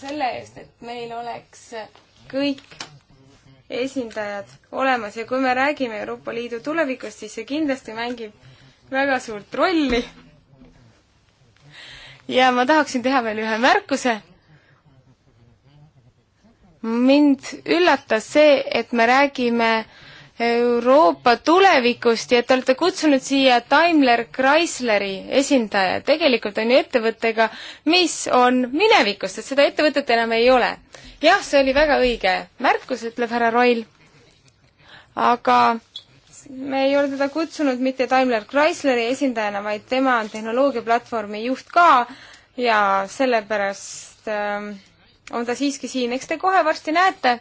selle eest, et meil oleks kõik esindajad olemas ja kui me räägime Euroopa Liidu tulevikust, siis see kindlasti mängib väga suurt rolli. ja ma tahaksin teha veel ühe märkuse. mind üllatas see, et me räägime äh, Euroopa tulevikust ja et te olete kutsunud siia Daimler Chrysleri esindaja. tegelikult on ju ettevõttega, mis on minevikust, et seda ettevõtet enam ei ole. jah, see oli väga õige märkus, ütleb härra Roil. aga me ei ole teda kutsunud mitte Daimler Chrysleri esindajana, vaid tema on tehnoloogiaplatvormi juht ka ja sellepärast äh, on ta siiski siin, eks te kohe varsti näete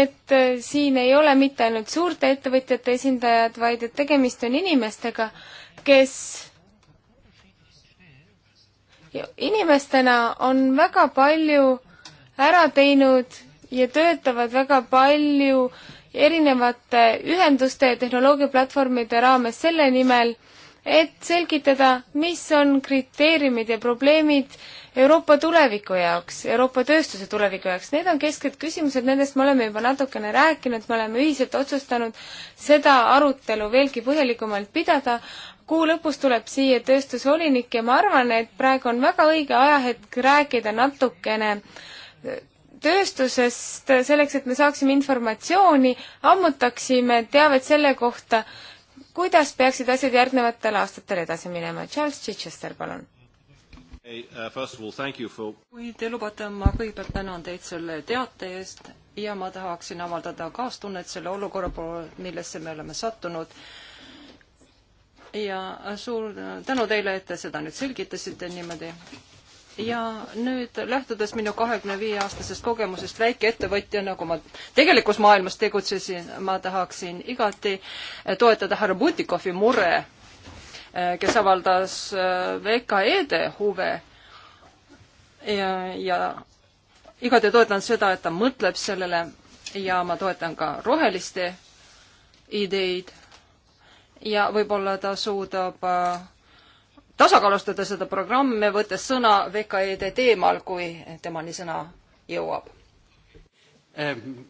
et äh, siin ei ole mitte ainult suurte ettevõtjate esindajad, vaid et tegemist on inimestega, kes inimestena on väga palju ära teinud ja töötavad väga palju erinevate ühenduste ja tehnoloogiaplatvormide raames selle nimel, et selgitada, mis on kriteeriumid ja probleemid Euroopa tuleviku jaoks, Euroopa tööstuse tuleviku jaoks, need on kesksed küsimused, nendest me oleme juba natukene rääkinud, me oleme ühiselt otsustanud seda arutelu veelgi põhjalikumalt pidada, kuu lõpus tuleb siia tööstusvolinik ja ma arvan, et praegu on väga õige ajahetk rääkida natukene tööstusest, selleks et me saaksime informatsiooni, ammutaksime teavet selle kohta, kuidas peaksid asjad järgnevatel aastatel edasi minema? Charles Chichester, palun. Uh, kui te lubate, ma kõigepealt tänan teid selle teate eest ja ma tahaksin avaldada kaastunnet selle olukorra poole, millesse me oleme sattunud. ja suur tänu teile, et te seda nüüd selgitasite niimoodi ja nüüd lähtudes minu kahekümne viie aastasest kogemusest väikeettevõtjana, kui ma tegelikus maailmas tegutsesin, ma tahaksin igati eh, toetada härra Butikovi mure, eh, kes avaldas eh, VKE-de huve ja, ja igati toetan seda, et ta mõtleb sellele ja ma toetan ka roheliste ideid ja võib-olla ta suudab äh, tasakaalustada seda programmi, võttes sõna VKE-de teemal, kui temani sõna jõuab ähm,.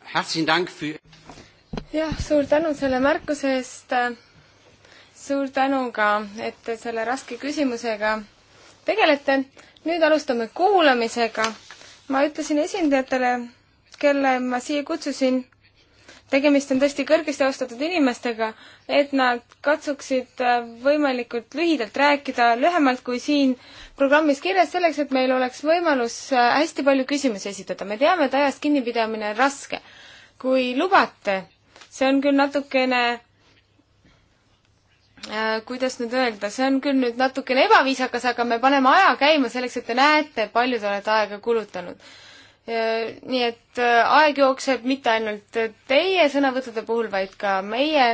jah, suur tänu selle märkuse eest. suur tänu ka, et te selle raske küsimusega tegelete. nüüd alustame kuulamisega. ma ütlesin esindajatele, kelle ma siia kutsusin, tegemist on tõesti kõrgesti austatud inimestega, et nad katsuksid äh, võimalikult lühidalt rääkida, lühemalt kui siin programmis kirjas, selleks et meil oleks võimalus äh, hästi palju küsimusi esitada. me teame, et ajast kinnipidamine on raske. kui lubate, see on küll natukene äh, kuidas nüüd öelda, see on küll nüüd natukene ebaviisakas, aga me paneme aja käima selleks, et te näete, palju te olete aega kulutanud nii et äh, aeg jookseb mitte ainult teie sõnavõttude puhul, vaid ka meie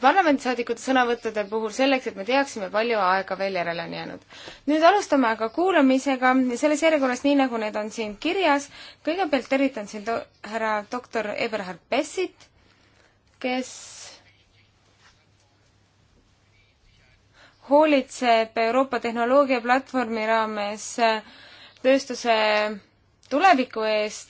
parlamendisaadikute sõnavõttude puhul selleks, et me teaksime, palju aega veel järele on jäänud. nüüd alustame aga kuulamisega selles järjekorras, nii nagu need on siin kirjas. kõigepealt tervitan siin do härra doktor Eberhard Bessit, kes hoolitseb Euroopa tehnoloogiaplatvormi raames äh, tööstuse tuleviku eest.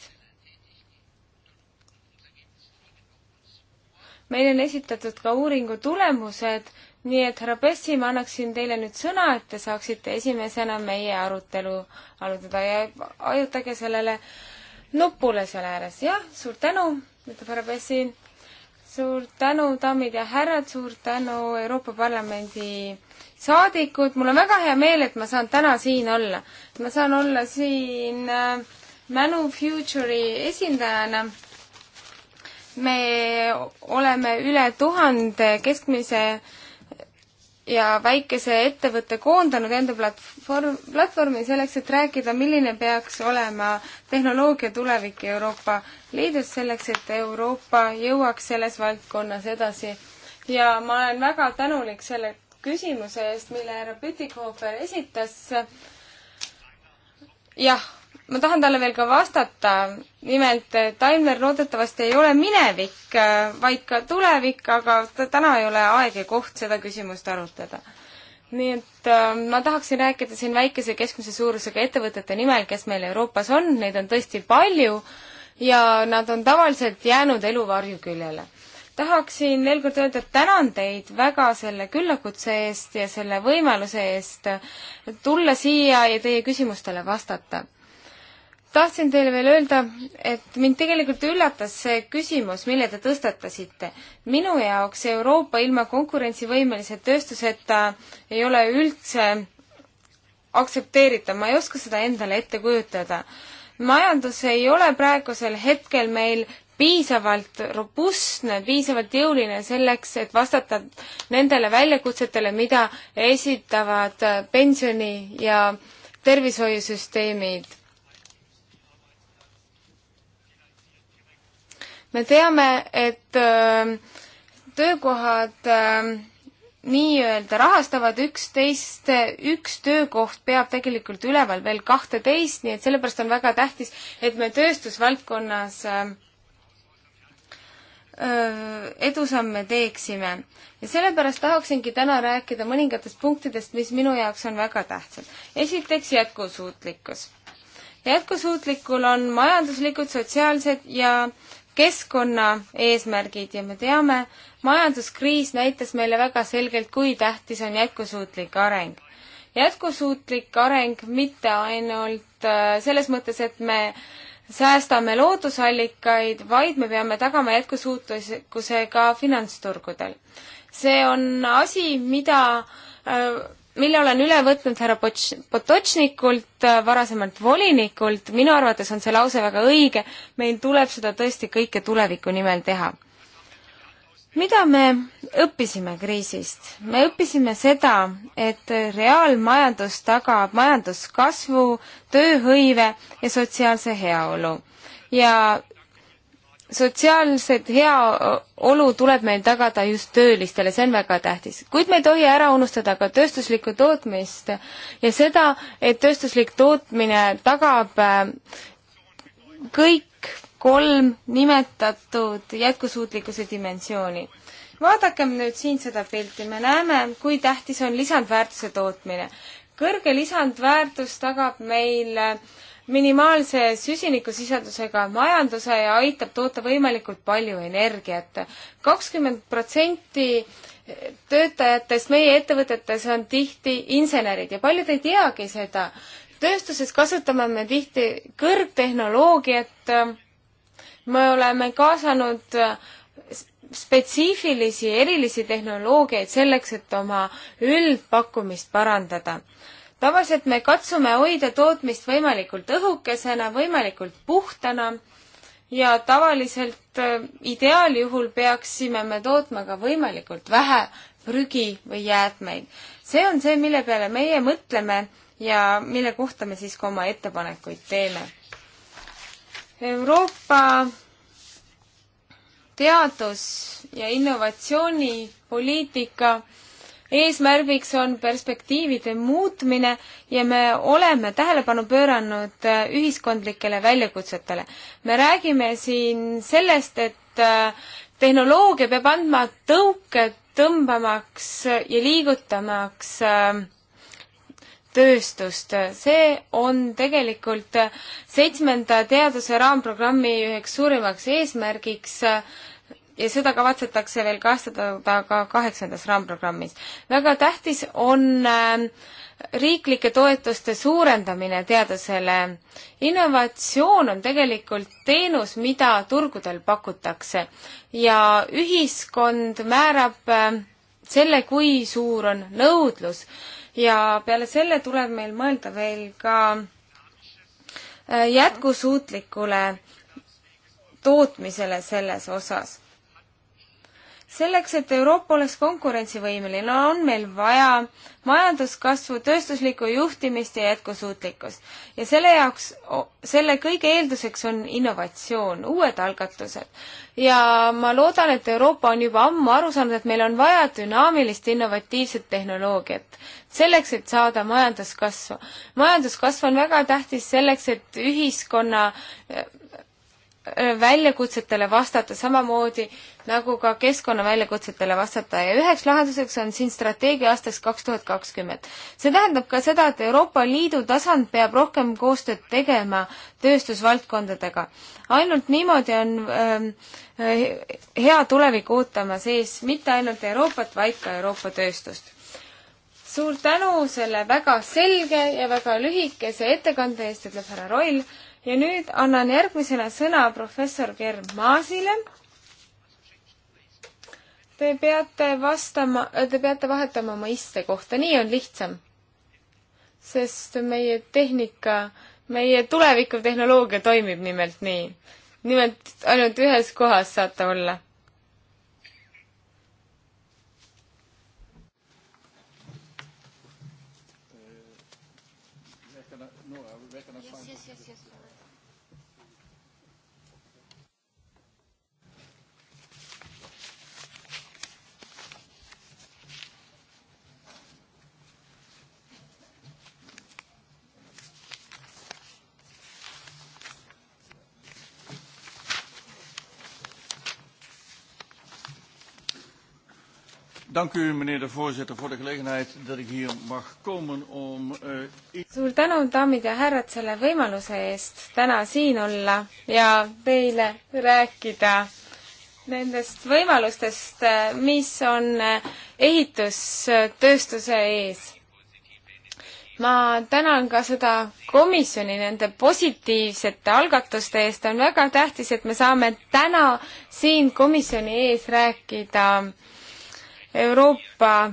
meile on esitatud ka uuringu tulemused, nii et härra Pessi, ma annaksin teile nüüd sõna, et te saaksite esimesena meie arutelu alustada ja hajutage sellele nupule seal ääres, jah, suur tänu, ütleb härra Pessi suur tänu, daamid ja härrad, suur tänu Euroopa Parlamendi saadikud, mul on väga hea meel, et ma saan täna siin olla. ma saan olla siin äh, Mänu Future'i esindajana. me oleme üle tuhande keskmise ja väikese ettevõtte koondanud enda platvorm, platvormi selleks, et rääkida, milline peaks olema tehnoloogia tulevik Euroopa Liidus, selleks et Euroopa jõuaks selles valdkonnas edasi. ja ma olen väga tänulik selle küsimuse eest, mille härra Pütikofer esitas. jah, ma tahan talle veel ka vastata, nimelt Daimler loodetavasti ei ole minevik, äh, vaid ka tulevik, aga täna ei ole aeg ja koht seda küsimust arutada. nii et äh, ma tahaksin rääkida siin väikese keskmise suurusega ettevõtete nimel, kes meil Euroopas on, neid on tõesti palju ja nad on tavaliselt jäänud elu varjuküljele tahaksin veel kord öelda, et tänan teid väga selle küllakutse eest ja selle võimaluse eest tulla siia ja teie küsimustele vastata tahtsin teile veel öelda, et mind tegelikult üllatas see küsimus, mille te tõstatasite. minu jaoks Euroopa ilma konkurentsivõimelise tööstuseta ei ole üldse aktsepteeritav, ma ei oska seda endale ette kujutada. majandus ei ole praegusel hetkel meil piisavalt robustne, piisavalt jõuline selleks, et vastata nendele väljakutsetele, mida esitavad pensioni ja tervishoiusüsteemid me teame, et äh, töökohad äh, nii-öelda rahastavad üksteist, üks töökoht peab tegelikult üleval veel kahteteist, nii et sellepärast on väga tähtis, et me tööstusvaldkonnas äh, edusamme teeksime. ja sellepärast tahaksingi täna rääkida mõningatest punktidest, mis minu jaoks on väga tähtsad. esiteks jätkusuutlikkus. jätkusuutlikul on majanduslikud, sotsiaalsed ja keskkonnaeesmärgid ja me teame, majanduskriis näitas meile väga selgelt, kui tähtis on jätkusuutlik areng. jätkusuutlik areng mitte ainult äh, selles mõttes, et me säästame loodusallikaid, vaid me peame tagama jätkusuutlikkuse ka finantsturgudel. see on asi, mida äh, mille olen üle võtnud härra Pots-, Potočnikult, äh, varasemalt volinikult, minu arvates on see lause väga õige, meil tuleb seda tõesti kõike tuleviku nimel teha. mida me õppisime kriisist? me õppisime seda, et reaalmajandus tagab majanduskasvu, tööhõive ja sotsiaalse heaolu. ja sotsiaalset heaolu tuleb meil tagada just töölistele, see on väga tähtis. kuid me ei tohi ära unustada ka tööstuslikku tootmist ja seda, et tööstuslik tootmine tagab äh, kõik kolm nimetatud jätkusuutlikkuse dimensiooni. vaadakem nüüd siin seda pilti, me näeme, kui tähtis on lisandväärtuse tootmine. kõrge lisandväärtus tagab meile äh, minimaalse süsinikusisaldusega majanduse ja aitab toota võimalikult palju energiat. kakskümmend protsenti töötajatest meie ettevõtetes on tihti insenerid ja paljud ei teagi seda. tööstuses kasutame me tihti kõrgtehnoloogiat, me oleme kaasanud spetsiifilisi erilisi tehnoloogiaid selleks, et oma üldpakkumist parandada tavaliselt me katsume hoida tootmist võimalikult õhukesena, võimalikult puhtana ja tavaliselt äh, ideaaljuhul peaksime me tootma ka võimalikult vähe prügi või jäätmeid. see on see, mille peale meie mõtleme ja mille kohta me siis ka oma ettepanekuid teeme. Euroopa teadus- ja innovatsioonipoliitika eesmärgiks on perspektiivide muutmine ja me oleme tähelepanu pööranud äh, ühiskondlikele väljakutsetele. me räägime siin sellest, et äh, tehnoloogia peab andma tõuke tõmbamaks ja liigutamaks äh, tööstust, see on tegelikult seitsmenda teaduse raamprogrammi üheks suurimaks eesmärgiks ja seda kavatsetakse veel kasutada ka kaheksandas raamprogrammis. väga tähtis on ähm, riiklike toetuste suurendamine teadusele. innovatsioon on tegelikult teenus, mida turgudel pakutakse ja ühiskond määrab ähm, selle, kui suur on nõudlus ja peale selle tuleb meil mõelda veel ka äh, jätkusuutlikule tootmisele selles osas selleks, et Euroopa oleks konkurentsivõimeline no, on meil vaja majanduskasvu, tööstuslikku juhtimist ja jätkusuutlikkust. ja selle jaoks, selle kõige eelduseks on innovatsioon, uued algatused. ja ma loodan, et Euroopa on juba ammu aru saanud, et meil on vaja dünaamilist innovatiivset tehnoloogiat, selleks, et saada majanduskasvu. majanduskasv on väga tähtis selleks, et ühiskonna väljakutsetele vastata samamoodi nagu ka keskkonnaväljakutsetele vastata ja üheks lahenduseks on siin strateegia aastaks kaks tuhat kakskümmend. see tähendab ka seda, et Euroopa Liidu tasand peab rohkem koostööd tegema tööstusvaldkondadega. ainult niimoodi on ähm, äh, hea tulevik ootamas ees mitte ainult Euroopat, vaid ka Euroopa tööstust suur tänu selle väga selge ja väga lühikese ettekande eest, ütleb härra Roil ja nüüd annan järgmisena sõna professor Gerd Maasile. Te peate vastama, te peate vahetama oma istekohta, nii on lihtsam. sest meie tehnika, meie tulevikutehnoloogia toimib nimelt nii. nimelt ainult ühes kohas saate olla gonna, no, uh, we're gonna yes, find... Yes, yes, yes, yes. Dank u, meneer de voorzitter, voor de gelegenheid dat ik hier mag komen om... Uh... Suur tänu, daamid ja härrad, selle võimaluse eest täna siin olla ja teile rääkida nendest võimalustest, eh, mis on eh, ehitustööstuse ees. ma tänan ka seda komisjoni nende positiivsete algatuste eest, on väga tähtis, et me saame täna siin komisjoni ees rääkida äh, Euroopa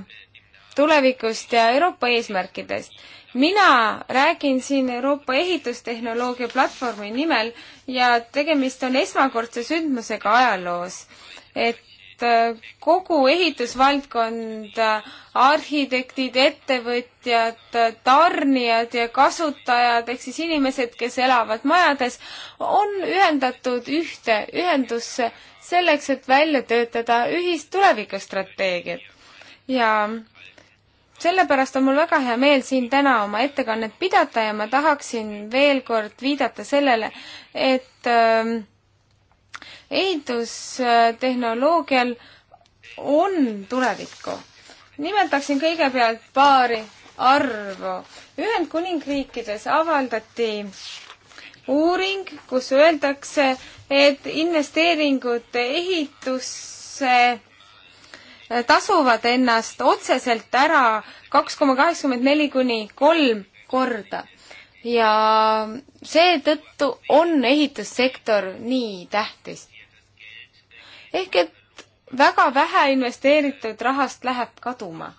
tulevikust ja Euroopa eesmärkidest. mina räägin siin Euroopa ehitustehnoloogia platvormi nimel ja tegemist on esmakordse sündmusega ajaloos, et äh, kogu ehitusvaldkond, arhitektid, ettevõtjad, tarnijad ja kasutajad, ehk siis inimesed, kes elavad majades, on ühendatud ühte ühendusse selleks, et välja töötada ühist tulevikustrateegiat. ja sellepärast on mul väga hea meel siin täna oma ettekannet pidada ja ma tahaksin veel kord viidata sellele, et äh, ehitustehnoloogial on tulevikku. nimetaksin kõigepealt paari arvu. Ühendkuningriikides avaldati äh, uuring, kus öeldakse, et investeeringud ehitusse tasuvad ennast otseselt ära kaks koma kaheksakümmend neli kuni kolm korda. ja seetõttu on ehitussektor nii tähtis. ehk et väga vähe investeeritud rahast läheb kaduma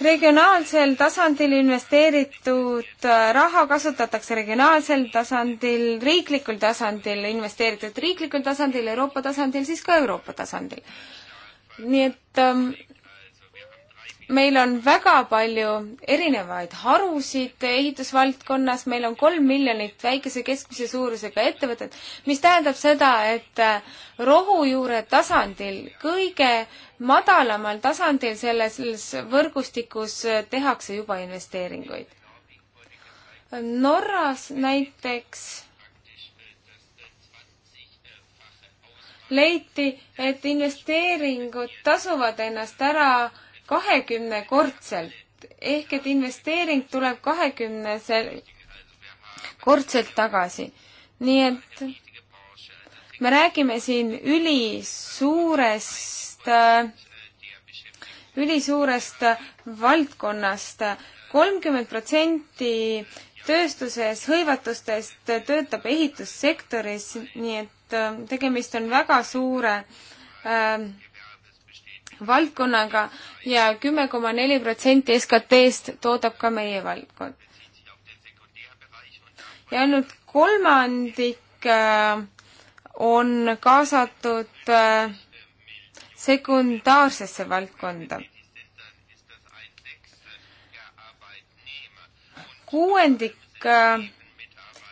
regionaalsel tasandil investeeritud äh, raha kasutatakse regionaalsel tasandil, riiklikul tasandil investeeritud riiklikul tasandil, Euroopa tasandil, siis ka Euroopa tasandil. nii et ähm, meil on väga palju erinevaid harusid ehitusvaldkonnas, meil on kolm miljonit väikese keskmise suurusega ettevõtet, mis tähendab seda, et äh, rohujuure tasandil, kõige madalamal tasandil selles võrgustikus äh, tehakse juba investeeringuid. Norras näiteks leiti, et investeeringud tasuvad ennast ära kahekümnekordselt ehk et investeering tuleb kahekümnesel kordselt tagasi. nii et me räägime siin ülisuurest, ülisuurest valdkonnast. kolmkümmend protsenti tööstuses hõivatustest töötab ehitussektoris, nii et tegemist on väga suure äh, valdkonnaga ja kümme koma neli protsenti SKT-st toodab ka meie valdkond. ja ainult kolmandik äh, on kaasatud äh, sekundaarsesse valdkonda. kuuendik äh,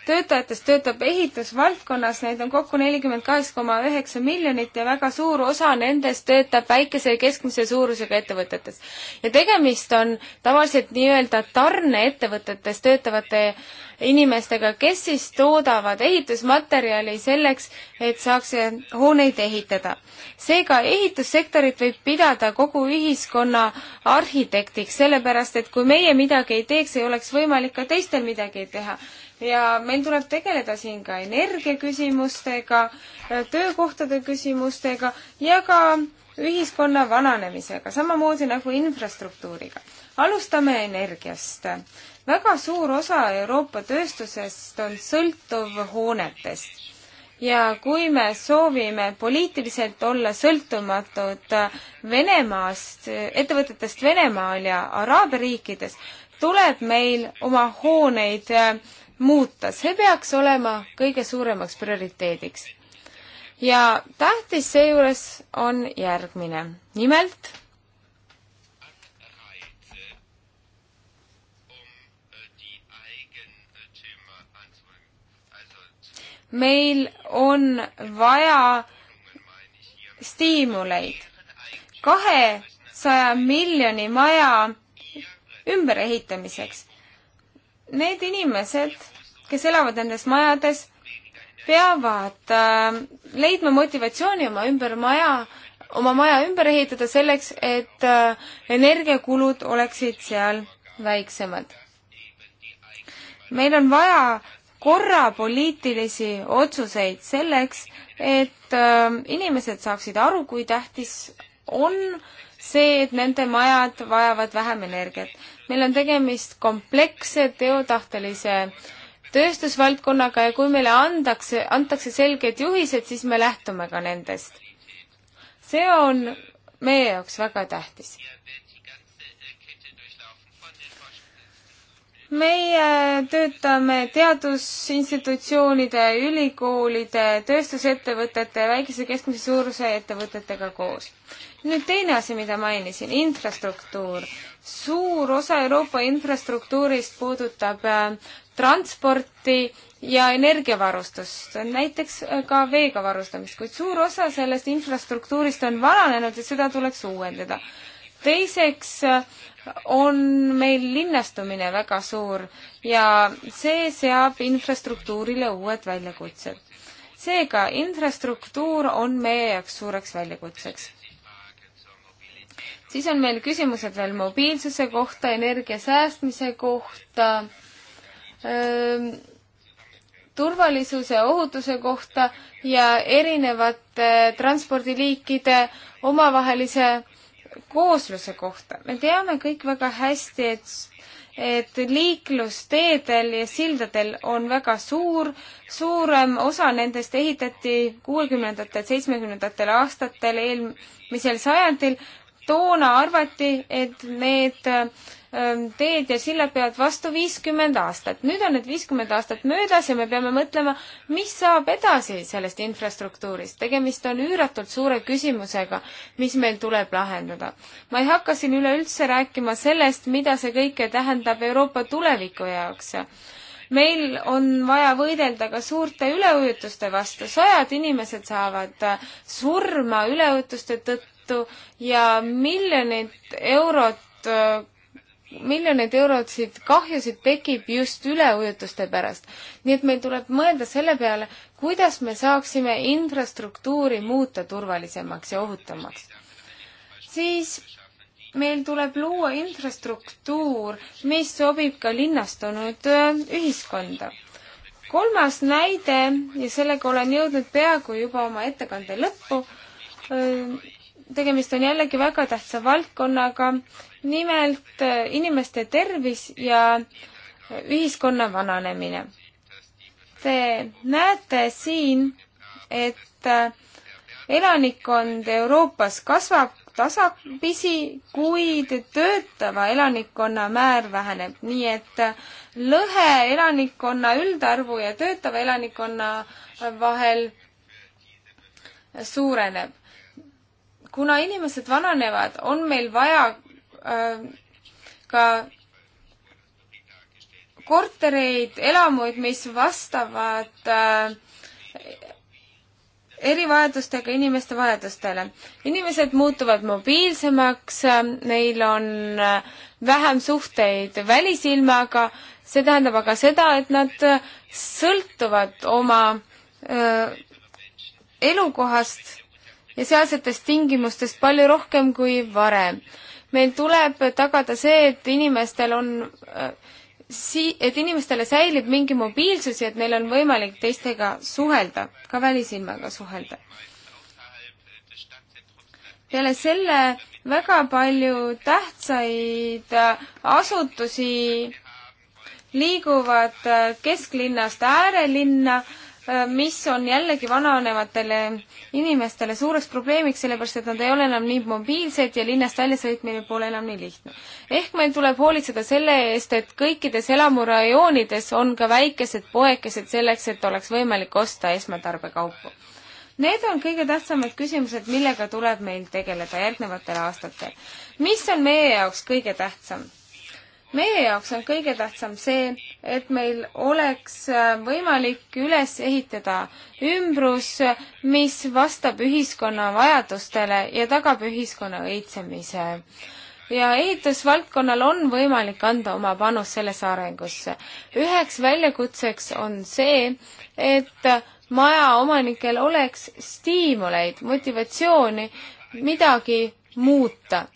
töötajatest töötab ehitusvaldkonnas, neid on kokku nelikümmend kaheksa koma üheksa miljonit ja väga suur osa nendest töötab väikese ja keskmise suurusega ettevõtetes. ja tegemist on tavaliselt nii-öelda tarneettevõtetes töötavate inimestega, kes siis toodavad ehitusmaterjali selleks, et saaks hooneid ehitada. seega ehitussektorit võib pidada kogu ühiskonna arhitektiks, sellepärast et kui meie midagi ei teeks, ei oleks võimalik ka teistel midagi teha ja meil tuleb tegeleda siin ka energiaküsimustega, töökohtade küsimustega ja ka ühiskonna vananemisega, samamoodi nagu infrastruktuuriga. alustame energiast. väga suur osa Euroopa tööstusest on sõltuv hoonetest ja kui me soovime poliitiliselt olla sõltumatud Venemaast, ettevõtetest Venemaal ja Araabia riikides, tuleb meil oma hooneid muuta, see peaks olema kõige suuremaks prioriteediks. ja tähtis seejuures on järgmine, nimelt meil on vaja stiimuleid. kahesaja miljoni maja ümberehitamiseks need inimesed, kes elavad nendes majades, peavad äh, leidma motivatsiooni oma ümber maja, oma maja ümber ehitada selleks, et äh, energiakulud oleksid seal väiksemad. meil on vaja korra poliitilisi otsuseid selleks, et äh, inimesed saaksid aru, kui tähtis on see, et nende majad vajavad vähem energiat meil on tegemist kompleksse teotahtelise tööstusvaldkonnaga ja kui meile andakse, antakse selged juhised, siis me lähtume ka nendest. see on meie jaoks väga tähtis. meie töötame teadusinstitutsioonide, ülikoolide, tööstusettevõtete, väikese keskmise suuruse ettevõtetega koos. nüüd teine asi, mida mainisin, infrastruktuur suur osa Euroopa infrastruktuurist puudutab äh, transporti ja energiavarustust, näiteks äh, ka veega varustamist, kuid suur osa sellest infrastruktuurist on vananenud ja seda tuleks uuendada. teiseks äh, on meil linnastumine väga suur ja see seab infrastruktuurile uued väljakutsed. seega infrastruktuur on meie jaoks suureks väljakutseks siis on meil küsimused veel mobiilsuse kohta, energia säästmise kohta, turvalisuse, ohutuse kohta ja erinevate transpordiliikide omavahelise koosluse kohta. me teame kõik väga hästi, et et liiklusteedel ja sildadel on väga suur, suurem osa nendest ehitati kuuekümnendatel, seitsmekümnendatel aastatel, eelmisel sajandil, toona arvati, et need ähm, teed ja sillad peavad vastu viiskümmend aastat. nüüd on need viiskümmend aastat möödas ja me peame mõtlema, mis saab edasi sellest infrastruktuurist. tegemist on üüratult suure küsimusega, mis meil tuleb lahendada. ma ei hakka siin üleüldse rääkima sellest, mida see kõike tähendab Euroopa tuleviku jaoks meil on vaja võidelda ka suurte üleujutuste vastu, sajad inimesed saavad äh, surma üleujutuste tõttu tõttu ja miljonid eurot, miljonid eurosid kahjusid tekib just üleujutuste pärast. nii et meil tuleb mõelda selle peale, kuidas me saaksime infrastruktuuri muuta turvalisemaks ja ohutumaks. siis meil tuleb luua infrastruktuur, mis sobib ka linnastunud äh, ühiskonda. kolmas näide ja sellega olen jõudnud peaaegu juba oma ettekande lõppu. Äh, tegemist on jällegi väga tähtsa valdkonnaga, nimelt äh, inimeste tervis ja ühiskonna vananemine. Te näete siin, et äh, elanikkond Euroopas kasvab tasapisi, kuid töötava elanikkonna määr väheneb, nii et äh, lõhe elanikkonna üldarvu ja töötava elanikkonna vahel suureneb kuna inimesed vananevad, on meil vaja äh, ka kortereid, elamuid, mis vastavad äh, erivajadustega inimeste vajadustele. inimesed muutuvad mobiilsemaks, äh, neil on äh, vähem suhteid välisilmaga, see tähendab aga seda, et nad äh, sõltuvad oma äh, elukohast ja sealsetest tingimustest palju rohkem kui varem. meil tuleb tagada see, et inimestel on äh, si-, et inimestele säilib mingi mobiilsus ja et neil on võimalik teistega suhelda, ka välisilmaga suhelda. peale selle väga palju tähtsaid äh, asutusi liiguvad äh, kesklinnast äärelinna äh, Äh, mis on jällegi vananevatele inimestele suureks probleemiks, sellepärast et nad ei ole enam nii mobiilsed ja linnast väljasõitmine pole enam nii lihtne. ehk meil tuleb hoolitseda selle eest, et kõikides elamurajoonides on ka väikesed poekesed selleks, et oleks võimalik osta esmatarbekaupu. Need on kõige tähtsamad küsimused, millega tuleb meil tegeleda järgnevatel aastatel. mis on meie jaoks kõige tähtsam? meie jaoks on kõige tähtsam see, et meil oleks äh, võimalik üles ehitada ümbrus, mis vastab ühiskonna vajadustele ja tagab ühiskonna õitsemise ja ehitusvaldkonnal on võimalik anda oma panus sellesse arengusse. üheks väljakutseks on see, et majaomanikel oleks stiimuleid, motivatsiooni midagi muuta.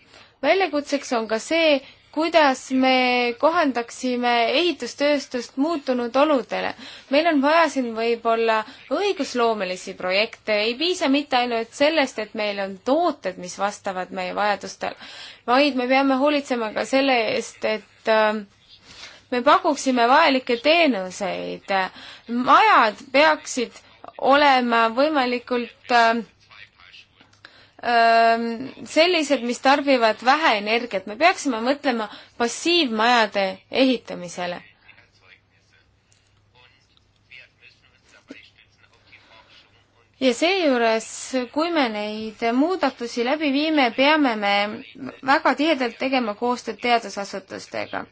väljakutseks on ka see, kuidas me kohandaksime ehitustööstust muutunud oludele. meil on vaja siin võib-olla õigusloomelisi projekte, ei piisa mitte ainult sellest, et meil on tooted, mis vastavad meie vajadustele, vaid me peame hoolitsema ka selle eest, et äh, me pakuksime vajalikke teenuseid. majad peaksid olema võimalikult äh, sellised, mis tarbivad vähe energiat, me peaksime mõtlema passiivmajade ehitamisele. ja seejuures, kui me neid muudatusi läbi viime, peame me väga tihedalt tegema koostööd teadusasutustega,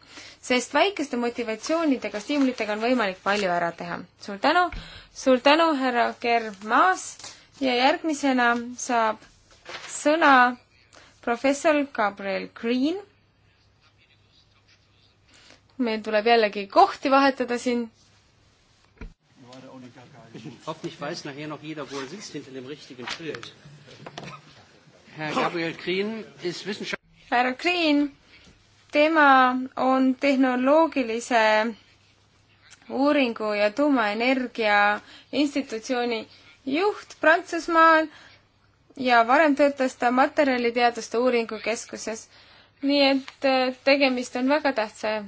sest väikeste motivatsioonidega, stiimulitega on võimalik palju ära teha. suur tänu, suur tänu, härra Ger Maas ja järgmisena saab sõna professor Gabriel Green. meil tuleb jällegi kohti vahetada siin. Hoffentlich weiß nachher noch jeder, wo er sitzt hinter dem richtigen Schild. Herr Gabriel Green ist Wissenschaft. härra Green, tema on tehnoloogilise uuringu ja tuumaenergia institutsiooni juht Prantsusmaal ja varem töötas ta Materjaliteaduste Uuringukeskuses. nii et äh, tegemist on väga tähtsa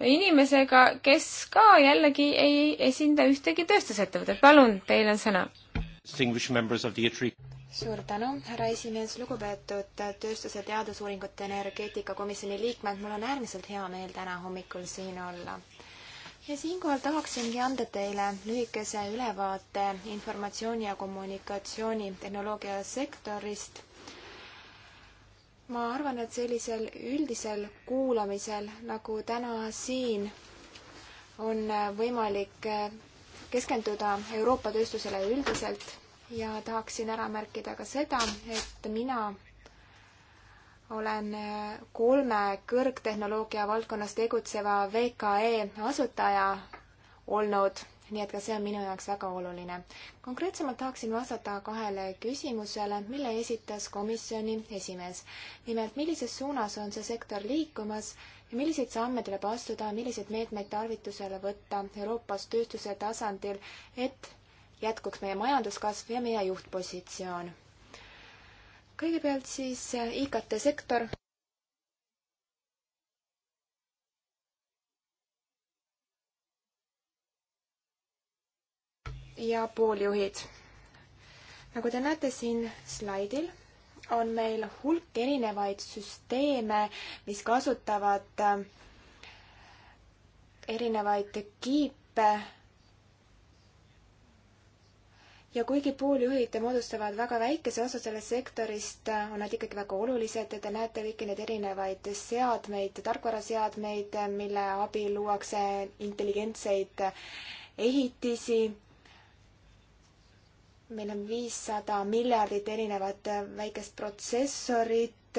inimesega, kes ka jällegi ei esinda ühtegi tööstusettevõtet. palun, teil on sõna. E suur tänu, härra esimees, lugupeetud Tööstuse Teadusuuringute Energeetikakomisjoni liikmed, mul on äärmiselt hea meel täna hommikul siin olla ja siinkohal tahaksingi anda teile lühikese ülevaate informatsiooni ja kommunikatsioonitehnoloogia sektorist. ma arvan, et sellisel üldisel kuulamisel nagu täna siin on võimalik keskenduda Euroopa tööstusele üldiselt ja tahaksin ära märkida ka seda, et mina olen äh, kolme kõrgtehnoloogia valdkonnas tegutseva VKE asutaja olnud, nii et ka see on minu jaoks väga oluline. konkreetsemalt tahaksin vastata kahele küsimusele, mille esitas komisjoni esimees. nimelt, millises suunas on see sektor liikumas ja milliseid samme tuleb astuda, milliseid meetmeid tarvitusele võtta Euroopas tööstuse tasandil, et jätkuks meie majanduskasv ja meie juhtpositsioon kõigepealt siis äh, IKT sektor. ja pooljuhid. nagu te näete siin slaidil, on meil hulk erinevaid süsteeme, mis kasutavad äh, erinevaid kiipe ja kuigi pooljuhid moodustavad väga väikese osa sellest sektorist, äh, on nad ikkagi väga olulised. Te näete kõiki neid erinevaid seadmeid, tarkvaraseadmeid, äh, mille abil luuakse intelligentseid äh, ehitisi. meil on viissada miljardit erinevat väikest protsessorit.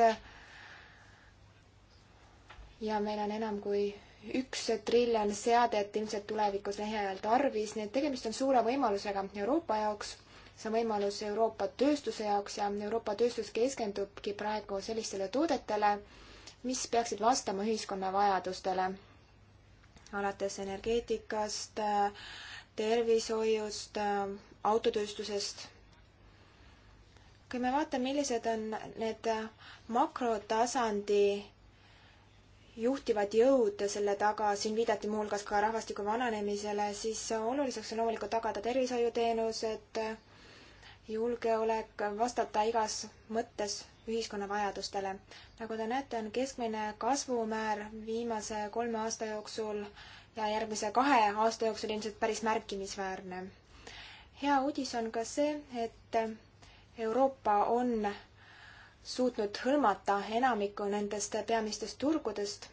ja meil on enam kui üks triljon seadet ilmselt tulevikus lähiajal tarvis, nii et tegemist on suure võimalusega Euroopa jaoks. see on võimalus Euroopa tööstuse jaoks ja Euroopa tööstus keskendubki praegu sellistele toodetele, mis peaksid vastama ühiskonna vajadustele. alates energeetikast, tervishoiust, autotööstusest. kui me vaatame, millised on need makrotasandi juhtivad jõud selle taga, siin viidati muuhulgas ka rahvastiku vananemisele, siis oluliseks on loomulikult tagada tervishoiuteenused, julgeolek, vastata igas mõttes ühiskonna vajadustele. nagu te näete, on keskmine kasvumäär viimase kolme aasta jooksul ja järgmise kahe aasta jooksul ilmselt päris märkimisväärne. hea uudis on ka see, et Euroopa on suutnud hõlmata enamikku nendest peamistest turgudest.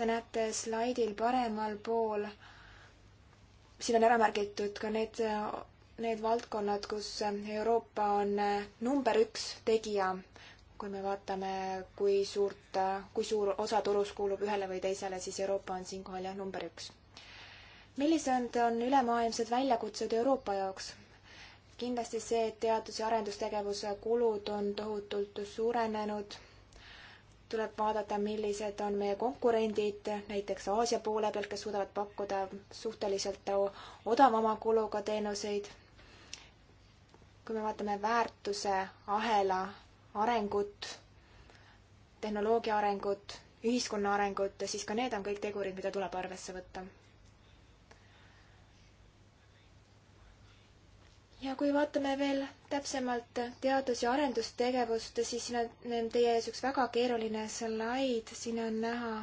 Te näete slaidil paremal pool, siin on ära märgitud ka need, need valdkonnad, kus Euroopa on number üks tegija, kui me vaatame, kui suurt, kui suur osa turust kuulub ühele või teisele, siis Euroopa on siinkohal jah, number üks millised on ülemaailmsed väljakutsed Euroopa jaoks? kindlasti see, et teadus- ja arendustegevuse kulud on tohutult suurenenud. tuleb vaadata, millised on meie konkurendid, näiteks Aasia poole pealt, kes suudavad pakkuda suhteliselt odavama kuluga teenuseid. kui me vaatame väärtuse ahela arengut, tehnoloogia arengut, ühiskonna arengut, siis ka need on kõik tegurid, mida tuleb arvesse võtta ja kui vaatame veel täpsemalt teadus- ja arendustegevust, siis siin on teie ees üks väga keeruline slaid, siin on näha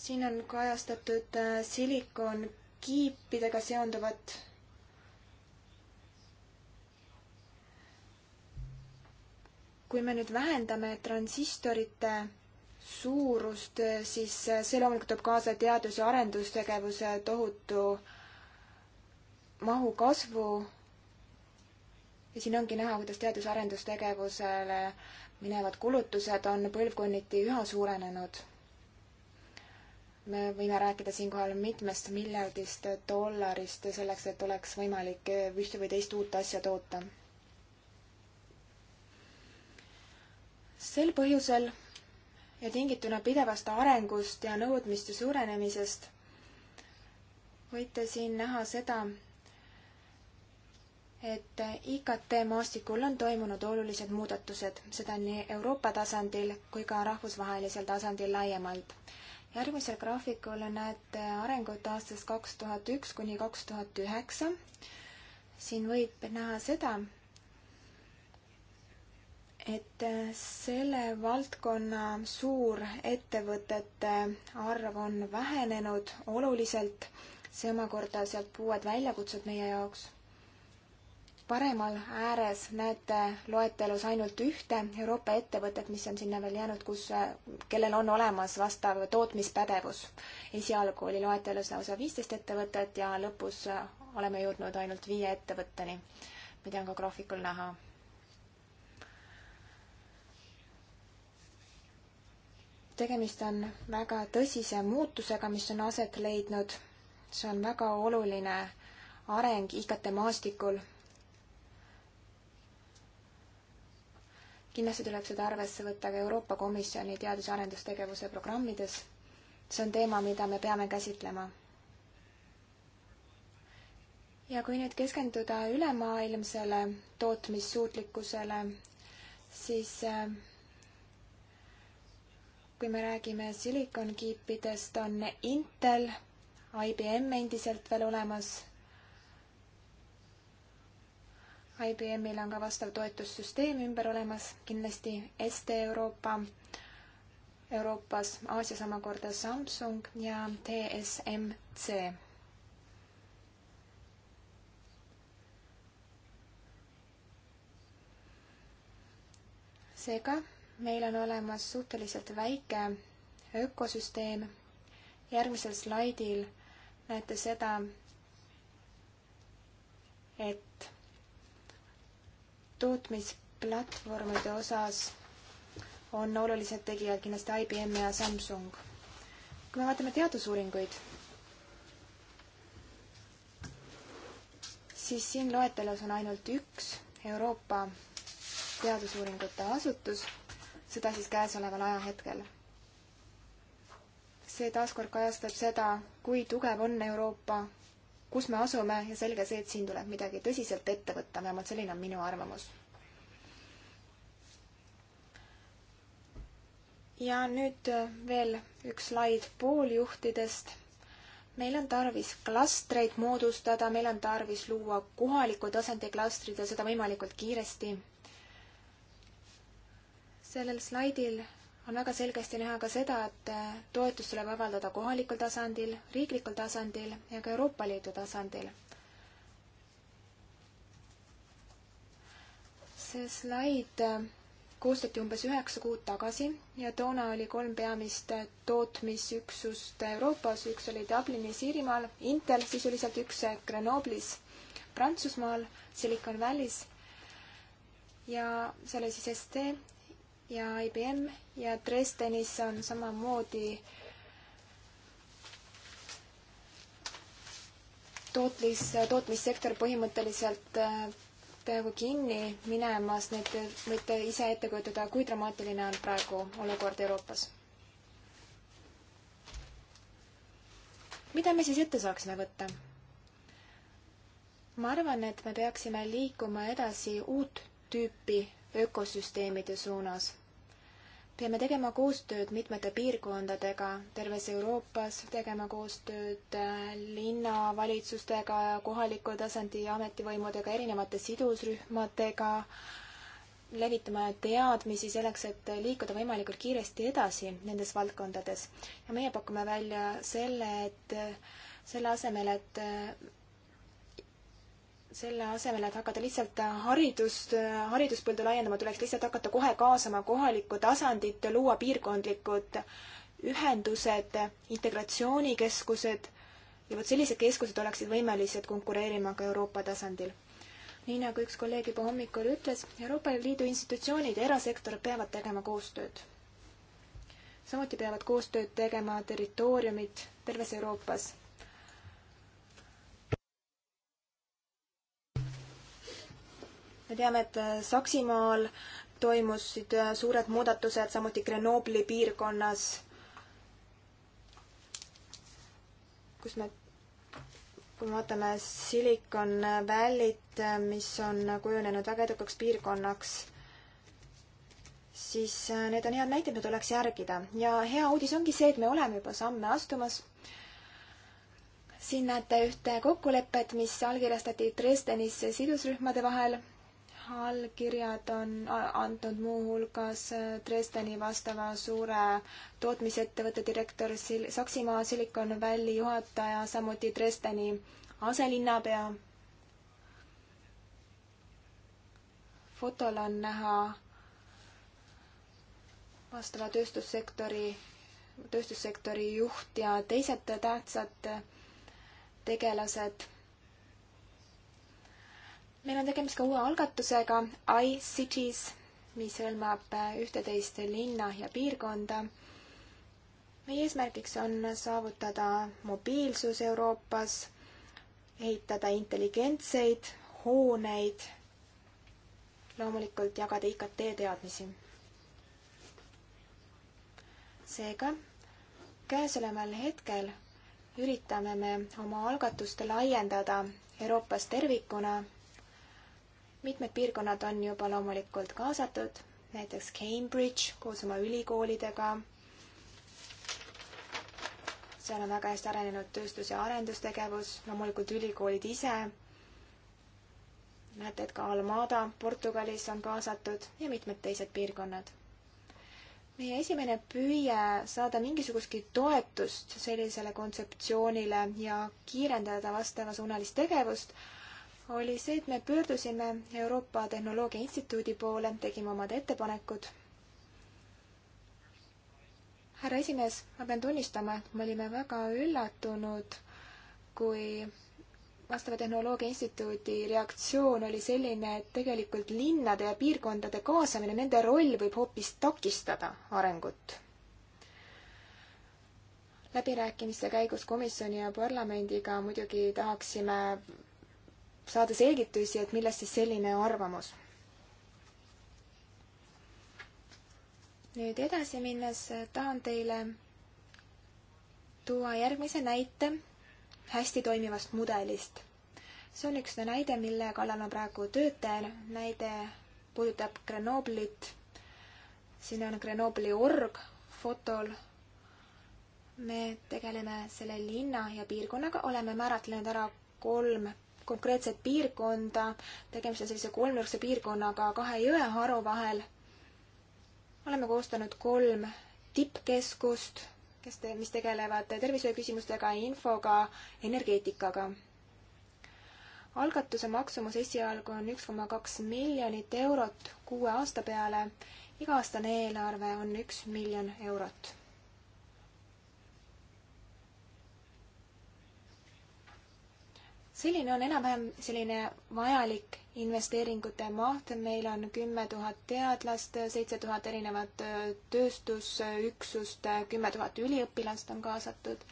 siin on kajastatud äh, silikonkiipidega seonduvat kui me nüüd vähendame transistorite suurust, siis see loomulikult toob kaasa teadus- ja arendustegevuse tohutu mahu kasvu. ja siin ongi näha, kuidas teadus- ja arendustegevusele minevad kulutused on põlvkonniti üha suurenenud. me võime rääkida siinkohal mitmest miljardist dollarist selleks, et oleks võimalik ühte või teist uut asja toota sel põhjusel ja tingituna pidevast arengust ja nõudmiste suurenemisest võite siin näha seda, et IKT maastikul on toimunud olulised muudatused, seda nii Euroopa tasandil kui ka rahvusvahelisel tasandil laiemalt. järgmisel graafikul näete arengut aastast kaks tuhat üks kuni kaks tuhat üheksa. siin võib näha seda, et äh, selle valdkonna suurettevõtete arv on vähenenud oluliselt. see omakorda seab uued väljakutsed meie jaoks paremal ääres näete loetelus ainult ühte Euroopa ettevõtet, mis on sinna veel jäänud, kus, äh, kellel on olemas vastav tootmispädevus. esialgu oli loetelus lausa viisteist ettevõtet ja lõpus äh, oleme jõudnud ainult viie ettevõtteni, mida on ka graafikul näha tegemist on väga tõsise muutusega, mis on aset leidnud. see on väga oluline areng IKT maastikul. kindlasti tuleb seda arvesse võtta ka Euroopa Komisjoni teadus- ja arendustegevuse programmides. see on teema, mida me peame käsitlema. ja kui nüüd keskenduda ülemaailmsele tootmissuutlikkusele, siis äh, kui me räägime Silicon kiipidest, on Intel, IBM endiselt veel olemas. IBM-il on ka vastav toetussüsteem ümber olemas, kindlasti ST Euroopa, Euroopas, Aasias omakorda Samsung ja TSMC seega meil on olemas suhteliselt väike ökosüsteem. järgmisel slaidil näete seda, et tootmisplatvormide osas on olulised tegijad kindlasti IBM ja Samsung. kui me vaatame teadusuuringuid, siis siin loetelus on ainult üks Euroopa teadusuuringute asutus seda siis käesoleval ajahetkel. see taaskord kajastab seda, kui tugev on Euroopa, kus me asume ja selge see, et siin tuleb midagi tõsiselt ette võtta, vähemalt selline on minu arvamus. ja nüüd veel üks slaid pooljuhtidest meil on tarvis klastreid moodustada, meil on tarvis luua kohaliku tasandi klastrid ja seda võimalikult kiiresti sellel slaidil on väga selgesti näha ka seda, et toetust tuleb avaldada kohalikul tasandil, riiklikul tasandil ja ka Euroopa Liidu tasandil. see slaid koostati umbes üheksa kuud tagasi ja toona oli kolm peamist tootmisüksust Euroopas, üks oli Dublinis Iirimaal, Intel sisuliselt üks Grenoblis Prantsusmaal, Silicon Valley's ja see oli siis ST ja IBM ja Dresdenis on samamoodi tootlis, tootmissektor põhimõtteliselt äh, peaaegu kinni minemas, nii et võite ise ette kujutada, kui dramaatiline on praegu olukord Euroopas. mida me siis ette saaksime võtta? ma arvan, et me peaksime liikuma edasi uut tüüpi ökosüsteemide suunas. peame tegema koostööd mitmete piirkondadega terves Euroopas, tegema koostööd äh, linnavalitsustega, kohaliku tasandi ametivõimudega, erinevate sidusrühmadega, levitama teadmisi selleks, et liikuda võimalikult kiiresti edasi nendes valdkondades. ja meie pakume välja selle, et selle asemel, et äh, selle asemel, et hakata lihtsalt haridust, hariduspõldu laiendama, tuleks lihtsalt hakata kohe kaasama kohalikku tasandit, luua piirkondlikud ühendused, integratsioonikeskused ja vot sellised keskused oleksid võimelised konkureerima ka Euroopa tasandil. nii nagu üks kolleeg juba hommikul ütles, Euroopa Liidu institutsioonid ja erasektor peavad tegema koostööd. samuti peavad koostööd tegema territooriumid terves Euroopas me teame, et äh, Saksimaal toimusid äh, suured muudatused, samuti Grenoble'i piirkonnas, kus me, kui me vaatame Silicon Valley't, äh, mis on kujunenud väga edukaks piirkonnaks, siis need on head näited, mida tuleks järgida. ja hea uudis ongi see, et me oleme juba samme astumas siin näete ühte kokkulepet, mis allkirjastati Dresdenis sidusrühmade vahel allkirjad on andnud muuhulgas äh, Dresdeni vastava suure tootmisettevõtte direktor Sil-, Saksimaa Silicon Valley juhataja, samuti Dresdeni aselinnapea. fotol on näha vastava tööstussektori, tööstussektori juht ja teised tähtsad tegelased meil on tegemist ka uue algatusega iCities, mis hõlmab äh, ühteteist linna ja piirkonda. meie eesmärgiks on saavutada mobiilsus Euroopas, ehitada intelligentseid hooneid, loomulikult jagada IKT teadmisi. seega käesoleval hetkel üritame me oma algatust laiendada Euroopas tervikuna mitmed piirkonnad on juba loomulikult kaasatud, näiteks Cambridge koos oma ülikoolidega. seal on väga hästi arenenud tööstus- ja arendustegevus, loomulikult ülikoolid ise. näete, et ka Almada Portugalis on kaasatud ja mitmed teised piirkonnad meie esimene püüe saada mingisugustki toetust sellisele kontseptsioonile ja kiirendada vastavasuunalist tegevust oli see, et me pöördusime Euroopa Tehnoloogia Instituudi poole, tegime omad ettepanekud. härra esimees, ma pean tunnistama, et me olime väga üllatunud, kui vastava tehnoloogia instituudi reaktsioon oli selline, et tegelikult linnade ja piirkondade kaasamine, nende roll võib hoopis takistada arengut. läbirääkimiste käigus komisjoni ja parlamendiga muidugi tahaksime saada selgitusi, et millest siis selline arvamus. nüüd edasi minnes äh, tahan teile tuua järgmise näite hästi toimivast mudelist. see on üks näide, mille kallal ma praegu töötan. näide puudutab Grenoblit. siin on Grenobli org fotol me tegeleme selle linna ja piirkonnaga, oleme määratlenud ära kolm konkreetset piirkonda, tegemist on sellise kolmnurkse piirkonnaga kahe jõeharu vahel. oleme koostanud kolm tippkeskust, kes te,, mis tegelevad tervishoiuküsimustega, infoga, energeetikaga. algatuse maksumus esialgu on üks koma kaks miljonit eurot kuue aasta peale. iga-aastane eelarve on üks miljon eurot selline on enam-vähem selline vajalik investeeringute maht, meil on kümme tuhat teadlast, seitse tuhat erinevat äh, tööstusüksust, äh, kümme tuhat üliõpilast on kaasatud.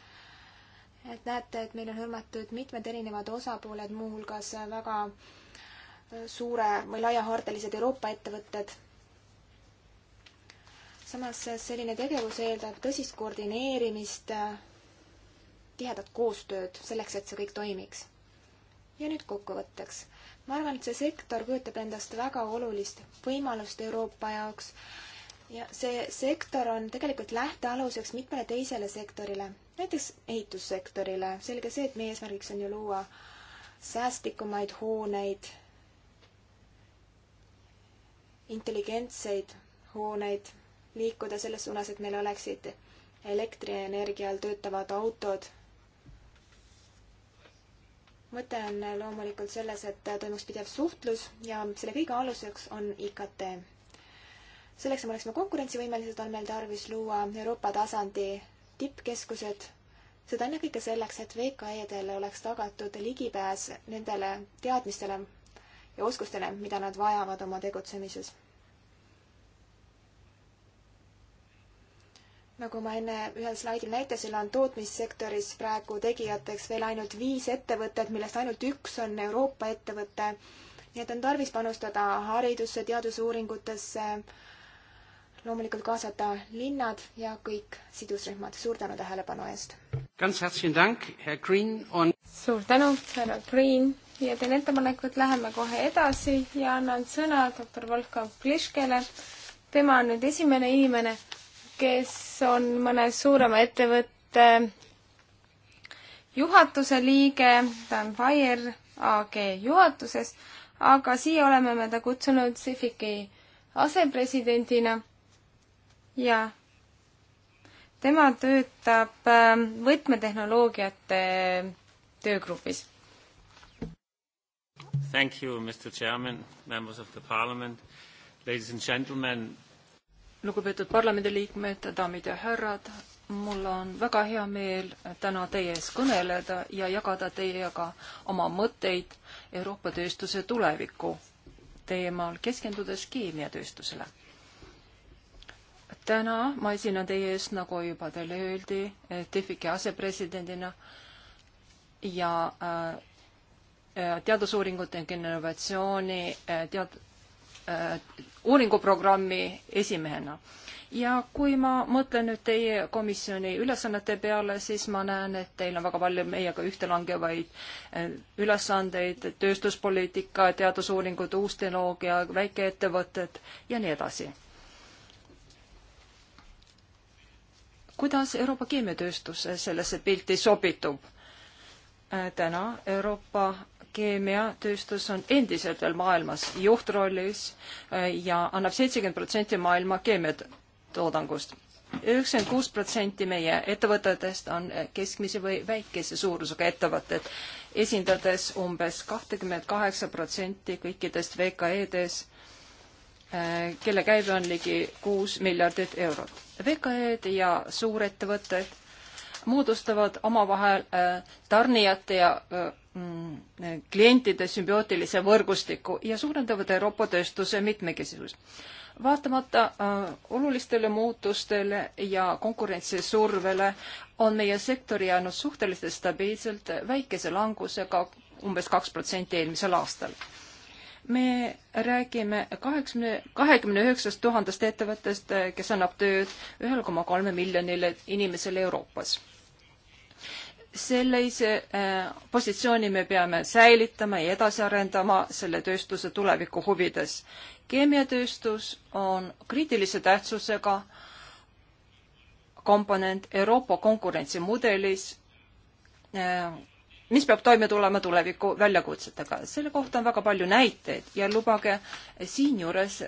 et näete, et meil on hõlmatud mitmed erinevad osapooled, muuhulgas äh, väga suure või laiahaardelised Euroopa ettevõtted samas selline tegevus eeldab tõsist koordineerimist, tihedat koostööd selleks, et see kõik toimiks ja nüüd kokkuvõtteks. ma arvan, et see sektor kujutab endast väga olulist võimalust Euroopa jaoks ja see sektor on tegelikult lähtealuseks mitmele teisele sektorile, näiteks ehitussektorile. selge see, et meie eesmärgiks on ju luua säästlikumaid hooneid, intelligentseid hooneid, liikuda selles suunas, et meil oleksid elektrienergial töötavad autod mõte on loomulikult selles, et toimuks pidev suhtlus ja selle kõige aluseks on IKT. selleks, et me oleksime konkurentsivõimelised, on meil tarvis luua Euroopa tasandi tippkeskused, seda ennekõike selleks, et VKE-del oleks tagatud ligipääs nendele teadmistele ja oskustele, mida nad vajavad oma tegutsemises nagu ma enne ühel slaidil näitasin, on tootmissektoris praegu tegijateks veel ainult viis ettevõtet, millest ainult üks on Euroopa ettevõte. nii et on tarvis panustada haridusse, teadusuuringutesse, loomulikult kaasata linnad ja kõik sidusrühmad. suur tänu tähelepanu eest! On... suur tänu, härra Green! ja teen ettepaneku, et läheme kohe edasi ja annan sõna doktor Volkov Kliškele. tema on nüüd esimene inimene, kes on mõne suurema ettevõtte juhatuse liige, ta on Fire AG juhatuses, aga siia oleme me ta kutsunud Cifici asepresidendina ja tema töötab ähm, võtmetehnoloogiate töögrupis. Thank you, Mr Chairman, members of the parliament, ladies and gentlemen lugupeetud parlamendiliikmed, daamid ja härrad, mul on väga hea meel täna teie ees kõneleda ja jagada teiega oma mõtteid Euroopa tööstuse tuleviku teemal, keskendudes keemiatööstusele. täna ma esinen teie ees, nagu juba teile öeldi, TÜFIK-i asepresidendina ja äh, teadusuuringute ja innovatsiooni äh, tead-, Äh, uuringuprogrammi esimehena. ja kui ma mõtlen nüüd teie komisjoni ülesannete peale, siis ma näen, et teil on väga palju meiega ühtelangevaid äh, ülesandeid, tööstuspoliitika, teadusuuringud, uus tehnoloogia, väikeettevõtted ja nii edasi. kuidas Euroopa keemiatööstus sellesse pilti sobitub? Äh, täna Euroopa keemiatööstus on endiselt veel maailmas juhtrollis äh, ja annab seitsekümmend protsenti maailma keemiatoodangust. üheksakümmend kuus protsenti meie ettevõtetest on äh, keskmise või väikese suurusega ettevõtted, esindades umbes kahtekümmet kaheksa protsenti kõikidest VKE-des, äh, kelle käive on ligi kuus miljardit eurot. VKE-d ja suurettevõtted moodustavad omavahel tarnijate ja Mm, klientide sümbiootilise võrgustiku ja suurendavad Euroopa tööstuse mitmekesisust. vaatamata äh, olulistele muutustele ja konkurentsisurvele on meie sektor jäänud suhteliselt stabiilselt väikese langusega umbes kaks protsenti eelmisel aastal me räägime kaheksakümne, kahekümne üheksast tuhandest ettevõttest, äh, kes annab tööd ühele koma kolme miljonile inimesele Euroopas sellise äh, positsiooni me peame säilitama ja edasi arendama selle tööstuse tuleviku huvides. keemiatööstus on kriitilise tähtsusega komponent Euroopa konkurentsimudelis, äh, mis peab toime tulema tuleviku väljakutsetega. selle kohta on väga palju näiteid ja lubage siinjuures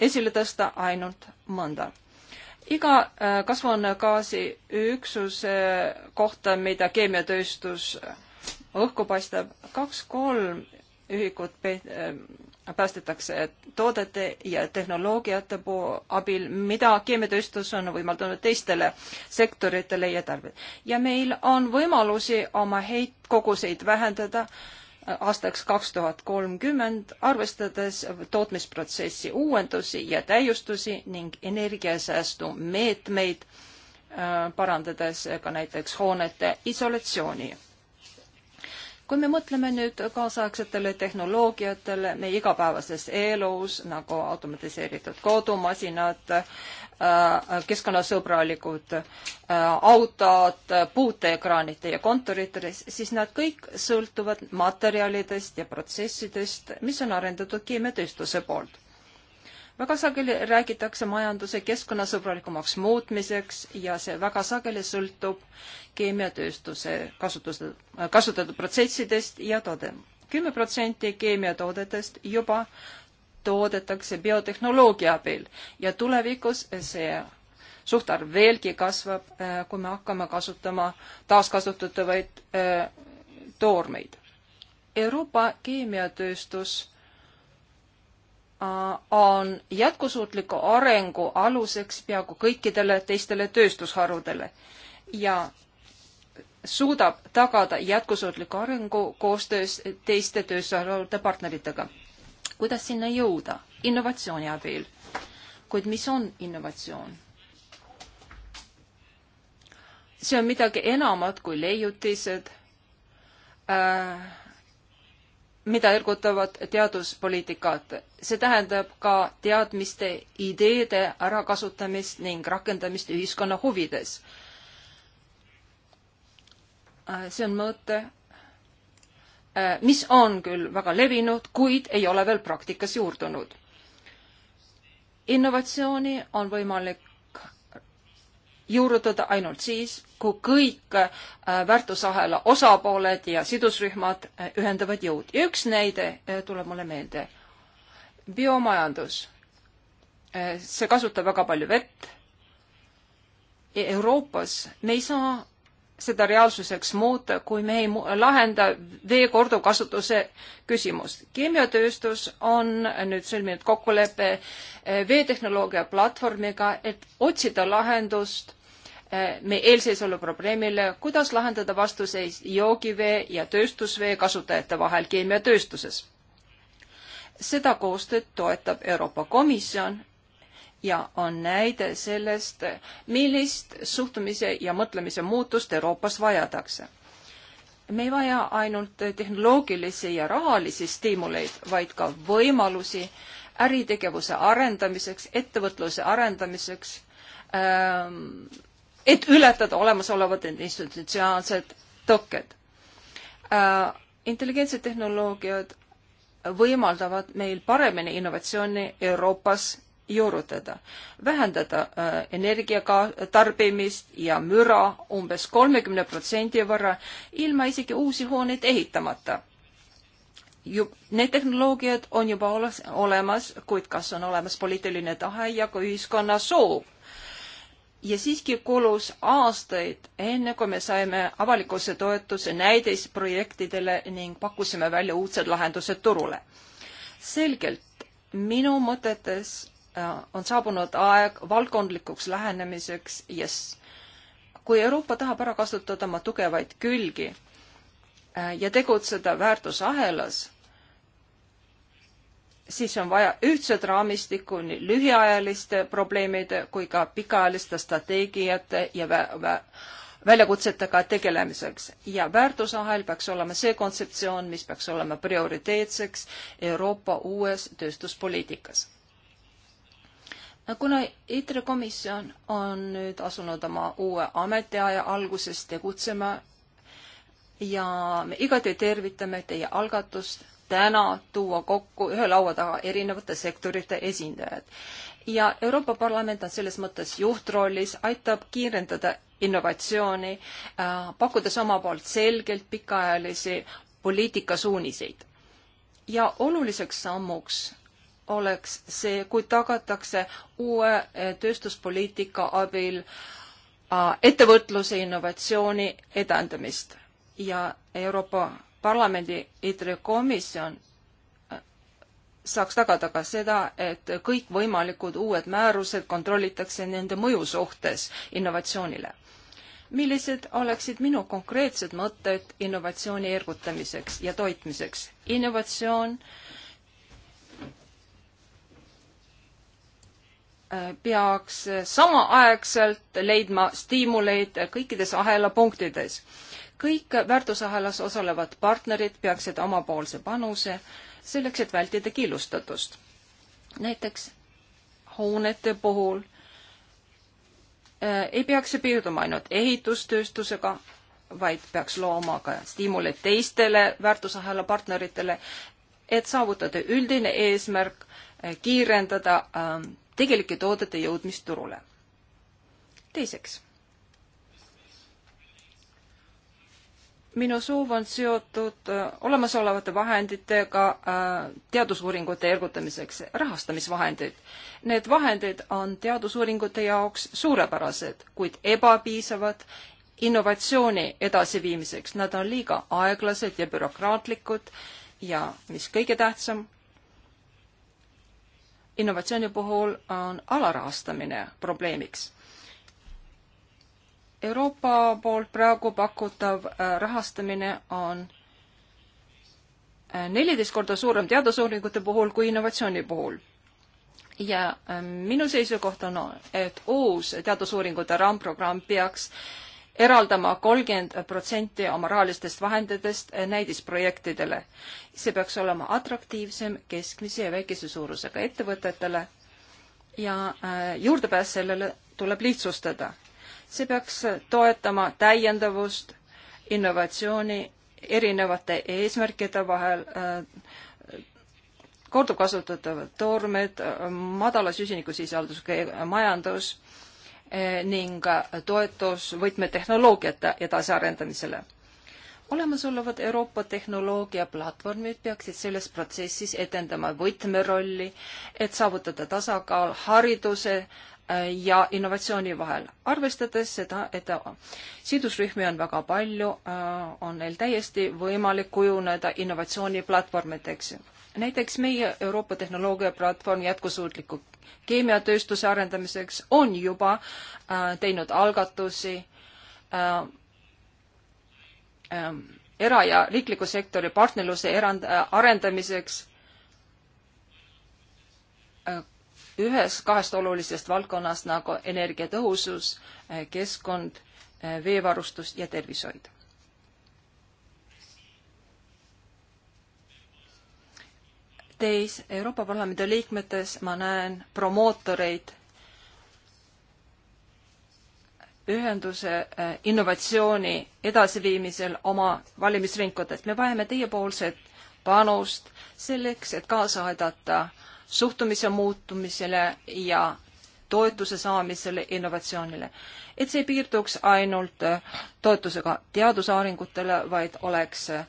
esile tõsta ainult mõnda iga äh, kasvuhoonegaasi üksuse kohta, mida keemiatööstus äh, õhku paistab, kaks-kolm ühikut äh, päästetakse toodete ja tehnoloogiate abil, mida keemiatööstus on võimaldanud teistele sektoritele ja tarbijatele. ja meil on võimalusi oma heitkoguseid vähendada äh, aastaks kaks tuhat kolmkümmend, arvestades tootmisprotsessi uuendusi ja täiustusi ning energiasäästu meetmeid, äh, parandades ka näiteks hoonete isolatsiooni kui me mõtleme nüüd kaasaegsetele tehnoloogiatele meie igapäevases elus nagu automatiseeritud kodumasinad, äh, keskkonnasõbralikud äh, autod, puuteekraanid ja kontorites, siis nad kõik sõltuvad materjalidest ja protsessidest, mis on arendatud keemiatööstuse poolt väga sageli räägitakse majanduse keskkonnasõbralikumaks muutmiseks ja see väga sageli sõltub keemiatööstuse kasutuse, kasutatud protsessidest ja toode. kümme protsenti keemiatoodetest juba toodetakse biotehnoloogia abil ja tulevikus see suhtarv veelgi kasvab, äh, kui me hakkame kasutama taaskasutatavaid äh, toormeid. Euroopa keemiatööstus Äh, on jätkusuutliku arengu aluseks peaaegu kõikidele teistele tööstusharudele ja suudab tagada jätkusuutliku arengu koostöös teiste tööstusharude partneritega. kuidas sinna jõuda? innovatsiooni abil. kuid mis on innovatsioon? see on midagi enamat kui leiutised äh,, mida ergutavad teaduspoliitikad. see tähendab ka teadmiste, ideede ärakasutamist ning rakendamist ühiskonna huvides. Äh, see on mõte, äh, mis on küll väga levinud, kuid ei ole veel praktikas juurdunud. innovatsiooni on võimalik juurutada ainult siis, kui kõik äh, väärtusahela osapooled ja sidusrühmad äh, ühendavad jõud. ja üks näide äh, tuleb mulle meelde. biomajandus. see kasutab väga palju vett. Euroopas me ei saa seda reaalsuseks muuta, kui me ei lahenda vee korduvkasutuse küsimust. keemiatööstus on nüüd sõlminud kokkuleppe veetehnoloogia platvormiga, et otsida lahendust Äh, me eelseisvale probleemile, kuidas lahendada vastuseis joogivee ja tööstusvee kasutajate vahel keemiatööstuses. seda koostööd toetab Euroopa Komisjon ja on näide sellest, millist suhtumise ja mõtlemise muutust Euroopas vajatakse. me ei vaja ainult tehnoloogilisi ja rahalisi stiimuleid, vaid ka võimalusi äritegevuse arendamiseks, ettevõtluse arendamiseks ähm,, et ületada olemasolevad need institutsionaalsed tõkked äh,. intelligentsed tehnoloogiad võimaldavad meil paremini innovatsiooni Euroopas juurutada, vähendada äh, energia tarbimist ja müra umbes kolmekümne protsendi võrra, ilma isegi uusi hooneid ehitamata ju, need tehnoloogiad on juba olemas, olemas, kuid kas on olemas poliitiline tahe ja ka ühiskonna soov ja siiski kulus aastaid, enne kui me saime avalikkuse toetuse näidisprojektidele ning pakkusime välja uudsed lahendused turule. selgelt minu mõtetes äh, on saabunud aeg valdkondlikuks lähenemiseks ja yes. kui Euroopa tahab ära kasutada oma tugevaid külgi äh, ja tegutseda väärtusahelas, siis on vaja ühtset raamistikku nii lühiajaliste probleemide kui ka pikaajaliste strateegiate ja vä vä väljakutsetega tegelemiseks ja väärtusahel peaks olema see kontseptsioon, mis peaks olema prioriteetseks Euroopa uues tööstuspoliitikas. kuna ITRE komisjon on nüüd asunud oma uue ametiaja alguses tegutsema ja me igati tervitame teie algatust täna tuua kokku ühe laua taha erinevate sektorite esindajad. ja Euroopa Parlament on selles mõttes juhtrollis, aitab kiirendada innovatsiooni, äh, pakkudes oma poolt selgelt pikaajalisi poliitikasuuniseid. ja oluliseks sammuks oleks see, kui tagatakse uue äh, tööstuspoliitika abil äh, ettevõtluse innovatsiooni edendamist ja Euroopa parlamendi ITRE komisjon äh, saaks tagada ka seda, et kõikvõimalikud uued määrused kontrollitakse nende mõju suhtes innovatsioonile. millised oleksid minu konkreetsed mõtted innovatsiooni ergutamiseks ja toitmiseks? innovatsioon äh, peaks samaaegselt leidma stiimuleid kõikides ahela punktides kõik väärtusahelas osalevad partnerid peaksid omapoolse panuse selleks, et vältida killustatust. näiteks hoonete puhul äh, ei peaks see piirduma ainult ehitustööstusega, vaid peaks looma ka stiimuleid teistele väärtusahela partneritele, et saavutada üldine eesmärk äh, kiirendada äh, tegelike toodete jõudmist turule. teiseks minu suuv on seotud äh, olemasolevate vahenditega äh, teadusuuringute ergutamiseks, rahastamisvahendid. Need vahendid on teadusuuringute jaoks suurepärased, kuid ebapiisavad innovatsiooni edasiviimiseks. Nad on liiga aeglased ja bürokraatlikud ja mis kõige tähtsam, innovatsiooni puhul on alarahastamine probleemiks Euroopa poolt praegu pakutav äh, rahastamine on äh, neliteist korda suurem teadusuuringute puhul kui innovatsiooni puhul. ja äh, minu seisukoht on, et uus teadusuuringute raamprogramm peaks eraldama kolmkümmend protsenti oma rahalistest vahenditest näidisprojektidele. see peaks olema atraktiivsem keskmise ja väikese suurusega ettevõtetele ja juurdepääs sellele tuleb lihtsustada see peaks toetama täiendavust, innovatsiooni erinevate eesmärkide vahel, äh, korduvkasutatavad toormed, madala süsinikusisaldusega majandus äh, ning toetus võtmetehnoloogiate edasiarendamisele. olemasolevad Euroopa tehnoloogiaplatvormid peaksid selles protsessis etendama võtmerolli, et saavutada tasakaal hariduse, ja innovatsiooni vahel. arvestades seda, et sidusrühmi on väga palju, äh, on neil täiesti võimalik kujuneda innovatsiooniplatvormideks. näiteks meie Euroopa tehnoloogiaplatvorm jätkusuutliku keemiatööstuse arendamiseks on juba äh, teinud algatusi äh, era- ja riikliku sektori partnerluse erand, arendamiseks ühes kahest olulisest valdkonnast nagu energiatõhusus, eh, keskkond, eh, veevarustus ja tervishoid. Teis Euroopa Parlamendi liikmetes ma näen promootoreid ühenduse eh, innovatsiooni edasiviimisel oma valimisringkondades. me vajame teiepoolset panust selleks, et kaasa aidata äh, suhtumise muutumisele ja toetuse saamisele innovatsioonile. et see ei piirduks ainult äh, toetusega teadusaringutele, vaid oleks äh,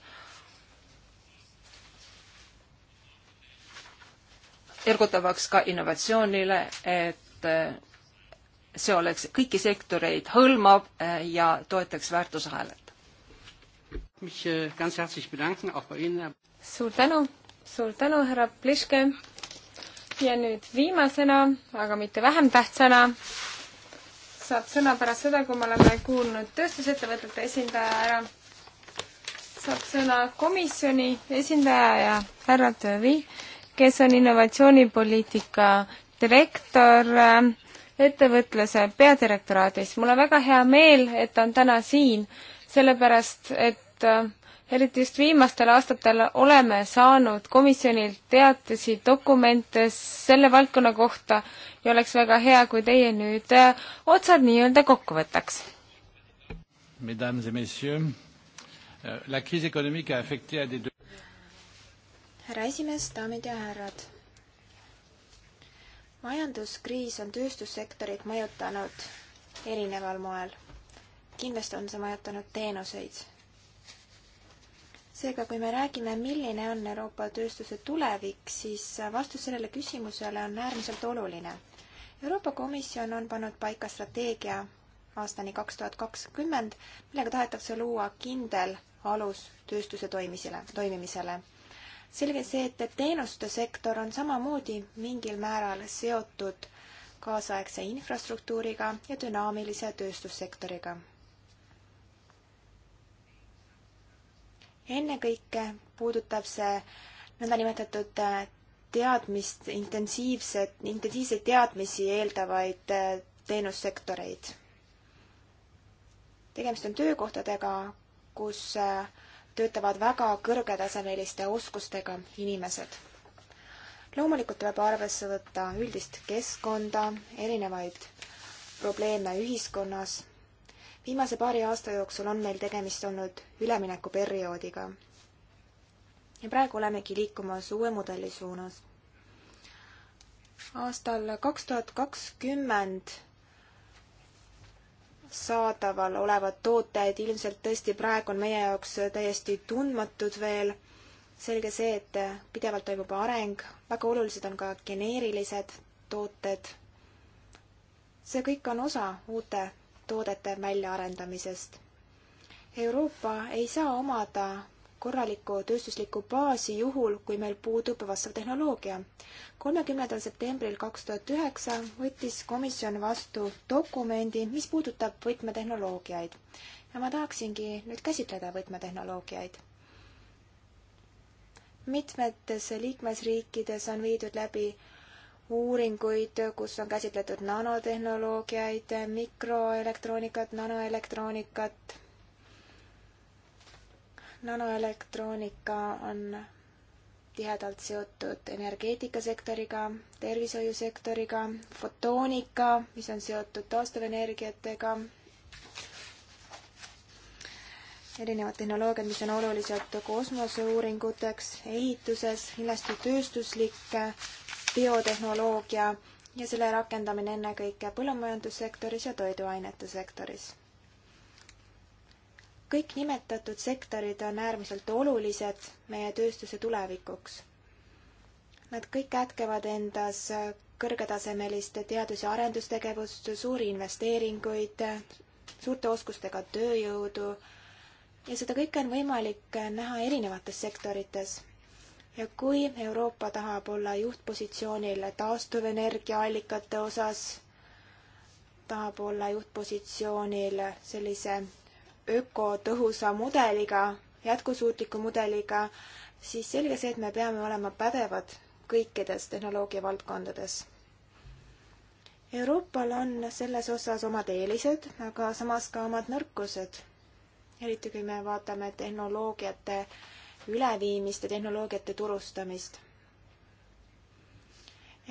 ergutavaks ka innovatsioonile, et äh, see oleks kõiki sektoreid hõlmav ja toetaks väärtusahelat. suur tänu, suur tänu, härra Pliške ja nüüd viimasena, aga mitte vähem tähtsana, saab sõna pärast seda, kui me oleme kuulnud tööstusettevõtete esindaja ära, saab sõna komisjoni esindaja ja härra Tövi, kes on innovatsioonipoliitika direktor ähm, ettevõtluse peadirektoraadis. mul on väga hea meel, et ta on täna siin, sellepärast et äh, eriti just viimastel aastatel oleme saanud komisjonilt teatisi, dokumente selle valdkonna kohta ja oleks väga hea, kui teie nüüd äh, otsad nii-öelda kokku võtaks. Euh, härra esimees, daamid ja härrad. majanduskriis on tööstussektorit mõjutanud erineval moel. kindlasti on see mõjutanud teenuseid seega, kui me räägime, milline on Euroopa tööstuse tulevik, siis vastus sellele küsimusele on äärmiselt oluline. Euroopa Komisjon on pannud paika strateegia aastani kaks tuhat kakskümmend, millega tahetakse luua kindel alus tööstuse toimisele, toimimisele. selge see, et teenuste sektor on samamoodi mingil määral seotud kaasaegse infrastruktuuriga ja dünaamilise tööstussektoriga ennekõike puudutab see nõndanimetatud äh, teadmist, intensiivset, intensiivseid teadmisi eeldavaid äh, teenussektoreid. tegemist on töökohtadega, kus äh, töötavad väga kõrgetasemeliste oskustega inimesed. loomulikult tuleb arvesse võtta üldist keskkonda, erinevaid probleeme ühiskonnas viimase paari aasta jooksul on meil tegemist olnud üleminekuperioodiga. ja praegu olemegi liikumas uue mudeli suunas. aastal kaks tuhat kakskümmend saadaval olevad tooted ilmselt tõesti praegu on meie jaoks täiesti tundmatud veel. selge see, et pidevalt toimub areng, väga olulised on ka geneerilised tooted. see kõik on osa uute toodete väljaarendamisest. Euroopa ei saa omada korralikku tööstuslikku baasi juhul, kui meil puudub vastav tehnoloogia. kolmekümnendal septembril kaks tuhat üheksa võttis komisjon vastu dokumendi, mis puudutab võtmetehnoloogiaid. ja ma tahaksingi nüüd käsitleda võtmetehnoloogiaid. mitmetes liikmesriikides on viidud läbi uuringuid, kus on käsitletud nanotehnoloogiaid, mikroelektroonikat, nanoelektroonikat. nanoelektroonika on tihedalt seotud energeetikasektoriga, tervishoiusektoriga, fotoonika, mis on seotud taastuvenergiatega, erinevad tehnoloogiad, mis on olulised kosmoseuuringuteks, ehituses, kindlasti tööstuslik biotehnoloogia ja selle rakendamine ennekõike põllumajandussektoris ja toiduainete sektoris. kõik nimetatud sektorid on äärmiselt olulised meie tööstuse tulevikuks. Nad kõik kätkevad endas kõrgetasemelist teadus- ja arendustegevust, suuri investeeringuid, suurte oskustega tööjõudu ja seda kõike on võimalik näha erinevates sektorites ja kui Euroopa tahab olla juhtpositsioonil taastuvenergiaallikate osas, tahab olla juhtpositsioonil sellise ökotõhusa mudeliga, jätkusuutliku mudeliga, siis selge see, et me peame olema pädevad kõikides tehnoloogiavaldkondades. Euroopal on selles osas omad eelised, aga samas ka omad nõrkused. eriti kui me vaatame tehnoloogiate üleviimist ja tehnoloogiate turustamist.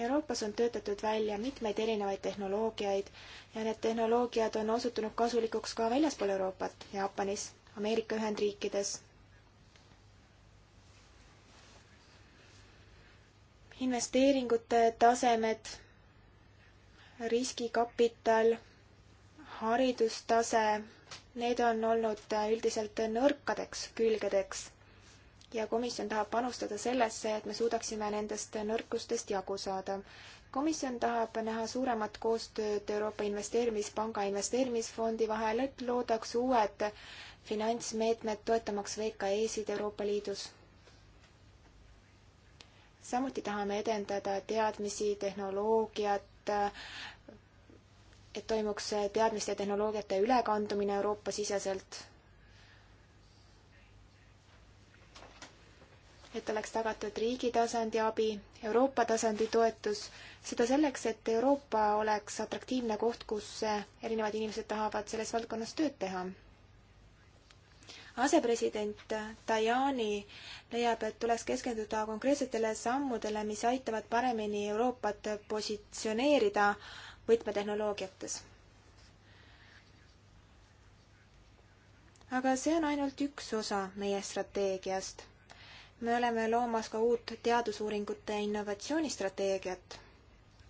Euroopas on töötatud välja mitmeid erinevaid tehnoloogiaid ja need tehnoloogiad on osutunud kasulikuks ka väljaspool Euroopat, Jaapanis, Ameerika Ühendriikides. investeeringute tasemed, riskikapital, haridustase, need on olnud üldiselt nõrkadeks külgedeks ja komisjon tahab panustada sellesse, et me suudaksime nendest nõrkustest jagu saada. komisjon tahab näha suuremat koostööd Euroopa Investeerimispanga investeerimisfondi vahel, et loodaks uued finantsmeetmed toetamaks VKE-sid Euroopa Liidus. samuti tahame edendada teadmisi, tehnoloogiat, et toimuks teadmiste ja tehnoloogiate ülekandumine Euroopa siseselt et oleks tagatud riigi tasandi abi, Euroopa tasandi toetus, seda selleks, et Euroopa oleks atraktiivne koht, kus erinevad inimesed tahavad selles valdkonnas tööd teha. asepresident Tajani leiab, et tuleks keskenduda konkreetsetele sammudele, mis aitavad paremini Euroopat positsioneerida võtmetehnoloogiates aga see on ainult üks osa meie strateegiast me oleme loomas ka uut teadusuuringute innovatsioonistrateegiat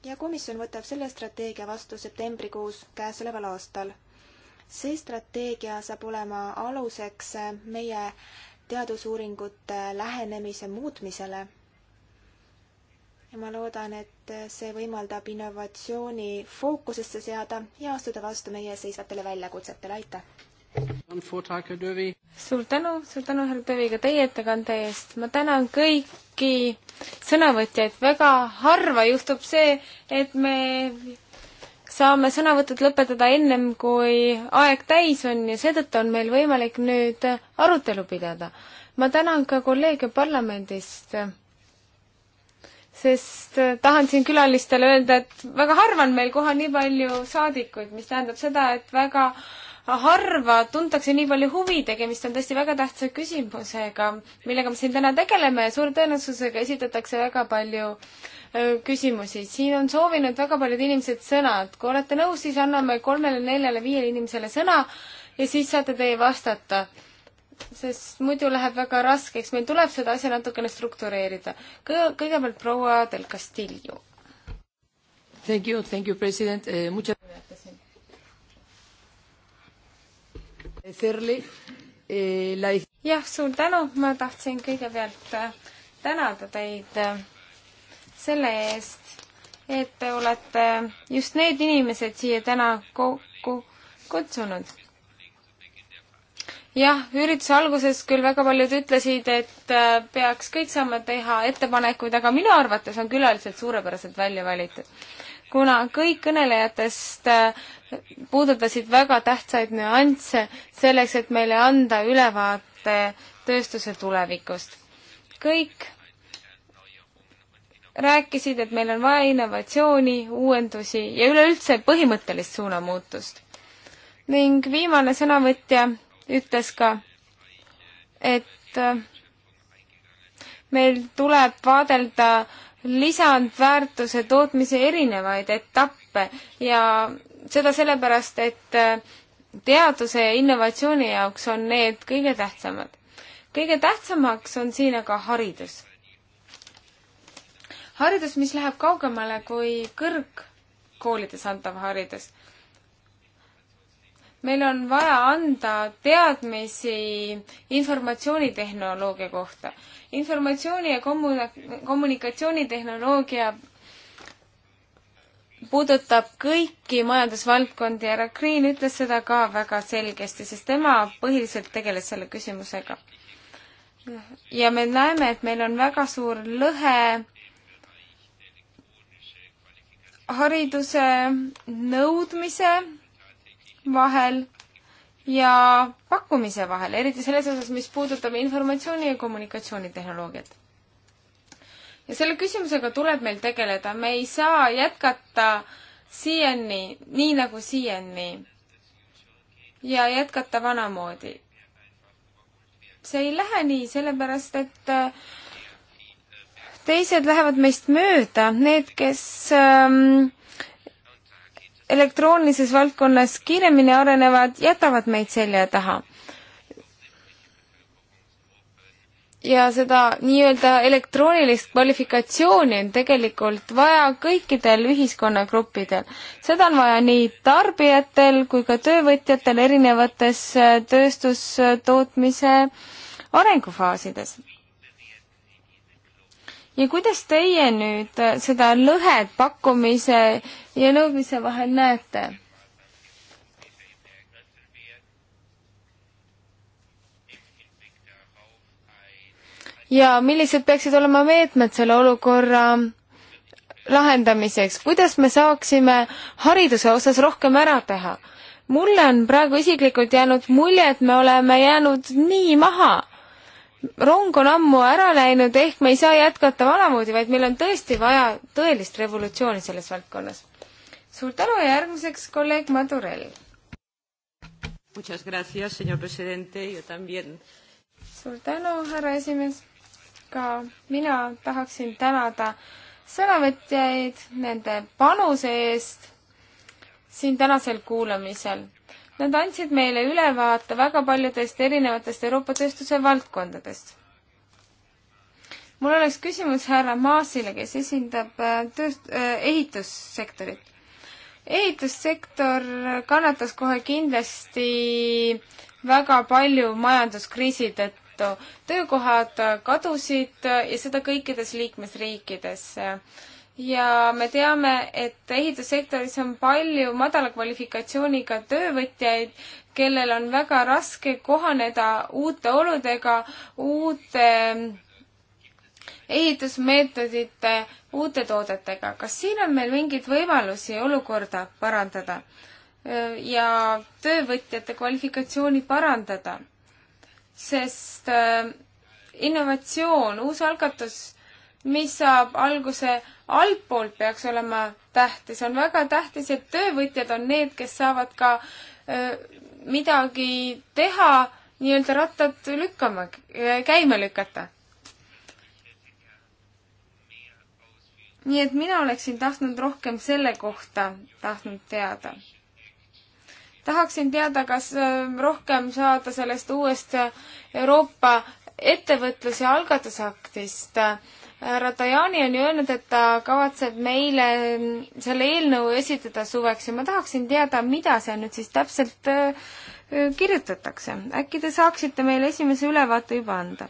ja komisjon võtab selle strateegia vastu septembrikuus käesoleval aastal. see strateegia saab olema aluseks meie teadusuuringute lähenemise muutmisele. ja ma loodan, et see võimaldab innovatsiooni fookusesse seada ja astuda vastu meie seisvatele väljakutsetele, aitäh! suur tänu, suur tänu, härra Tõvi, ka teie ettekande eest. ma tänan kõiki sõnavõtjaid. väga harva juhtub see, et me saame sõnavõtud lõpetada ennem, kui aeg täis on ja seetõttu on meil võimalik nüüd arutelu pidada. ma tänan ka kolleege parlamendist, sest tahan siin külalistele öelda, et väga harva on meil kohal nii palju saadikuid, mis tähendab seda, et väga äh, harva tuntakse nii palju huvi, tegemist on tõesti väga tähtsa küsimusega, millega me siin täna tegeleme ja suure tõenäosusega esitatakse väga palju öö, äh, küsimusi. siin on soovinud väga paljud inimesed sõna, et kui olete nõus, siis anname kolmele-neljale-viiele inimesele sõna ja siis saate teie vastata. sest muidu läheb väga raskeks, meil tuleb seda asja natukene struktureerida. kõigepealt proua Del Castillo. Thank you, thank you, president eh,, muchas Eh, jah, suur tänu, ma tahtsin kõigepealt eh, tänada teid eh, selle eest, et te olete just need inimesed siia täna kokku kutsunud. jah, ürituse alguses küll väga paljud ütlesid, et peaks kõik saama teha ettepanekuid, aga minu arvates on külalised suurepäraselt välja valitud kuna kõik kõnelejatest puudutasid väga tähtsaid nüansse selleks, et meile anda ülevaate tööstuse tulevikust. kõik rääkisid, et meil on vaja innovatsiooni, uuendusi ja üleüldse põhimõttelist suunamuutust. ning viimane sõnavõtja ütles ka, et äh, meil tuleb vaadelda lisandväärtuse tootmise erinevaid etappe ja seda sellepärast, et äh, teaduse ja innovatsiooni jaoks on need kõige tähtsamad. kõige tähtsamaks on siin aga haridus. haridus, mis läheb kaugemale kui kõrgkoolides antav haridus. meil on vaja anda teadmisi informatsioonitehnoloogia kohta. informatsiooni ja kommunikatsioonitehnoloogia puudutab kõiki majandusvaldkondi, härra Green ütles seda ka väga selgesti, sest tema põhiliselt tegeles selle küsimusega. ja me näeme, et meil on väga suur lõhe hariduse nõudmise vahel ja pakkumise vahel, eriti selles osas, mis puudutab informatsiooni- ja kommunikatsioonitehnoloogiat ja selle küsimusega tuleb meil tegeleda, me ei saa jätkata siiani, nii nagu siiani ja jätkata vanamoodi. see ei lähe nii, sellepärast et äh, teised lähevad meist mööda, need, kes ähm, elektroonilises valdkonnas kiiremini arenevad, jätavad meid selja taha. ja seda nii-öelda elektroonilist kvalifikatsiooni on tegelikult vaja kõikidel ühiskonnagruppidel. seda on vaja nii tarbijatel kui ka töövõtjatel erinevates äh, tööstustootmise äh, arengufaasides. ja kuidas teie nüüd äh, seda lõhet pakkumise ja nõudmise vahel näete? ja millised peaksid olema meetmed selle olukorra lahendamiseks, kuidas me saaksime hariduse osas rohkem ära teha? mulle on praegu isiklikult jäänud mulje, et me oleme jäänud nii maha. rong on ammu ära läinud, ehk me ei saa jätkata vanamoodi, vaid meil on tõesti vaja tõelist revolutsiooni selles valdkonnas. suur tänu ja järgmiseks kolleeg Madurell. suur tänu, härra esimees ka mina tahaksin tänada sõnavõtjaid nende panuse eest siin tänasel kuulamisel. Nad andsid meile ülevaate väga paljudest erinevatest Euroopa tööstuse valdkondadest. mul oleks küsimus härra Maasile, kes esindab äh, tööst- eh,, ehitussektorit. ehitussektor kannatas kohe kindlasti väga palju majanduskriisi tõttu tõttu. töökohad kadusid ja seda kõikides liikmesriikides. ja me teame, et ehitussektoris on palju madala kvalifikatsiooniga töövõtjaid, kellel on väga raske kohaneda uute oludega, uute ehitusmeetodite, uute toodetega. kas siin on meil mingeid võimalusi olukorda parandada ja töövõtjate kvalifikatsiooni parandada? sest äh, innovatsioon, uus algatus, mis saab alguse altpoolt, peaks olema tähtis. on väga tähtis, et töövõtjad on need, kes saavad ka öö, äh, midagi teha, nii-öelda rattad lükkama, äh, käima lükata. nii et mina oleksin tahtnud rohkem selle kohta, tahtnud teada tahaksin teada, kas äh, rohkem saada sellest uuest äh, Euroopa ettevõtluse algatusaktist. härra Tajani on ju öelnud, et ta kavatseb meile mm, selle eelnõu esitada suveks ja ma tahaksin teada, mida seal nüüd siis täpselt äh, kirjutatakse. äkki te saaksite meile esimese ülevaate juba anda?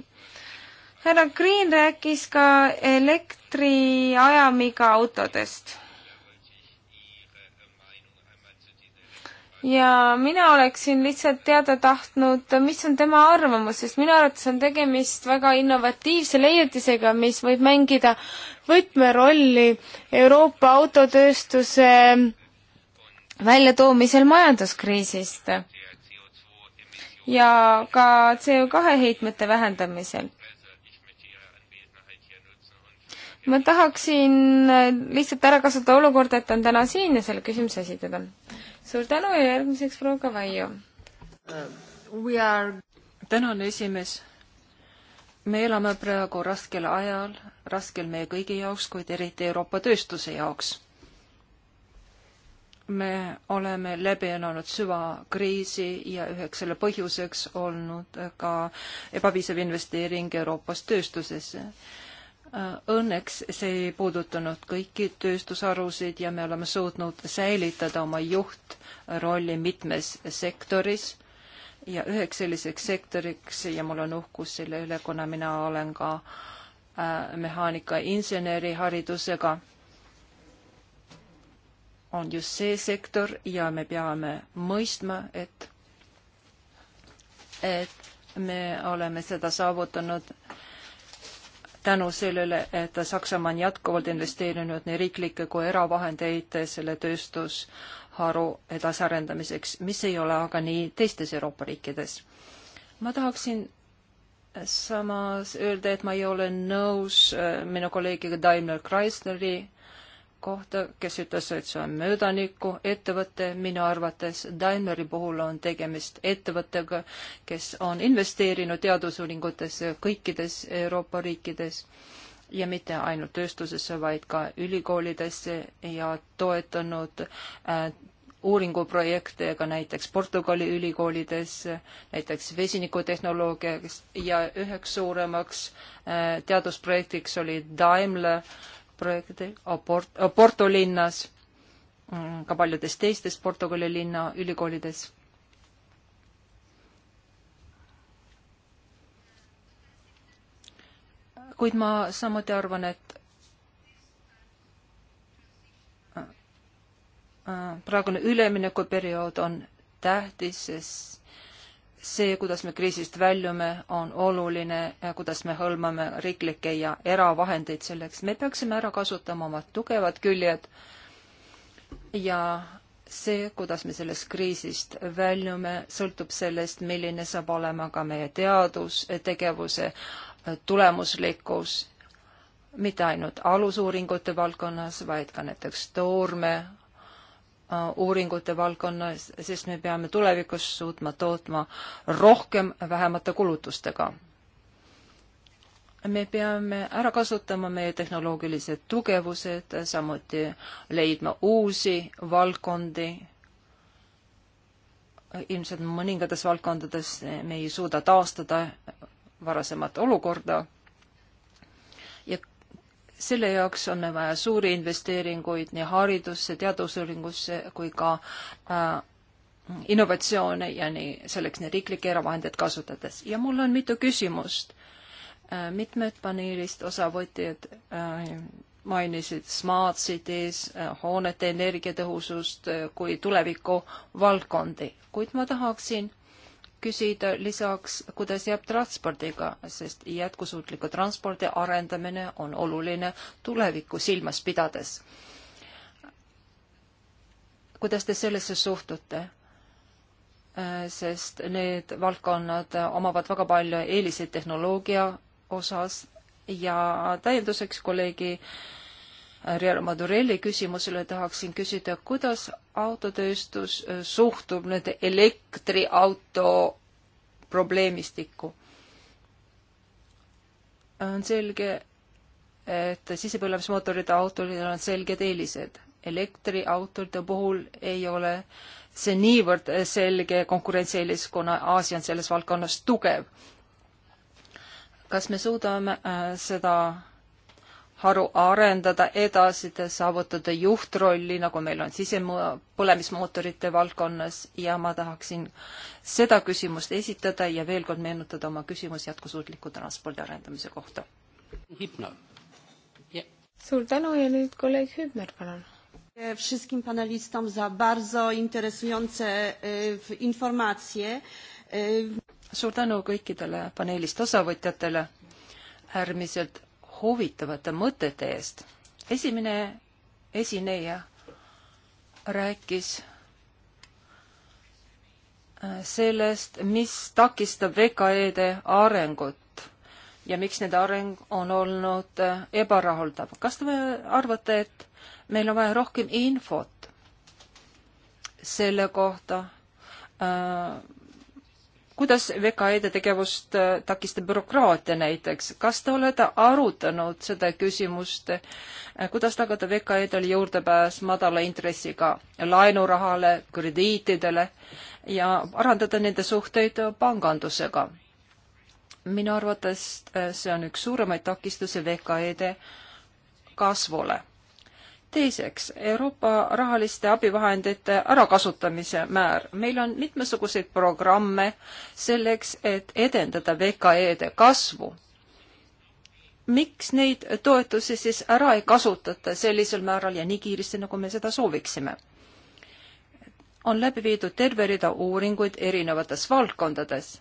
härra Green rääkis ka elektriajamiga autodest ja mina oleksin lihtsalt teada tahtnud, mis on tema arvamus, sest minu arvates on tegemist väga innovatiivse leiutisega, mis võib mängida võtmerolli Euroopa autotööstuse väljatoomisel majanduskriisist ja ka CO2 heitmete vähendamisel ma tahaksin lihtsalt ära kasutada olukorda, et on täna siin ja selle küsimuse esitada. suur tänu ja järgmiseks proua Kavaio uh,. Are... tänan, esimees. me elame praegu raskel ajal, raskel meie kõigi jaoks, kuid eriti Euroopa tööstuse jaoks. me oleme läbi elanud süvakriisi ja üheks selle põhjuseks olnud ka ebapiisav investeering Euroopas tööstusesse Õnneks see ei puudutanud kõiki tööstusharusid ja me oleme suutnud säilitada oma juhtrolli mitmes sektoris ja üheks selliseks sektoriks ja mul on uhkus selle üle, kuna mina olen ka äh, mehaanikainseneri haridusega, on just see sektor ja me peame mõistma, et, et me oleme seda saavutanud äh, tänu sellele, et Saksamaa on jätkuvalt investeerinud nii riiklikke kui eravahendeid selle tööstusharu edasiarendamiseks, mis ei ole aga nii teistes Euroopa riikides. ma tahaksin samas öelda, et ma ei ole nõus äh, minu kolleegiga Daimler Chrysleri kohta, kes ütles, et see on möödaniku ettevõte. minu arvates Daimleri puhul on tegemist ettevõttega, kes on investeerinud teadusuuringutesse kõikides Euroopa riikides ja mitte ainult tööstusesse, vaid ka ülikoolidesse ja toetanud äh, uuringuprojekte ka näiteks Portugali ülikoolides, näiteks vesinikutehnoloogias ja üheks suuremaks äh, teadusprojektiks oli Daimler äh, projekte Oport-, Porto linnas, mm, ka paljudes teistes Portugali linna ülikoolides kuid ma samuti arvan, et äh, äh, praegune üleminekuperiood on tähtis, sest see, kuidas me kriisist väljume, on oluline, kuidas me hõlmame riiklikke ja eravahendeid selleks. me peaksime ära kasutama oma tugevad küljed ja see, kuidas me sellest kriisist väljume, sõltub sellest, milline saab olema ka meie teadustegevuse äh, tulemuslikkus, mitte ainult alusuuringute valdkonnas, vaid ka näiteks toorme uuringute valdkonnas, sest me peame tulevikus suutma tootma rohkem vähemate kulutustega. me peame ära kasutama meie tehnoloogilised tugevused, samuti leidma uusi valdkondi ilmselt mõningates valdkondades me ei suuda taastada varasemat olukorda selle jaoks on vaja suuri investeeringuid nii haridusse, teadusuuringusse kui ka äh, innovatsioone ja nii selleks nii riiklikke eravahendeid kasutades. ja mul on mitu küsimust äh,. mitmed paneelist osavõtjad äh, mainisid smart cities, äh, hoonete energiatõhusust äh, kui tuleviku valdkondi, kuid ma tahaksin küsida lisaks, kuidas jääb transpordiga, sest jätkusuutliku transpordi arendamine on oluline tulevikku silmas pidades. kuidas te sellesse suhtute? sest need valdkonnad omavad väga palju eeliseid tehnoloogia osas ja täienduseks kolleegi äh, Riel Madurelli küsimusele tahaksin küsida, kuidas autotööstus äh, suhtub nende elektriauto probleemistikku? on selge, et sisepõlemismootorite autodel on selged eelised. elektriautode puhul ei ole see niivõrd selge konkurentsieelis, kuna Aasia on selles valdkonnas tugev. kas me suudame äh, seda haru arendada edasi, saavutada juhtrolli, nagu meil on sisepõlemismootorite valdkonnas ja ma tahaksin seda küsimust esitada ja veel kord meenutada oma küsimus jätkusuutliku transpordi arendamise kohta. Yeah. suur tänu ja nüüd kolleeg Hübner, palun. E, wszystkim panelistom za bardzo interesujące e, informacje. E, suur tänu kõikidele paneelist osavõtjatele, äärmiselt huvitavate mõtete eest. esimene esineja rääkis äh, sellest, mis takistab VKE-de arengut ja miks nende areng on olnud äh, ebarahuldav. kas te arvate, et meil on vaja rohkem infot selle kohta, äh, kuidas VKE-de tegevust äh, takistab bürokraatia näiteks, kas te olete arutanud seda küsimust, äh, kuidas tagada VKE-del juurdepääs madala intressiga laenurahale, krediitidele ja parandada nende suhteid pangandusega? minu arvates äh, see on üks suuremaid takistusi VKE-de kasvule teiseks, Euroopa rahaliste abivahendite ärakasutamise määr. meil on mitmesuguseid programme selleks, et edendada VKE-de kasvu. miks neid toetusi siis ära ei kasutata sellisel määral ja nii kiiresti, nagu me seda sooviksime? on läbi viidud terve rida uuringuid erinevates valdkondades.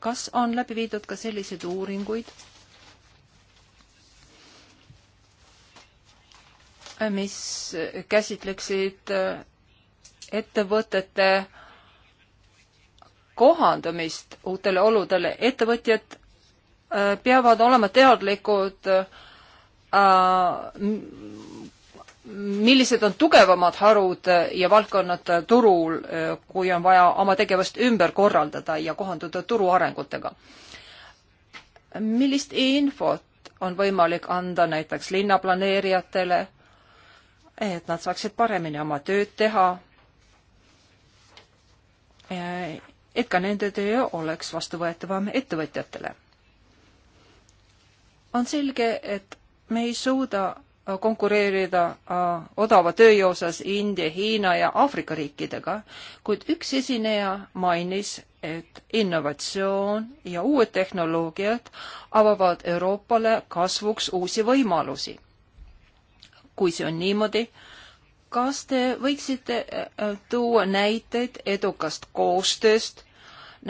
kas on läbi viidud ka selliseid uuringuid, mis käsitleksid äh, ettevõtete kohandumist uutele oludele. ettevõtjad äh, peavad olema teadlikud, äh, millised on tugevamad harud ja valdkonnad turul, kui on vaja oma tegevust ümber korraldada ja kohanduda turu arengutega. millist infot on võimalik anda näiteks linnaplaneerijatele et nad saaksid paremini oma tööd teha. et ka nende töö oleks vastuvõetavam ettevõtjatele. on selge, et me ei suuda konkureerida äh, odava tööjõu osas India, Hiina ja Aafrika riikidega, kuid üks esineja mainis, et innovatsioon ja uued tehnoloogiad avavad Euroopale kasvuks uusi võimalusi kui see on niimoodi, kas te võiksite äh, äh, tuua näiteid edukast koostööst,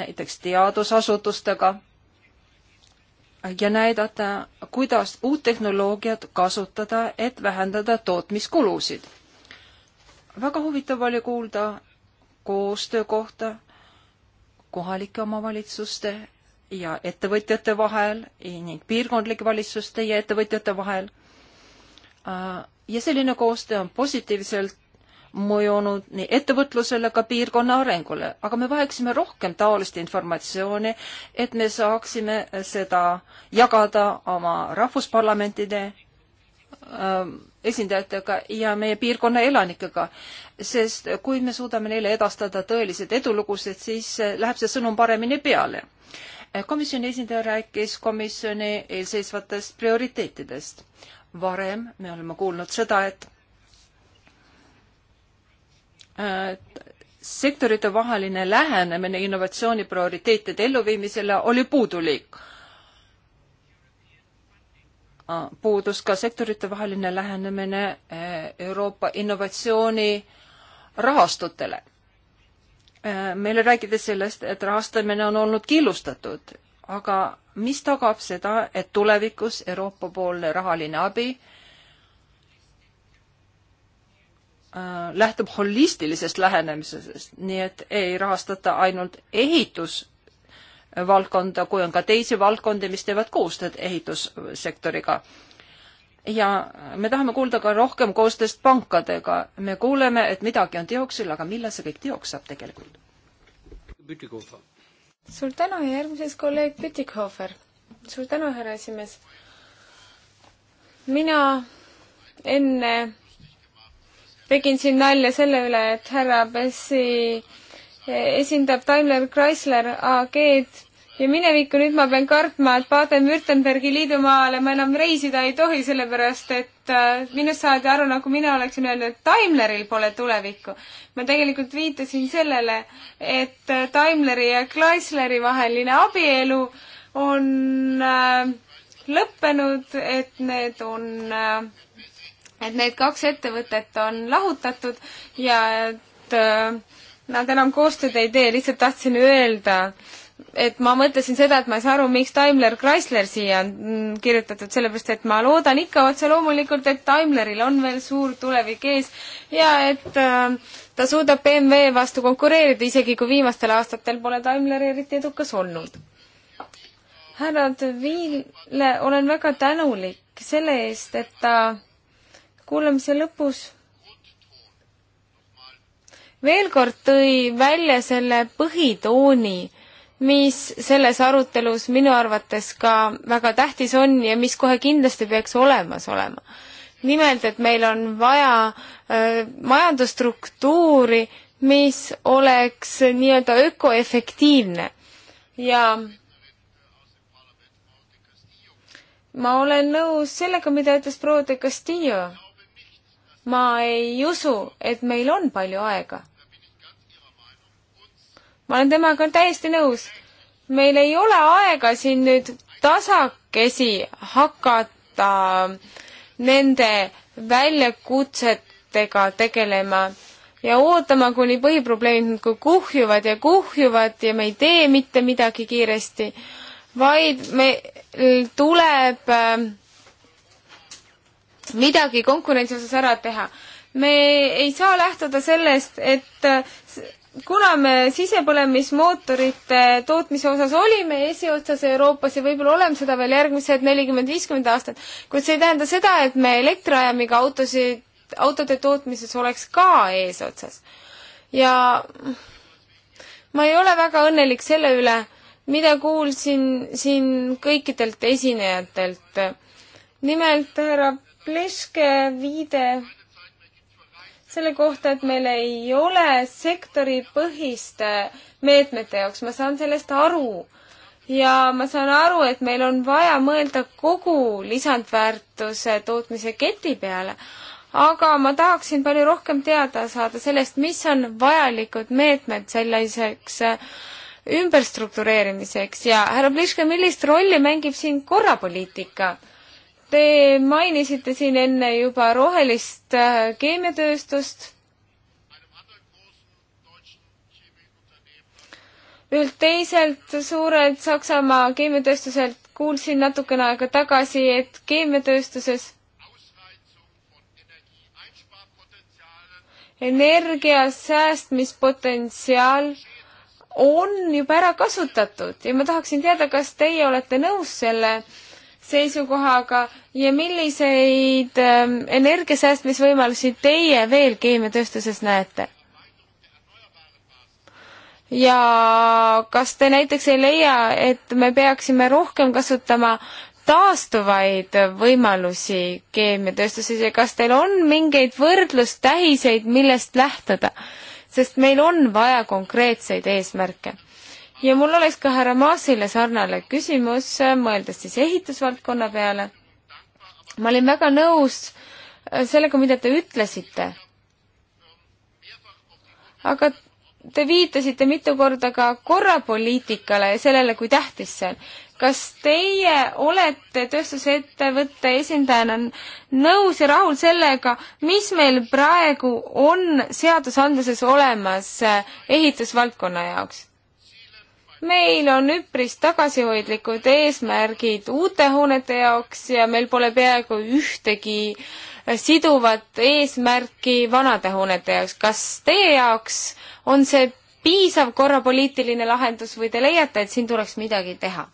näiteks teadusasutustega ja näidata, kuidas uut tehnoloogiat kasutada, et vähendada tootmiskulusid. väga huvitav oli kuulda koostöö kohta kohalike omavalitsuste ja ettevõtjate vahel ning piirkondlike valitsuste ja ettevõtjate vahel ja selline koostöö on positiivselt mõjunud nii ettevõtlusele ka piirkonna arengule, aga me vajaksime rohkem taolist informatsiooni, et me saaksime seda jagada oma rahvusparlamentide ähm, esindajatega ja meie piirkonna elanikega, sest kui me suudame neile edastada tõelised edulugusid, siis läheb see sõnum paremini peale. komisjoni esindaja rääkis komisjoni eelseisvatest prioriteetidest varem me oleme kuulnud seda, et sektorite vaheline lähenemine innovatsiooni prioriteetide elluviimisele oli puudulik. puudus ka sektorite vaheline lähenemine e, Euroopa innovatsiooni rahastutele. E, meile räägiti sellest, et rahastamine on olnud killustatud aga mis tagab seda, et tulevikus Euroopa poolne rahaline abi äh, lähtub holistilisest lähenemisest, nii et ei rahastata ainult ehitusvaldkonda, kui on ka teisi valdkondi, mis teevad koostööd ehitussektoriga. ja me tahame kuulda ka rohkem koostööst pankadega. me kuuleme, et midagi on teoksil, aga millal see kõik teoks saab tegelikult? Bütikofer suur tänu ja järgmises kolleeg Pütikhofer. suur tänu, härra esimees. mina enne tegin siin nalja selle üle, et härra Bessi esindab Daimler Chrysler AG-d ja minevikku nüüd ma pean kartma, et Baden-Württembergi liidumaale ma enam reisida ei tohi, sellepärast et äh, minust saadi aru, nagu mina oleksin öelnud, et Daimleril pole tulevikku. ma tegelikult viitasin sellele, et äh, Daimleri ja Chrysleri vaheline abielu on äh, lõppenud, et need on äh, et need kaks ettevõtet on lahutatud ja et äh, nad enam koostööd ei tee, lihtsalt tahtsin öelda äh, et ma mõtlesin seda, et ma ei saa aru, miks Daimler Chrysler siia on kirjutatud, sellepärast et ma loodan ikka otse loomulikult, et Daimleril on veel suur tulevik ees ja et äh, ta suudab BMW vastu konkureerida, isegi kui viimastel aastatel pole Daimler eriti edukas olnud. härra Deville, olen väga tänulik selle eest, et ta kuulamise lõpus veel kord tõi välja selle põhitooni mis selles arutelus minu arvates ka väga tähtis on ja mis kohe kindlasti peaks olemas olema. nimelt, et meil on vaja äh, majandusstruktuuri, mis oleks nii-öelda ökoefektiivne ja ma olen nõus sellega, mida ütles proua de Castillo. ma ei usu, et meil on palju aega ma olen temaga täiesti nõus. meil ei ole aega siin nüüd tasakesi hakata nende väljakutsetega tegelema ja ootama, kuni põhiprobleemid muudkui kuhjuvad ja kuhjuvad ja me ei tee mitte midagi kiiresti, vaid meil tuleb äh, midagi konkurentsi osas ära teha. me ei saa lähtuda sellest, et kuna me sisepõlemismootorite tootmise osas olime esiotsas Euroopas ja võib-olla oleme seda veel järgmised nelikümmend, viiskümmend aastat, kuid see ei tähenda seda, et me elektriajamiga autosid, autode tootmises oleks ka eesotsas. ja ma ei ole väga õnnelik selle üle, mida kuulsin siin kõikidelt esinejatelt. nimelt härra Pleške viide selle kohta, et meil ei ole sektoripõhiste meetmete jaoks, ma saan sellest aru. ja ma saan aru, et meil on vaja mõelda kogu lisandväärtuse tootmise keti peale, aga ma tahaksin palju rohkem teada saada sellest, mis on vajalikud meetmed selliseks äh, ümberstruktureerimiseks ja härra Pliška, millist rolli mängib siin korrapoliitika? Te mainisite siin enne juba rohelist äh, keemiatööstust. ühelt teiselt suurelt Saksamaa keemiatööstuselt kuulsin natukene aega tagasi, et keemiatööstuses energia säästmispotentsiaal on juba ära kasutatud ja ma tahaksin teada, kas teie olete nõus selle äh, seisukohaga ja milliseid ähm, energiasäästmisvõimalusi teie veel keemiatööstuses näete? ja kas te näiteks ei leia, et me peaksime rohkem kasutama taastuvaid võimalusi keemiatööstuses ja kas teil on mingeid võrdlustähiseid, millest lähtuda? sest meil on vaja konkreetseid eesmärke ja mul oleks ka härra Maasile sarnane küsimus, äh, mõeldes siis ehitusvaldkonna peale. ma olin väga nõus äh, sellega, mida te ütlesite. aga te viitasite mitu korda ka korrapoliitikale ja sellele, kui tähtis see on. kas teie olete tööstusettevõtte esindajana nõus ja rahul sellega, mis meil praegu on seadusandluses olemas äh, ehitusvaldkonna jaoks? meil on üpris tagasihoidlikud eesmärgid uute hoonete jaoks ja meil pole peaaegu ühtegi siduvat eesmärki vanade hoonete jaoks. kas teie jaoks on see piisav korra poliitiline lahendus või te leiate, et siin tuleks midagi teha?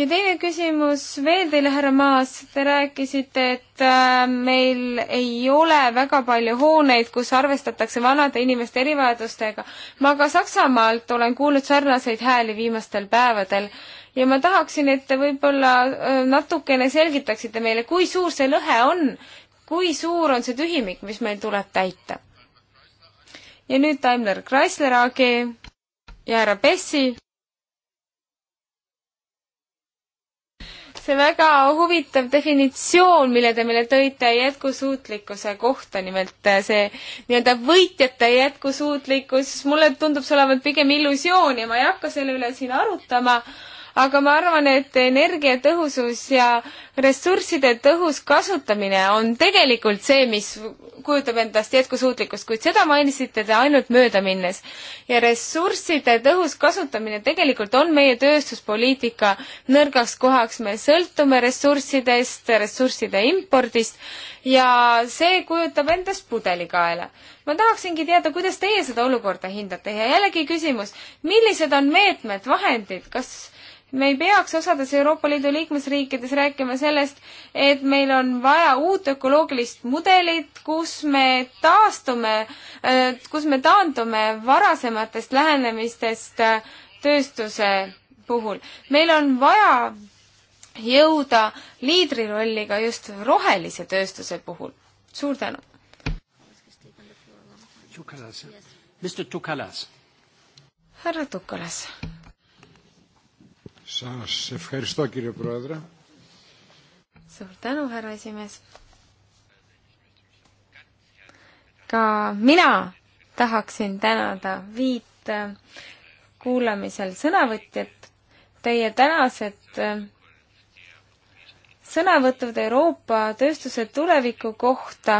ja teine küsimus veel teile, härra Maas, te rääkisite, et äh, meil ei ole väga palju hooneid, kus arvestatakse vanade inimeste erivajadustega. ma ka Saksamaalt olen kuulnud sarnaseid hääli viimastel päevadel ja ma tahaksin, et te võib-olla äh, natukene selgitaksite meile, kui suur see lõhe on, kui suur on see tühimik, mis meil tuleb täita. ja nüüd Daimler Chrysler AG ja härra Bessi see väga huvitav definitsioon, mille te meile tõite jätkusuutlikkuse kohta, nimelt äh, see nii-öelda võitjate jätkusuutlikkus, mulle tundub see olevat pigem illusioon ja ma ei hakka selle üle siin arutama, aga ma arvan, et energiatõhusus ja ressursside tõhus kasutamine on tegelikult see, mis kujutab endast jätkusuutlikkust, kuid seda mainisite te ainult möödaminnes. ja ressursside tõhus kasutamine tegelikult on meie tööstuspoliitika nõrgaks kohaks, me sõltume ressurssidest, ressursside impordist ja see kujutab endast pudelikaela ma tahaksingi teada, kuidas teie seda olukorda hindate ja jällegi küsimus, millised on meetmed, vahendid, kas me ei peaks osades Euroopa Liidu liikmesriikides rääkima sellest, et meil on vaja uut ökoloogilist mudelit, kus me taastume, äh, kus me taandume varasematest lähenemistest äh, tööstuse puhul. meil on vaja jõuda liidrirolliga just rohelise tööstuse puhul. suur tänu! härra Tukalas. Σας ευχαριστώ κύριε Πρόεδρε. Suur tänu, härra esimees. ka mina tahaksin tänada viit äh, kuulamisel sõnavõtjat. Teie tänased äh, sõnavõtud Euroopa tööstuse tuleviku kohta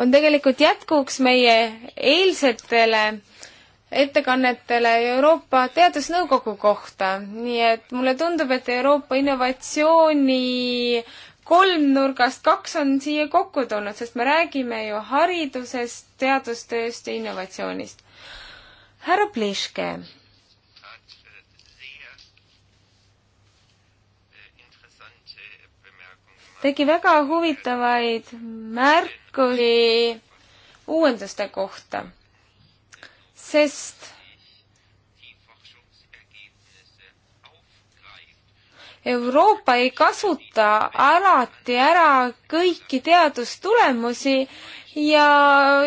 on tegelikult jätkuks meie eilsetele ettekannetele Euroopa Teadusnõukogu kohta, nii et mulle tundub, et Euroopa innovatsiooni kolmnurgast kaks on siia kokku tulnud, sest me räägime ju haridusest, teadustööst ja innovatsioonist. härra Pliške. tegi väga huvitavaid märkusi uuenduste kohta sest Euroopa ei kasuta alati ära kõiki teadustulemusi ja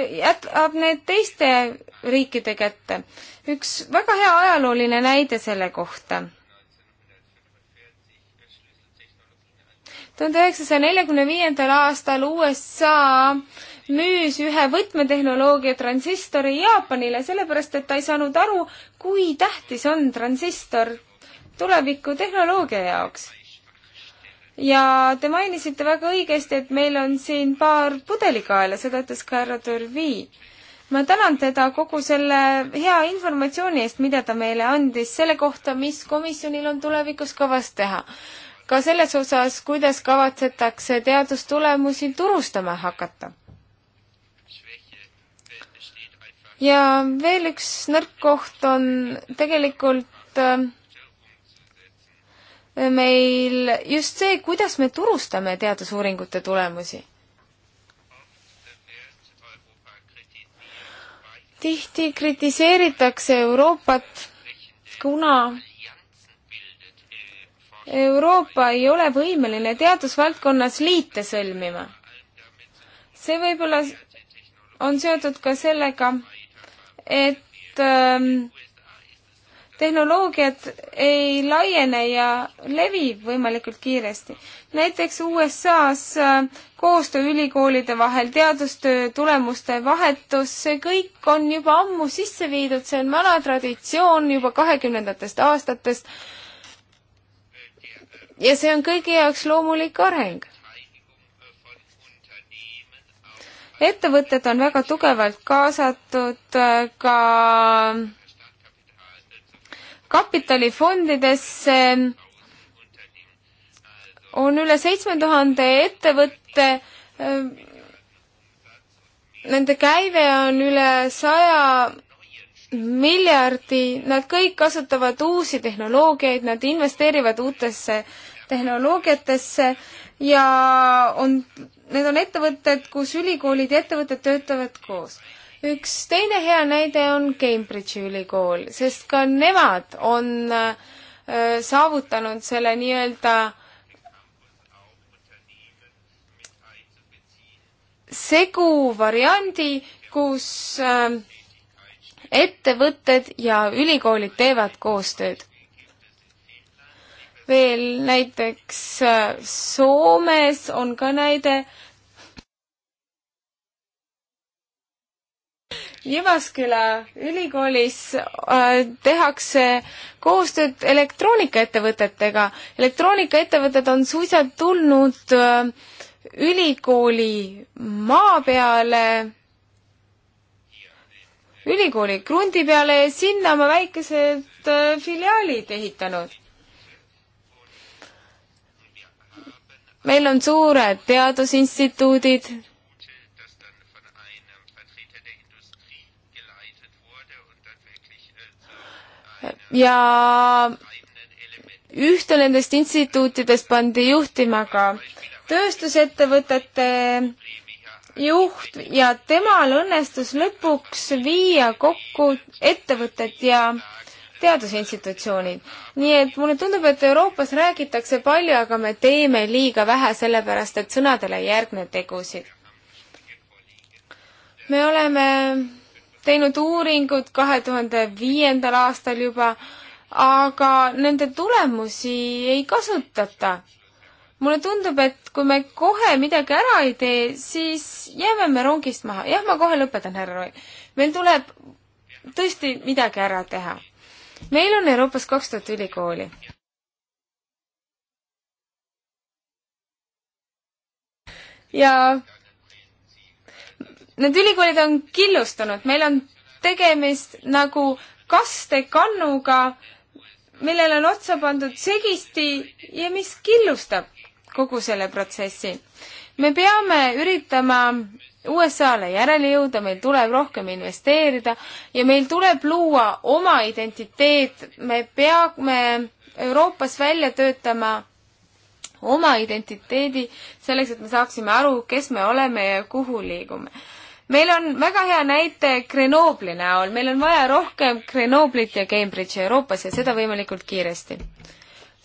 jätab need teiste riikide kätte. üks väga hea ajalooline näide selle kohta. tuhande üheksasaja neljakümne viiendal aastal USA müüs ühe võtmetehnoloogia transistori Jaapanile, sellepärast et ta ei saanud aru, kui tähtis on transistor tulevikutehnoloogia jaoks. ja te mainisite väga õigesti, et meil on siin paar pudelikaela, seda ütles ka härra Turvi ma tänan teda kogu selle hea informatsiooni eest, mida ta meile andis selle kohta, mis komisjonil on tulevikus kavas teha. ka selles osas, kuidas kavatsetakse teadustulemusi turustama hakata. ja veel üks nõrk koht on tegelikult äh, meil just see, kuidas me turustame teadusuuringute tulemusi. tihti kritiseeritakse Euroopat, kuna Euroopa ei ole võimeline teadusvaldkonnas liite sõlmima. see võib-olla on seotud ka sellega, et ähm, tehnoloogiad ei laiene ja levib võimalikult kiiresti. näiteks USA-s äh, koostöö ülikoolide vahel, teadustöö tulemuste vahetus, see kõik on juba ammu sisse viidud, see on vana traditsioon juba kahekümnendatest aastatest. ja see on kõigi jaoks loomulik areng. ettevõtted on väga tugevalt kaasatud äh, ka kapitalifondidesse, on üle seitsme tuhande ettevõtte, äh, nende käive on üle saja miljardi, nad kõik kasutavad uusi tehnoloogiaid, nad investeerivad uutesse tehnoloogiatesse ja on need on ettevõtted, kus ülikoolid ja ettevõtted töötavad koos. üks teine hea näide on Cambridge'i ülikool, sest ka nemad on äh, saavutanud selle nii-öelda segu variandi, kus äh, ettevõtted ja ülikoolid teevad koostööd veel näiteks äh, Soomes on ka näide. Jyvaskyla ülikoolis äh, tehakse koostööd elektroonikaettevõtetega. elektroonikaettevõtted on suisa tulnud äh, ülikooli maa peale, ülikooli krundi peale ja sinna oma väikesed äh, filiaalid ehitanud meil on suured teadusinstituudid, ja ühte nendest instituutidest pandi juhtima ka tööstusettevõtete juht ja temal õnnestus lõpuks viia kokku ettevõtet ja äh, teadusinstitutsioonid. nii et mulle tundub, et Euroopas räägitakse palju, aga me teeme liiga vähe, sellepärast et sõnadele ei järgne tegusid. me oleme teinud uuringud kahe tuhande viiendal aastal juba, aga nende tulemusi ei kasutata. mulle tundub, et kui me kohe midagi ära ei tee, siis jääme me rongist maha. jah, ma kohe lõpetan, härra Roy. meil tuleb tõesti midagi ära teha meil on Euroopas kaks tuhat ülikooli. ja need ülikoolid on killustunud, meil on tegemist nagu kastekannuga, millele on otsa pandud segisti ja mis killustab kogu selle protsessi. me peame üritama USA-le järele jõuda, meil tuleb rohkem investeerida ja meil tuleb luua oma identiteet, me peame Euroopas välja töötama oma identiteedi selleks, et me saaksime aru, kes me oleme ja kuhu liigume. meil on väga hea näite Grenoble'i näol, meil on vaja rohkem Grenoble'it ja Cambridge'i Euroopas ja seda võimalikult kiiresti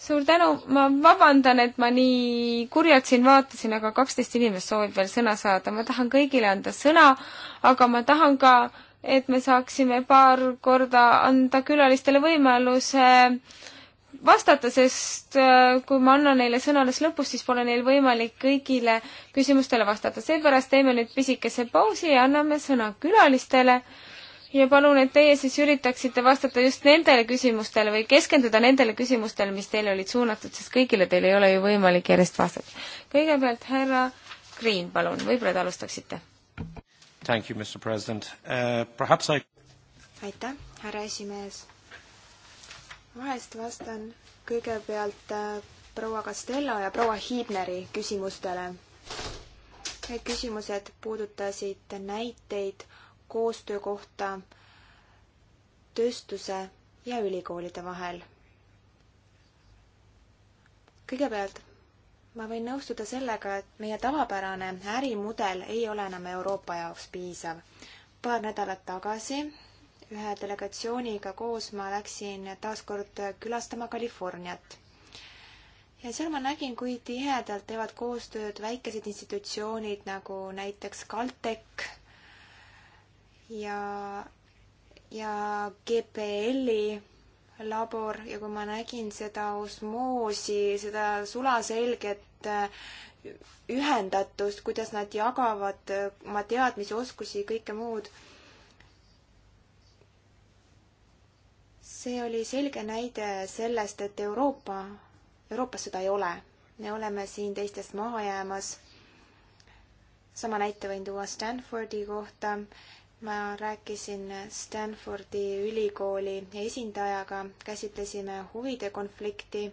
suur tänu, ma vabandan, et ma nii kurjalt siin vaatasin, aga kaksteist inimest soovib veel sõna saada, ma tahan kõigile anda sõna, aga ma tahan ka, et me saaksime paar korda anda külalistele võimaluse vastata, sest äh, kui ma annan neile sõna alles lõpus, siis pole neil võimalik kõigile küsimustele vastata. seepärast teeme nüüd pisikese pausi ja anname sõna külalistele ja palun, et teie siis üritaksite vastata just nendele küsimustele või keskenduda nendele küsimustele, mis teile olid suunatud, sest kõigile teil ei ole ju võimalik järjest vastata. kõigepealt härra Green, palun, võib-olla te alustaksite? Thank you, Mr President uh,. Perhaps I aitäh, härra esimees! vahest vastan kõigepealt uh, proua Castello ja proua Hiibneri küsimustele. Need küsimused puudutasid näiteid koostöö kohta tööstuse ja ülikoolide vahel. kõigepealt ma võin nõustuda sellega, et meie tavapärane ärimudel ei ole enam Euroopa jaoks piisav. paar nädalat tagasi ühe delegatsiooniga koos ma läksin taas kord külastama Californiat. ja seal ma nägin, kui tihedalt teevad koostööd väikesed institutsioonid nagu näiteks Caltech ja, ja GPL-i labor ja kui ma nägin seda osmoosi, seda sulaselget äh, ühendatust, kuidas nad jagavad äh, oma teadmisi, oskusi, kõike muud. see oli selge näide sellest, et Euroopa, Euroopas seda ei ole. me oleme siin teistest maha jäämas. sama näite võin tuua Stanfordi kohta ma rääkisin Stanfordi ülikooli esindajaga, käsitlesime huvide konflikti.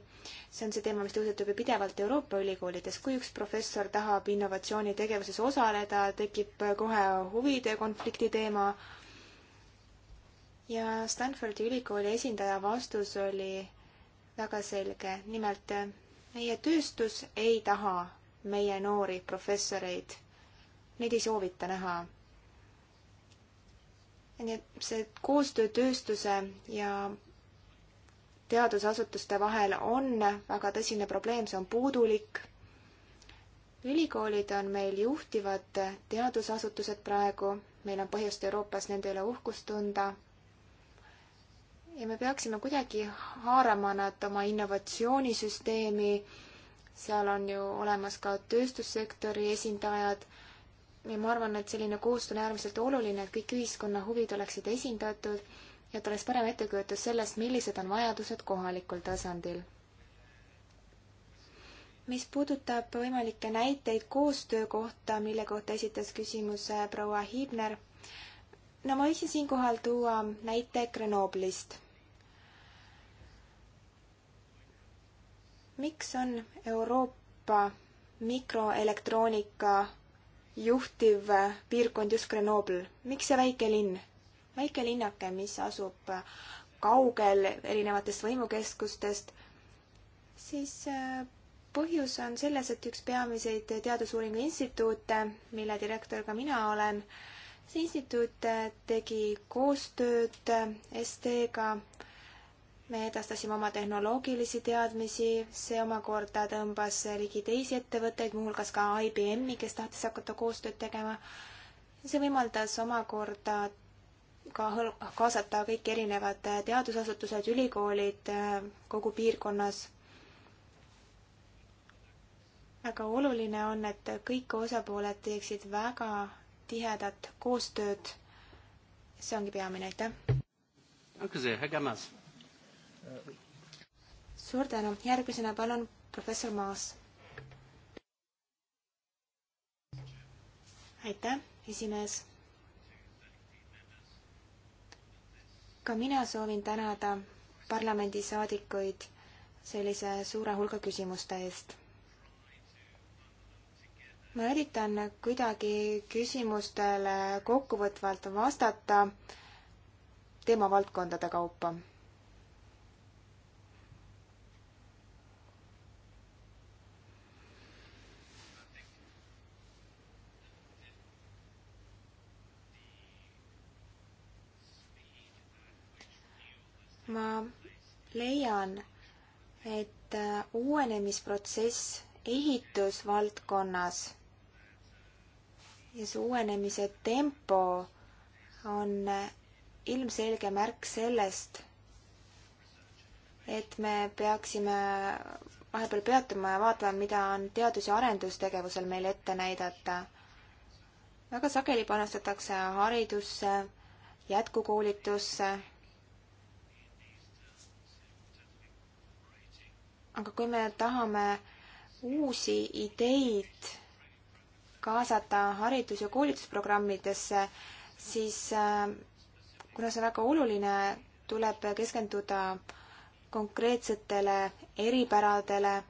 see on see teema, mis tõusetub ju pidevalt Euroopa ülikoolides. kui üks professor tahab innovatsioonitegevuses osaleda, tekib kohe huvide konflikti teema. ja Stanfordi ülikooli esindaja vastus oli väga selge. nimelt meie tööstus ei taha meie noori professoreid. Neid ei soovita näha nii et see koostöö tööstuse ja teadusasutuste vahel on väga tõsine probleem, see on puudulik. ülikoolid on meil juhtivad teadusasutused praegu, meil on põhjust Euroopas nende üle uhkust tunda. ja me peaksime kuidagi haarama nad oma innovatsioonisüsteemi. seal on ju olemas ka tööstussektori esindajad ja ma arvan, et selline koostöö on äärmiselt oluline, et kõik ühiskonna huvid oleksid esindatud ja et oleks parem ettekujutus sellest, millised on vajadused kohalikul tasandil. mis puudutab võimalikke näiteid koostöö kohta, mille kohta esitas küsimuse proua Hiibner, no ma võiksin siinkohal tuua näite Grenoblist. miks on Euroopa mikroelektroonika juhtiv piirkond just Grenoble. miks see väike linn? väike linnake, mis asub kaugel erinevatest võimukeskustest, siis äh, põhjus on selles, et üks peamiseid teadusuuringu instituute, mille direktor ka mina olen, see instituut tegi koostööd ST-ga me edastasime oma tehnoloogilisi teadmisi, see omakorda tõmbas ligi teisi ettevõtteid, muuhulgas ka IBM-i, kes tahtis hakata koostööd tegema. see võimaldas omakorda ka kaasata kõik erinevad teadusasutused, ülikoolid äh, kogu piirkonnas. väga oluline on, et kõik osapooled teeksid väga tihedat koostööd. see ongi peamine, aitäh! Danke sehr, Herr Gammers suur tänu, järgmisena palun professor Maas. aitäh, esimees. ka mina soovin tänada parlamendisaadikuid sellise suure hulga küsimuste eest. ma üritan kuidagi küsimustele kokkuvõtvalt vastata teemavaldkondade kaupa ma leian, et äh, uuenemisprotsess ehitusvaldkonnas ja see uuenemise tempo on äh, ilmselge märk sellest, et me peaksime vahepeal peatuma ja vaatama, mida on teadus- ja arendustegevusel meil ette näidata. väga sageli panustatakse haridusse, jätkukoolitusse aga kui me tahame uusi ideid kaasata haridus- ja koolitusprogrammidesse, siis äh, kuna see on väga oluline, tuleb keskenduda konkreetsetele eripäradele.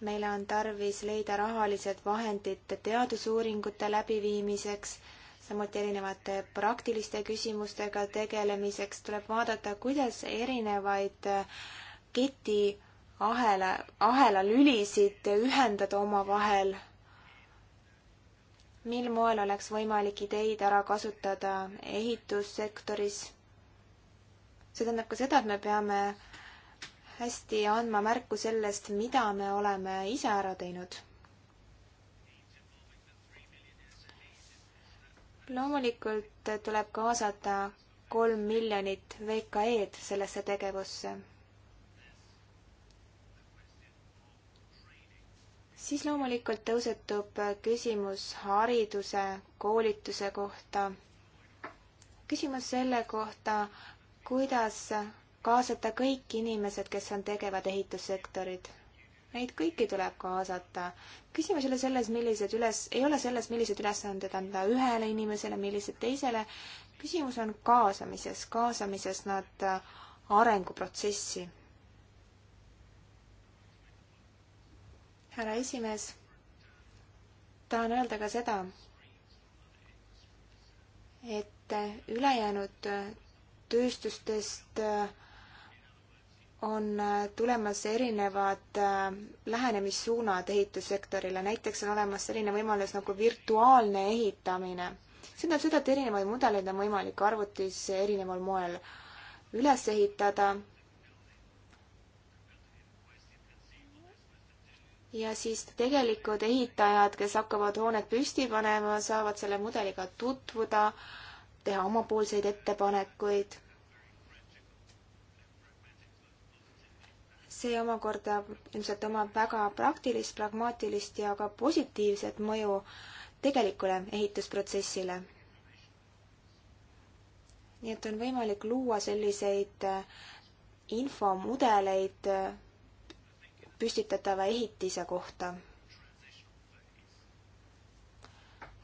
meile on tarvis leida rahalised vahendid teadusuuringute läbiviimiseks, samuti erinevate praktiliste küsimustega tegelemiseks tuleb vaadata, kuidas erinevaid keti ahela, ahelalülisid ühendada omavahel? mil moel oleks võimalik ideid ära kasutada ehitussektoris? see tähendab ka seda, et me peame hästi andma märku sellest, mida me oleme ise ära teinud loomulikult tuleb kaasata kolm miljonit VKE-d sellesse tegevusse. siis loomulikult tõusetub küsimus hariduse, koolituse kohta, küsimus selle kohta, kuidas kaasata kõik inimesed, kes on tegevad ehitussektorid Neid kõiki tuleb kaasata. küsimus ei ole selles, millised üles, ei ole selles, millised ülesanded anda ühele inimesele, millised teisele. küsimus on kaasamises, kaasamises nad arenguprotsessi. härra esimees. tahan öelda ka seda, et ülejäänud tööstustest on tulemas erinevad lähenemissuunad ehitussektorile, näiteks on olemas selline võimalus nagu virtuaalne ehitamine. see tähendab seda, et erinevaid mudeleid on võimalik arvutis erineval moel üles ehitada ja siis tegelikud ehitajad, kes hakkavad hoonet püsti panema, saavad selle mudeliga tutvuda, teha omapoolseid ettepanekuid. see omakorda ilmselt omab väga praktilist, pragmaatilist ja ka positiivset mõju tegelikule ehitusprotsessile. nii et on võimalik luua selliseid infomudeleid, püstitatava ehitise kohta.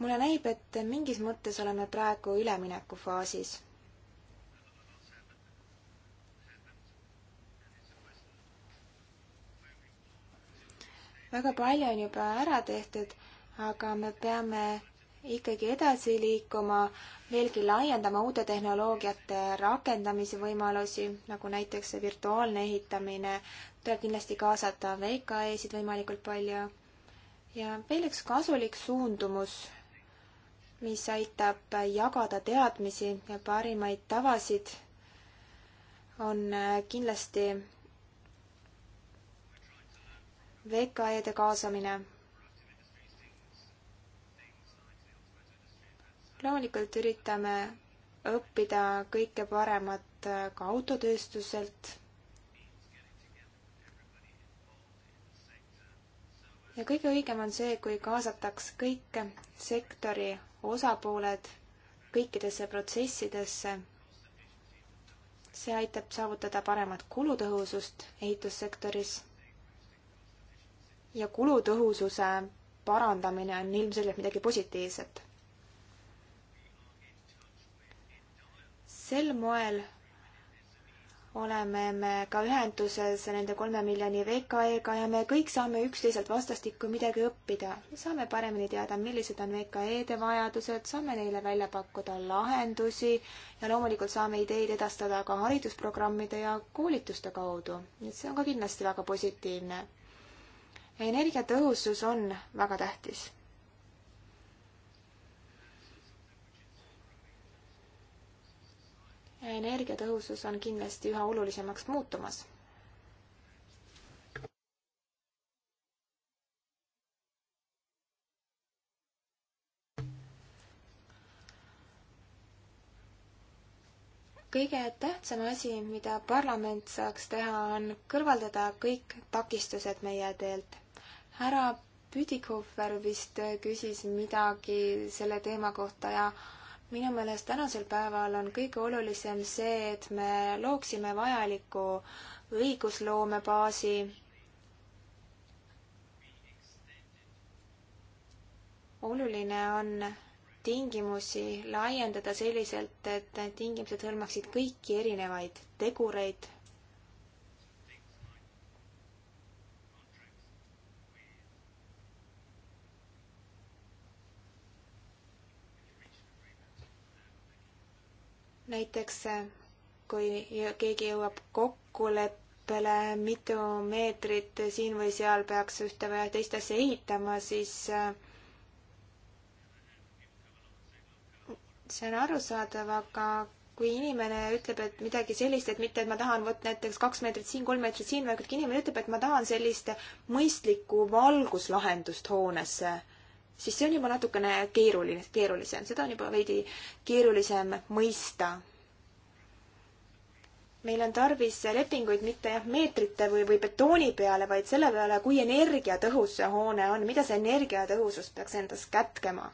mulle näib, et mingis mõttes oleme praegu üleminekufaasis. väga palju on juba ära tehtud, aga me peame ikkagi edasi liikuma, veelgi laiendama uute tehnoloogiate rakendamise võimalusi, nagu näiteks see virtuaalne ehitamine, tuleb kindlasti kaasata VKE-sid võimalikult palju. ja veel üks kasulik suundumus, mis aitab jagada teadmisi ja parimaid tavasid, on äh, kindlasti VKE-de kaasamine loomulikult üritame õppida kõike paremat ka autotööstuselt. ja kõige õigem on see, kui kaasataks kõik sektori osapooled kõikidesse protsessidesse. see aitab saavutada paremat kulutõhusust ehitussektoris. ja kulutõhususe parandamine on ilmselgelt midagi positiivset sel moel oleme me ka ühenduses nende kolme miljoni VKE-ga ja me kõik saame üksteiselt vastastikku midagi õppida. saame paremini teada, millised on VKE-de vajadused, saame neile välja pakkuda lahendusi ja loomulikult saame ideid edastada ka haridusprogrammide ja koolituste kaudu. et see on ka kindlasti väga positiivne. energiatõhusus on väga tähtis energiatõhusus on kindlasti üha olulisemaks muutumas kõige tähtsam asi, mida parlament saaks teha, on kõrvaldada kõik takistused meie teelt. härra Püdikohver vist küsis midagi selle teema kohta ja minu meelest tänasel päeval on kõige olulisem see, et me looksime vajaliku õigusloome baasi. oluline on tingimusi laiendada selliselt, et need tingimused hõlmaksid kõiki erinevaid tegureid näiteks eh, kui keegi jõuab kokkuleppele, mitu meetrit siin või seal peaks ühte või teist asja ehitama, siis eh, see on arusaadav, aga kui inimene ütleb, et midagi sellist, et mitte, et ma tahan vot näiteks kaks meetrit siin, kolm meetrit siin, vaid inimene ütleb, et ma tahan sellist mõistlikku valguslahendust hoonesse siis see on juba natukene keeruline, keerulisem, seda on juba veidi keerulisem mõista. meil on tarvis lepinguid mitte jah, meetrite või, või betooni peale, vaid selle peale, kui energiatõhus see hoone on, mida see energiatõhusus peaks endas kätkema.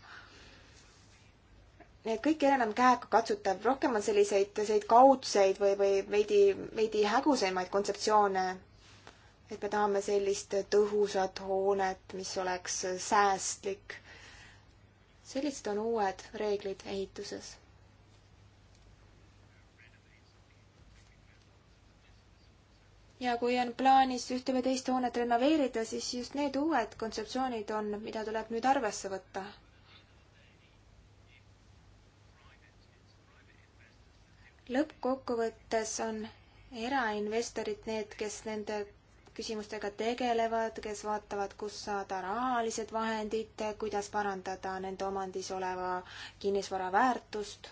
Need kõik ei ole enam käegakatsutav, rohkem on selliseid, selliseid kaudseid või, või veidi, veidi hägusemaid kontseptsioone et me tahame sellist tõhusat hoonet, mis oleks säästlik. sellised on uued reeglid ehituses. ja kui on plaanis ühte või teist hoonet renoveerida, siis just need uued kontseptsioonid on, mida tuleb nüüd arvesse võtta. lõppkokkuvõttes on erainvestorid need, kes nende küsimustega tegelevad, kes vaatavad, kust saada rahalised vahendid, kuidas parandada nende omandis oleva kinnisvara väärtust.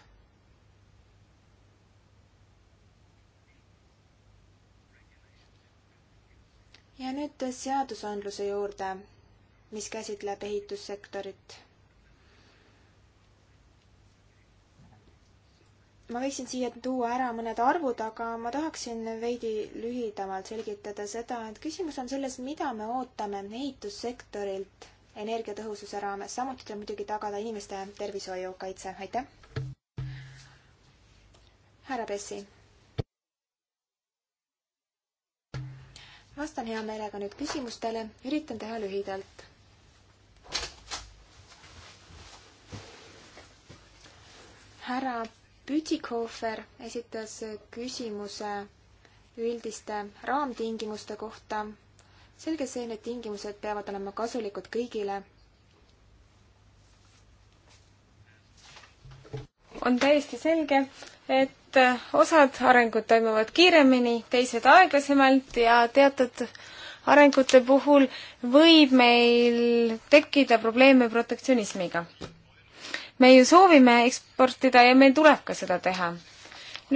ja nüüd seadusandluse juurde, mis käsitleb ehitussektorit ma võiksin siia tuua ära mõned arvud, aga ma tahaksin veidi lühidamalt selgitada seda, et küsimus on selles, mida me ootame ehitussektorilt energiatõhususe raames, samuti tuleb muidugi tagada inimeste tervishoiukaitse, aitäh! härra Pessi. vastan hea meelega nüüd küsimustele, üritan teha lühidalt. härra Bütikofer esitas küsimuse üldiste raamtingimuste kohta. selge see, need tingimused peavad olema kasulikud kõigile. on täiesti selge, et osad arengud toimuvad kiiremini, teised aeglasemalt ja teatud arengute puhul võib meil tekkida probleeme protektsionismiga me ju soovime eksportida ja meil tuleb ka seda teha.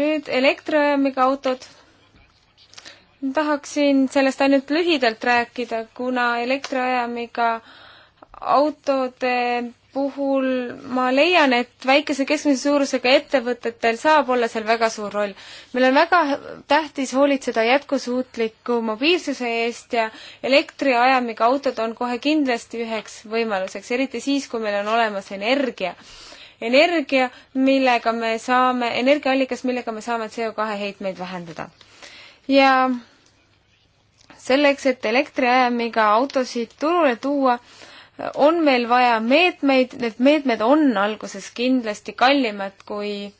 nüüd elektrijaamiga autod. tahaksin sellest ainult lühidalt rääkida, kuna elektriajamiga autode puhul ma leian, et väikese keskmise suurusega ettevõtetel saab olla seal väga suur roll. meil on väga tähtis hoolitseda jätkusuutliku mobiilsuse eest ja elektriajamiga autod on kohe kindlasti üheks võimaluseks, eriti siis, kui meil on olemas energia. energia, millega me saame, energiaallikas, millega me saame CO2 heitmeid vähendada. ja selleks, et elektriajamiga autosid turule tuua, on meil vaja meetmeid, need meetmed on alguses kindlasti kallimad kui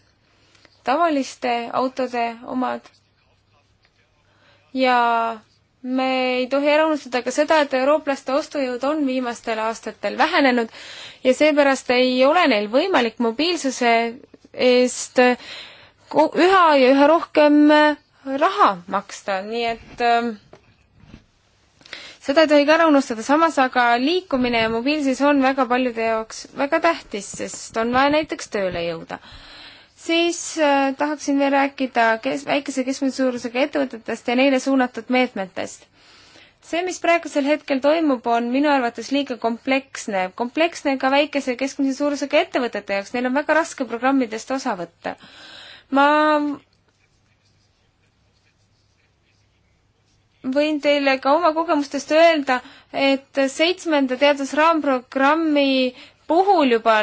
tavaliste autode omad. ja me ei tohi ära unustada ka seda, et eurooplaste ostujõud on viimastel aastatel vähenenud ja seepärast ei ole neil võimalik mobiilsuse eest üha ja üha rohkem raha maksta, nii et ähm, seda ei tohi ka ära unustada, samas aga liikumine ja mobiilsus on väga paljude jaoks väga tähtis, sest on vaja näiteks tööle jõuda. siis äh, tahaksin veel rääkida kes-, väikese keskmise suurusega ettevõtetest ja neile suunatud meetmetest see, mis praegusel hetkel toimub, on minu arvates liiga kompleksne. kompleksne ka väikese ja keskmise suurusega ettevõtete jaoks, neil on väga raske programmidest osa võtta. ma võin teile ka oma kogemustest öelda, et seitsmenda teadusraamprogrammi puhul juba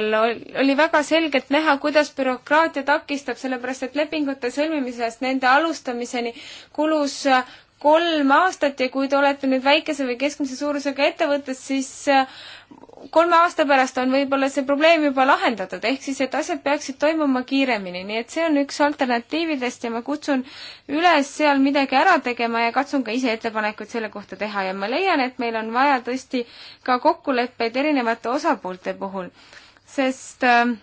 oli väga selgelt näha, kuidas bürokraatia takistab, sellepärast et lepingute sõlmimisest nende alustamiseni kulus kolm aastat ja kui te olete nüüd väikese või keskmise suurusega ettevõttes, siis äh, kolme aasta pärast on võib-olla see probleem juba lahendatud, ehk siis et asjad peaksid toimuma kiiremini, nii et see on üks alternatiividest ja ma kutsun üles seal midagi ära tegema ja katsun ka ise ettepanekuid selle kohta teha ja ma leian, et meil on vaja tõesti ka kokkuleppeid erinevate osapoolte puhul, sest äh,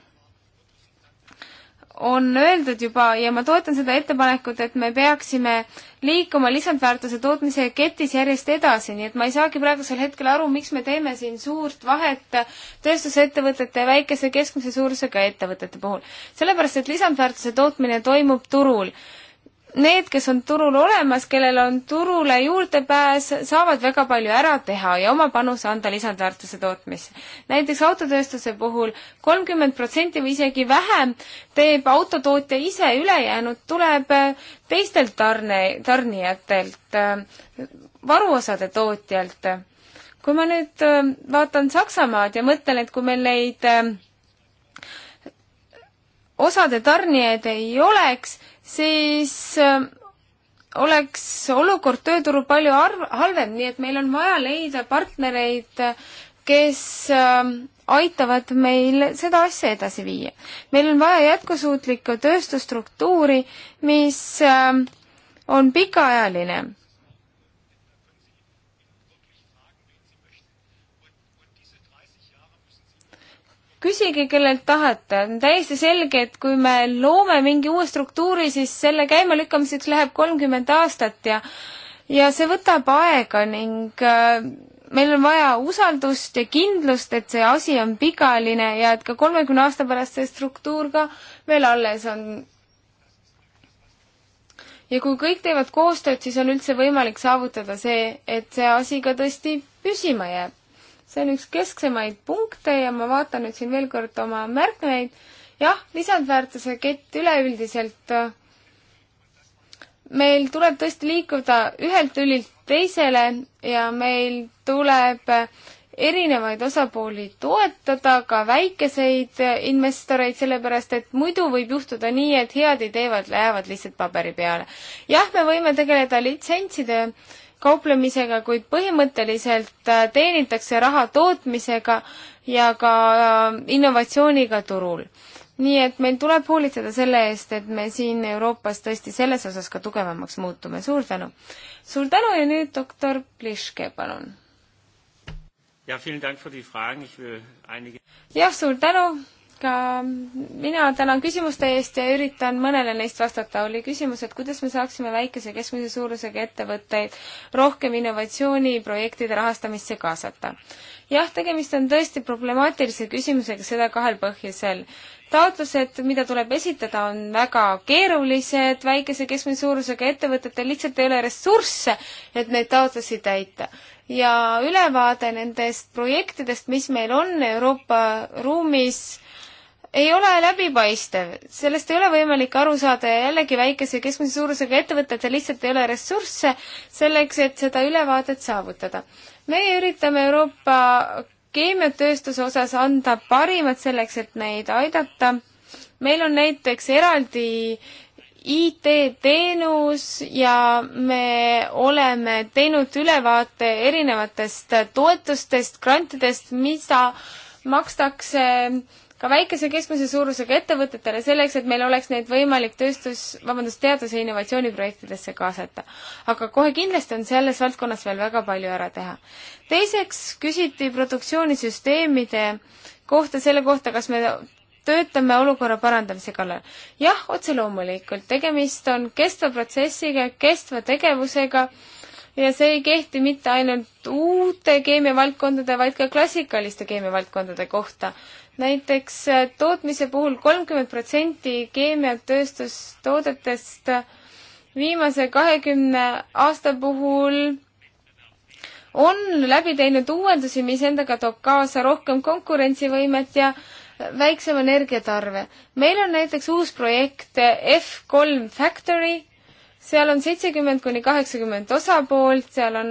on öeldud juba ja ma toetan seda ettepanekut, et me peaksime liikuma lisandväärtuse tootmise ketis järjest edasi, nii et ma ei saagi praegusel hetkel aru, miks me teeme siin suurt vahet tööstusettevõtete ja väikese keskmise suurusega ettevõtete puhul. sellepärast, et lisandväärtuse tootmine toimub turul need, kes on turul olemas, kellel on turule juurdepääs, saavad väga palju ära teha ja oma panuse anda lisandväärtuse tootmisse. näiteks autotööstuse puhul kolmkümmend protsenti või isegi vähem teeb autotootja ise, ülejäänud tuleb äh, teistelt tarne, tarnijatelt, äh, varuosade tootjalt. kui ma nüüd äh, vaatan Saksamaad ja mõtlen, et kui meil neid osade tarnijaid ei oleks, siis ähm, oleks olukord tööturul palju arv-, halvem, nii et meil on vaja leida partnereid, kes ähm, aitavad meil seda asja edasi viia. meil on vaja jätkusuutlikku tööstusstruktuuri, mis ähm, on pikaajaline küsige, kellelt tahate, on täiesti selge, et kui me loome mingi uue struktuuri, siis selle käimalükkamiseks läheb kolmkümmend aastat ja ja see võtab aega ning äh, meil on vaja usaldust ja kindlust, et see asi on pikaline ja et ka kolmekümne aasta pärast see struktuur ka veel alles on. ja kui kõik teevad koostööd, siis on üldse võimalik saavutada see, et see asi ka tõesti püsima jääb see on üks kesksemaid punkte ja ma vaatan nüüd siin veel kord oma märkmeid. jah, lisandväärtuse kett üleüldiselt. meil tuleb tõesti liikuda ühelt lülilt teisele ja meil tuleb erinevaid osapooli toetada, ka väikeseid investoreid, sellepärast et muidu võib juhtuda nii, et head ideed jäävad lihtsalt paberi peale. jah, me võime tegeleda litsentside kauplemisega, kuid põhimõtteliselt äh, teenitakse raha tootmisega ja ka äh, innovatsiooniga turul. nii et meil tuleb hoolitseda selle eest, et me siin Euroopas tõesti selles osas ka tugevamaks muutume, suur tänu! suur tänu ja nüüd doktor Pliške, palun! jah, suur tänu, ka mina tänan küsimuste eest ja üritan mõnele neist vastata. oli küsimus, et kuidas me saaksime väikese keskmise suurusega ettevõtteid rohkem innovatsiooniprojektide rahastamisse kaasata. jah, tegemist on tõesti problemaatilise küsimusega, seda kahel põhjusel. taotlused, mida tuleb esitada, on väga keerulised, väikese keskmise suurusega ettevõtetel lihtsalt ei ole ressursse, et neid taotlusi täita ja ülevaade nendest projektidest, mis meil on Euroopa ruumis ei ole läbipaistev, sellest ei ole võimalik aru saada ja jällegi väikese ja keskmise suurusega ettevõtetel lihtsalt ei ole ressursse selleks, et seda ülevaadet saavutada. meie üritame Euroopa keemiatööstuse osas anda parimat selleks, et neid aidata. meil on näiteks eraldi IT-teenus ja me oleme teinud ülevaate erinevatest toetustest, grantidest, mida makstakse äh, ka väikese keskmise suurusega ettevõtetele, selleks et meil oleks neid võimalik tööstus, vabandust, teadus- ja innovatsiooniprojektidesse kaasata. aga kohe kindlasti on selles valdkonnas veel väga palju ära teha. teiseks küsiti produktsioonisüsteemide kohta, selle kohta, kas me töötame olukorra parandamise kallal. jah, otse loomulikult, tegemist on kestva protsessiga, kestva tegevusega ja see ei kehti mitte ainult uute keemiavaldkondade, vaid ka klassikaliste keemiavaldkondade kohta näiteks äh, tootmise puhul kolmkümmend protsenti keemiatööstustoodetest äh, viimase kahekümne aasta puhul on läbi teinud uuendusi, mis endaga toob kaasa rohkem konkurentsivõimet ja äh, väiksema energiatarve. meil on näiteks uus projekt F3 Factory, seal on seitsekümmend kuni kaheksakümmend osapoolt, seal on,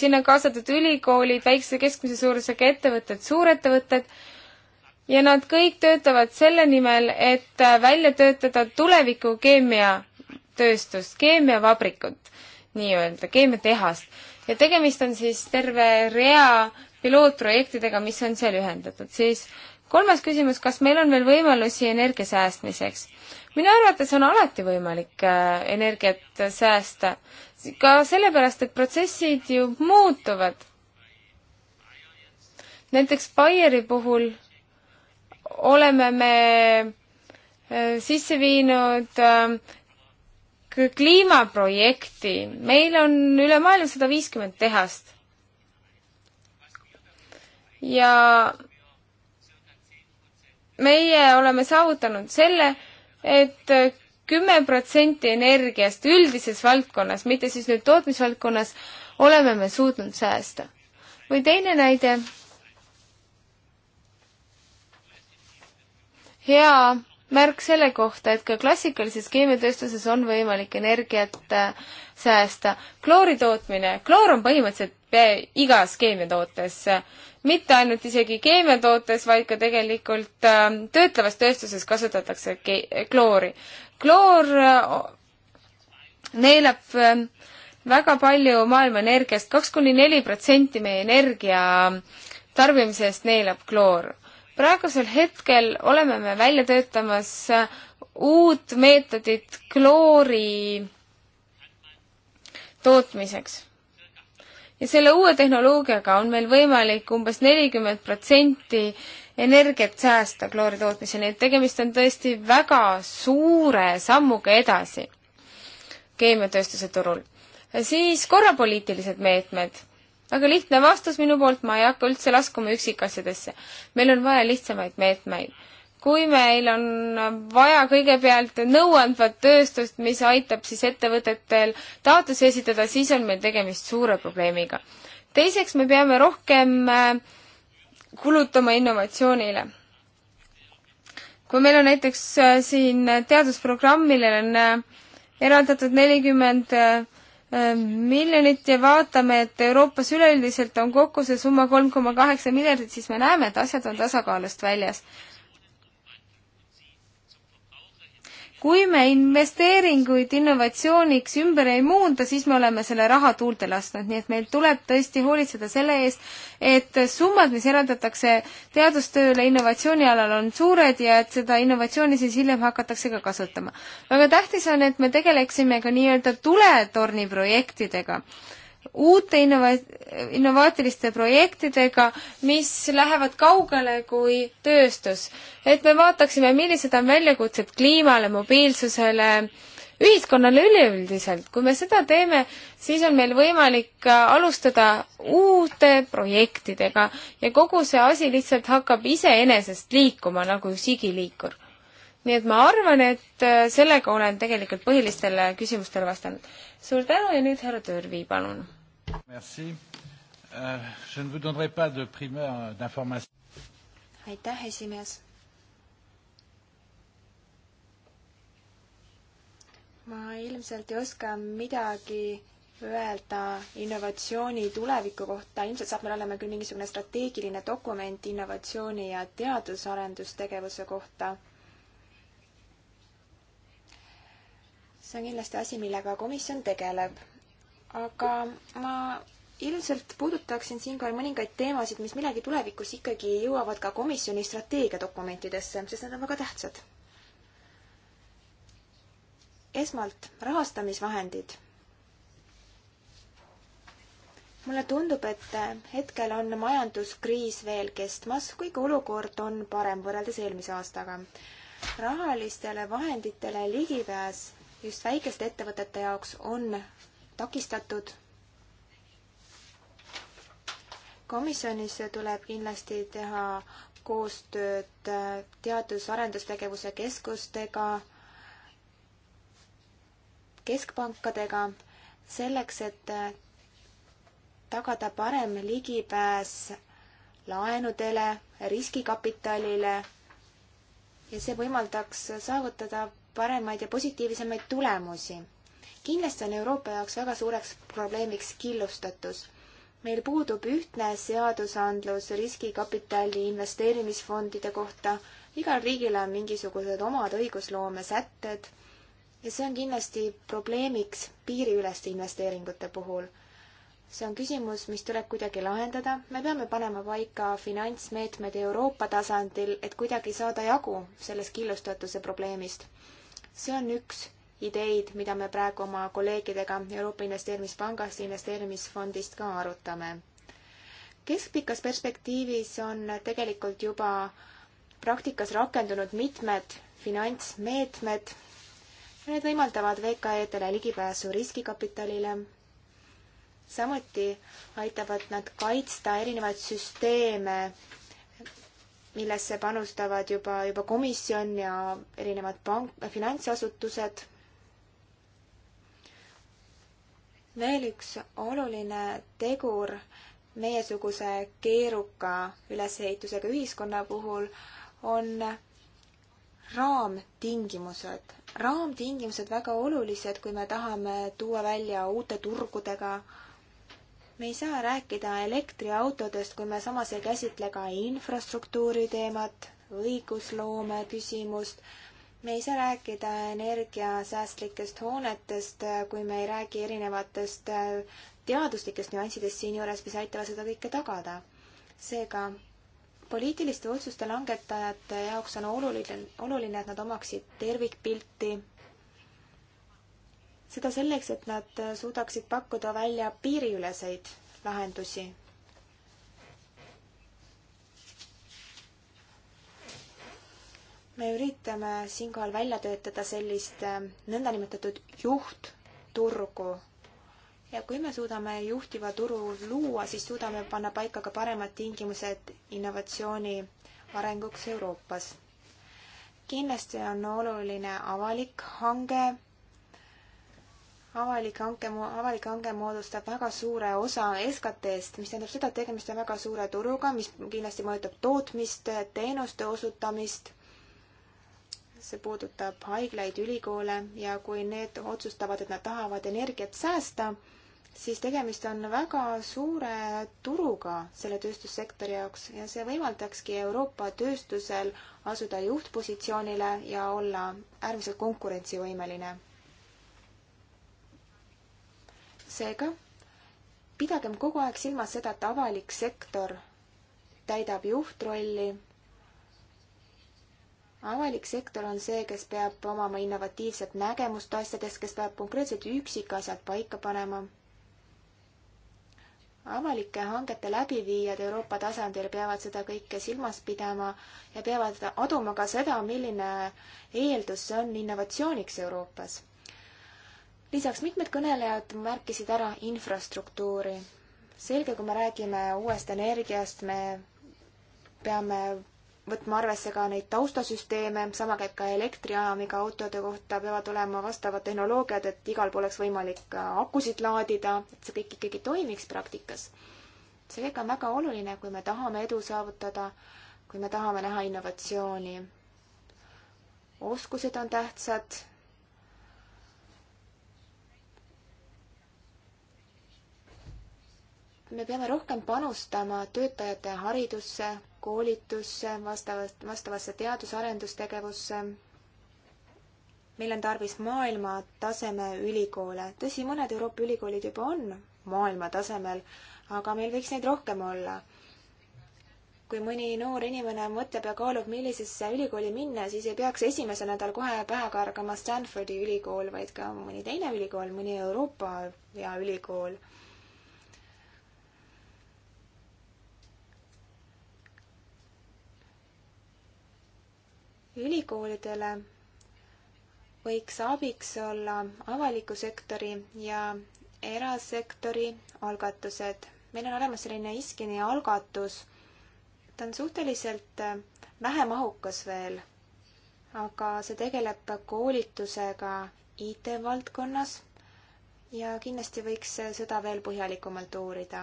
sinna on kaasatud ülikoolid, väikse keskmise suurusega ettevõtted, suurettevõtted, suurettevõtted ja nad kõik töötavad selle nimel, et äh, välja töötada tuleviku keemiatööstust, keemiavabrikut nii-öelda, keemiatehast. ja tegemist on siis terve rea pilootprojektidega, mis on seal ühendatud, siis kolmas küsimus, kas meil on veel võimalusi energia säästmiseks? minu arvates on alati võimalik äh, energiat säästa, ka sellepärast, et protsessid ju muutuvad. näiteks Bayeri puhul oleme me äh, sisse viinud äh, kliimaprojekti, meil on üle maailma sada viiskümmend tehast. ja meie oleme saavutanud selle et, et äh, kümme protsenti energiast üldises valdkonnas, mitte siis nüüd tootmisvaldkonnas, oleme me suutnud säästa. või teine näide hea märk selle kohta, et ka klassikalises keemiatööstuses on võimalik energiat äh, säästa. kloori tootmine, kloor on põhimõtteliselt äh, igas keemiatootes, mitte ainult isegi keemiatootes, vaid ka tegelikult äh, töötlevas tööstuses kasutatakse kloori. kloor äh, neelab äh, väga palju maailma energiast, kaks kuni neli protsenti meie energia tarbimisest neelab kloor praegusel hetkel oleme me välja töötamas uut meetodit kloori tootmiseks. ja selle uue tehnoloogiaga on meil võimalik umbes nelikümmend protsenti energiat säästa kloori tootmisel, nii et tegemist on tõesti väga suure sammuga edasi keemiatööstuse turul. siis korrapoliitilised meetmed väga lihtne vastus minu poolt, ma ei hakka üldse laskuma üksikasjadesse. meil on vaja lihtsamaid meetmeid. kui meil on vaja kõigepealt nõuandvat tööstust, mis aitab siis ettevõtetel taotlusi esitada, siis on meil tegemist suure probleemiga. teiseks, me peame rohkem äh, kulutama innovatsioonile kui meil on näiteks äh, siin teadusprogrammile on äh, eraldatud nelikümmend Äh, miljonit ja vaatame, et Euroopas üleüldiselt on kokku see summa kolm koma kaheksa miljardit, siis me näeme, et asjad on tasakaalust väljas. kui me investeeringuid innovatsiooniks ümber ei muunda, siis me oleme selle raha tuulde lasknud, nii et meil tuleb tõesti hoolitseda selle eest, et summad, mis eraldatakse teadustööle innovatsiooni alal, on suured ja et seda innovatsiooni siis hiljem hakatakse ka kasutama. väga tähtis on, et me tegeleksime ka nii-öelda tuletorni projektidega uute innova-, innovaatiliste projektidega, mis lähevad kaugele kui tööstus. et me vaataksime, millised on väljakutsed kliimale, mobiilsusele, ühiskonnale üleüldiselt. kui me seda teeme, siis on meil võimalik alustada uute projektidega ja kogu see asi lihtsalt hakkab iseenesest liikuma nagu sigiliikur nii et ma arvan, et äh, sellega olen tegelikult põhilistele küsimustele vastanud. suur tänu ja nüüd härra Tõrvi, palun. Euh, aitäh, esimees. ma ilmselt ei oska midagi öelda innovatsiooni tuleviku kohta, ilmselt saab meil olema küll mingisugune strateegiline dokument innovatsiooni ja teadus-arendustegevuse kohta see on kindlasti asi, millega komisjon tegeleb. aga ma ilmselt puudutaksin siinkohal mõningaid teemasid, mis millegi tulevikus ikkagi jõuavad ka komisjoni strateegiadokumentidesse, sest need on väga tähtsad. esmalt rahastamisvahendid mulle tundub, et hetkel on majanduskriis veel kestmas, kuigi olukord on parem võrreldes eelmise aastaga. rahalistele vahenditele ligipääs just väikeste ettevõtete jaoks on takistatud. komisjonis tuleb kindlasti teha koostööd teadus-arendustegevuse keskustega, keskpankadega, selleks, et tagada parem ligipääs laenudele, riskikapitalile ja see võimaldaks saavutada paremaid ja positiivsemaid tulemusi. kindlasti on Euroopa jaoks väga suureks probleemiks killustatus. meil puudub ühtne seadusandlus riskikapitali investeerimisfondide kohta, igal riigil on mingisugused omad õigusloome sätted ja see on kindlasti probleemiks piiriüleste investeeringute puhul. see on küsimus, mis tuleb kuidagi lahendada, me peame panema paika finantsmeetmed Euroopa tasandil, et kuidagi saada jagu sellest killustatuse probleemist see on üks ideid, mida me praegu oma kolleegidega Euroopa Investeerimispangast ja Investeerimisfondist ka arutame. keskpikas perspektiivis on tegelikult juba praktikas rakendunud mitmed finantsmeetmed. Need võimaldavad VKE-dele ligipääsu riskikapitalile. samuti aitavad nad kaitsta erinevaid süsteeme millesse panustavad juba, juba komisjon ja erinevad pank, finantsasutused. veel üks oluline tegur meiesuguse keeruka ülesehitusega ühiskonna puhul on raamtingimused. raamtingimused väga olulised, kui me tahame tuua välja uute turgudega me ei saa rääkida elektriautodest, kui me samas ei käsitle ka infrastruktuuri teemat, õigusloome küsimust. me ei saa rääkida energiasäästlikest hoonetest, kui me ei räägi erinevatest äh, teaduslikest nüanssidest siinjuures, mis aitavad seda kõike tagada. seega poliitiliste otsuste langetajate jaoks on oluline, oluline, et nad omaksid tervikpilti seda selleks, et nad suudaksid pakkuda välja piiriüleseid lahendusi. me üritame siinkohal välja töötada sellist äh, nõndanimetatud juhtturgu ja kui me suudame juhtiva turu luua, siis suudame panna paika ka paremad tingimused innovatsiooni arenguks Euroopas. kindlasti on oluline avalik hange avalik hanke, avalik hange moodustab väga suure osa SKT-st, mis tähendab seda, et tegemist on väga suure turuga, mis kindlasti mõjutab tootmist, teenuste osutamist. see puudutab haiglaid, ülikoole ja kui need otsustavad, et nad tahavad energiat säästa, siis tegemist on väga suure turuga selle tööstussektori jaoks ja see võimaldakski Euroopa tööstusel asuda juhtpositsioonile ja olla äärmiselt konkurentsivõimeline seega pidagem kogu aeg silmas seda, et avalik sektor täidab juhtrolli. avalik sektor on see, kes peab omama innovatiivset nägemust asjades, kes peab konkreetsed üksikasjad paika panema. avalike hangete läbiviijad Euroopa tasandil peavad seda kõike silmas pidama ja peavad aduma ka seda, milline eeldus see on innovatsiooniks Euroopas lisaks mitmed kõnelejad märkisid ära infrastruktuuri. selge, kui me räägime uuest energiast, me peame võtma arvesse ka neid taustasüsteeme, sama käib ka elektrijaamiga autode kohta, peavad olema vastavad tehnoloogiad, et igal pool oleks võimalik akusid laadida, et see kõik ikkagi toimiks praktikas. see kõik on väga oluline, kui me tahame edu saavutada, kui me tahame näha innovatsiooni. oskused on tähtsad, me peame rohkem panustama töötajate haridusse, koolitusse, vastavalt, vastavasse teadus-arendustegevusse. meil on tarvis maailmataseme ülikoole. tõsi, mõned Euroopa ülikoolid juba on maailmatasemel, aga meil võiks neid rohkem olla. kui mõni noor inimene mõtleb ja kaalub, millisesse ülikooli minna, siis ei peaks esimesena tal kohe pähe kargama Stanfordi ülikool, vaid ka mõni teine ülikool, mõni Euroopa hea ülikool ülikoolidele võiks abiks olla avaliku sektori ja erasektori algatused. meil on olemas selline Iskini algatus. ta on suhteliselt äh, vähemahukas veel, aga see tegeleb koolitusega IT-valdkonnas ja kindlasti võiks seda veel põhjalikumalt uurida.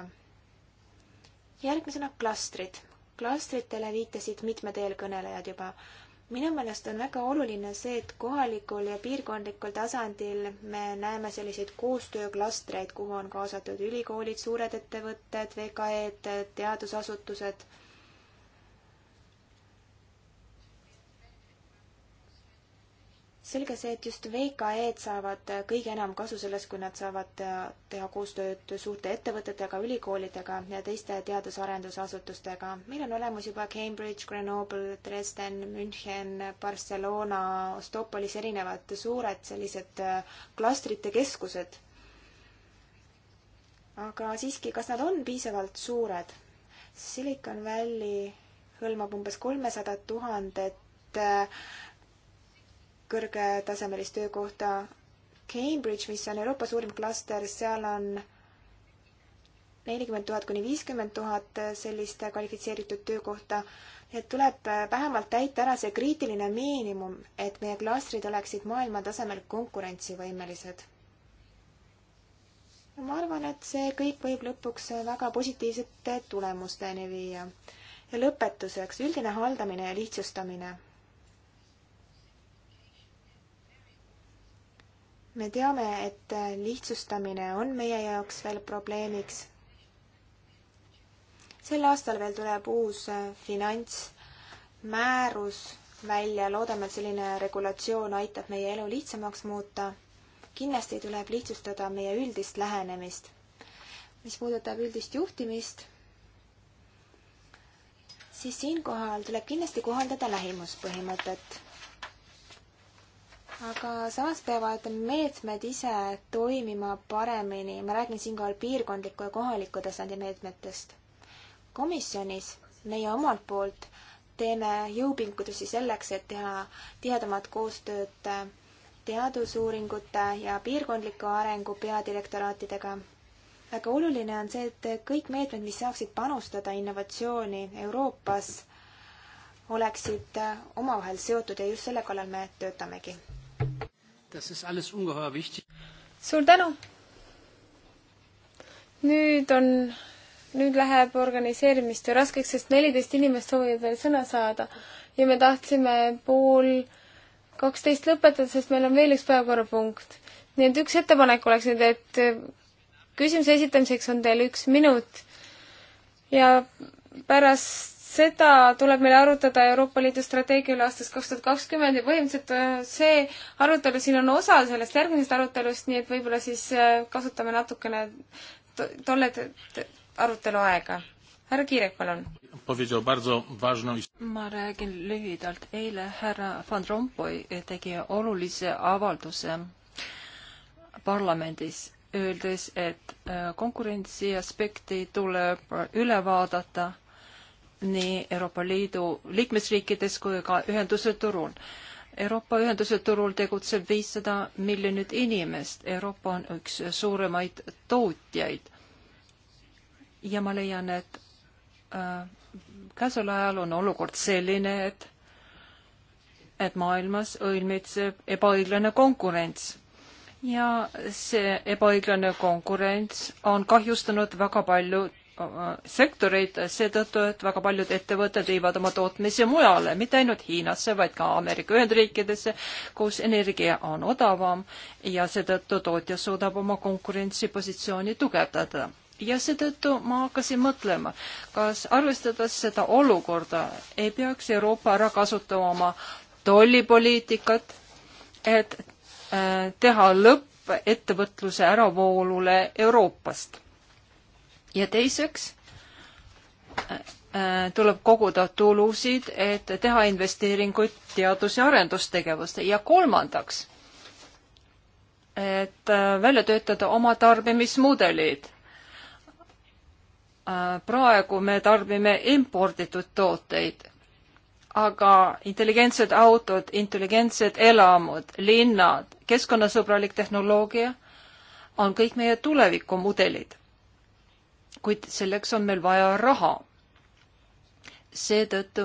järgmisena klastrid klastritele viitasid mitmed eelkõnelejad juba minu meelest on väga oluline see, et kohalikul ja piirkondlikul tasandil me näeme selliseid koostööklastreid, kuhu on kaasatud ülikoolid, suured ettevõtted, VKE-d, teadusasutused selge see, et just VKE-d saavad äh, kõige enam kasu sellest, kui nad saavad äh, teha koostööd suurte ettevõtetega, ülikoolidega ja teiste teadus-arendusasutustega. meil on olemas juba Cambridge, Grenoble, Dresden, München, Barcelona, Stockholis erinevad suured sellised äh, klastrite keskused. aga siiski, kas nad on piisavalt suured? Silicon Valley hõlmab umbes kolmesadat tuhandet kõrgetasemelist töökohta Cambridge, mis on Euroopa suurim klaster, seal on nelikümmend tuhat kuni viiskümmend tuhat sellist kvalifitseeritud töökohta. et tuleb vähemalt täita ära see kriitiline miinimum, et meie klastrid oleksid maailmatasemel konkurentsivõimelised. ma arvan, et see kõik võib lõpuks väga positiivsete tulemusteni viia. ja lõpetuseks üldine haldamine ja lihtsustamine me teame, et lihtsustamine on meie jaoks veel probleemiks. sel aastal veel tuleb uus finantsmäärus välja, loodame, et selline regulatsioon aitab meie elu lihtsamaks muuta. kindlasti tuleb lihtsustada meie üldist lähenemist. mis puudutab üldist juhtimist, siis siinkohal tuleb kindlasti kohaldada lähimuspõhimõtet aga samas peavad meetmed ise toimima paremini, ma räägin siinkohal piirkondliku ja kohaliku tasandi meetmetest. komisjonis meie omalt poolt teeme jõupingutusi selleks, et teha tihedamat koostööd teadusuuringute ja piirkondliku arengu peadirektoraatidega. väga oluline on see, et kõik meetmed, mis saaksid panustada innovatsiooni Euroopas, oleksid omavahel seotud ja just selle kallal me töötamegi suur tänu! nüüd on, nüüd läheb organiseerimistöö raskeks, sest neliteist inimest soovivad veel sõna saada ja me tahtsime pool kaksteist lõpetada, sest meil on veel üks päevakorrapunkt. nii et üks ettepanek oleks nüüd, et küsimuse esitamiseks on teil üks minut ja pärast seda tuleb meil arutada Euroopa Liidu strateegiale aastast kaks tuhat kakskümmend ja põhimõtteliselt äh, see arutelu siin on osa sellest järgmisest arutelust, nii et võib-olla siis äh, kasutame natukene tolle arutelu aega. härra Kiirek, palun. ma räägin lühidalt. eile härra Van Rompuy tegi olulise avalduse parlamendis, öeldes, et äh, konkurentsi aspekti tuleb üle vaadata nii Euroopa Liidu liikmesriikides kui ka ühenduse turul. Euroopa ühenduse turul tegutseb viissada miljonit inimest, Euroopa on üks suuremaid tootjaid. ja ma leian, et äh, käesoleval ajal on olukord selline, et et maailmas õilmitseb ebaõiglane konkurents ja see ebaõiglane konkurents on kahjustanud väga palju sektoreid seetõttu, et väga paljud ettevõtted viivad oma tootmise mujale, mitte ainult Hiinasse, vaid ka Ameerika Ühendriikidesse, kus energia on odavam ja seetõttu tootja suudab oma konkurentsipositsiooni tugevdada. ja seetõttu ma hakkasin mõtlema, kas arvestades seda olukorda, ei peaks Euroopa ära kasutama oma tollipoliitikat, et äh, teha lõpp ettevõtluse äravoolule Euroopast ja teiseks äh, äh, tuleb koguda tulusid, et teha investeeringuid teadus- ja arendustegevuste ja kolmandaks, et äh, välja töötada oma tarbimismudelid. praegu me tarbime imporditud tooteid, aga intelligentsed autod, intelligentsed elamud, linnad, keskkonnasõbralik tehnoloogia on kõik meie tulevikumudelid kuid selleks on meil vaja raha. seetõttu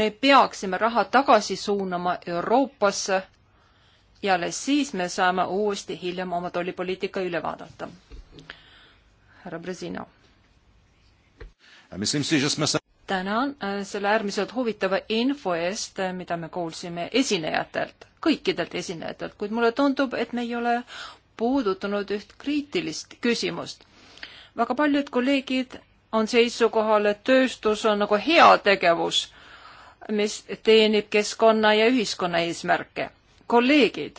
me peaksime raha tagasi suunama Euroopasse ja alles siis me saame uuesti hiljem oma tollipoliitika üle vaadata. härra Brezina. tänan äh, selle äärmiselt huvitava info eest, äh, mida me kuulsime esinejatelt, kõikidelt esinejatelt, kuid mulle tundub, et me ei ole puudutanud üht kriitilist küsimust väga paljud kolleegid on seisukohal, et tööstus on nagu heategevus, mis teenib keskkonna ja ühiskonna eesmärke. kolleegid,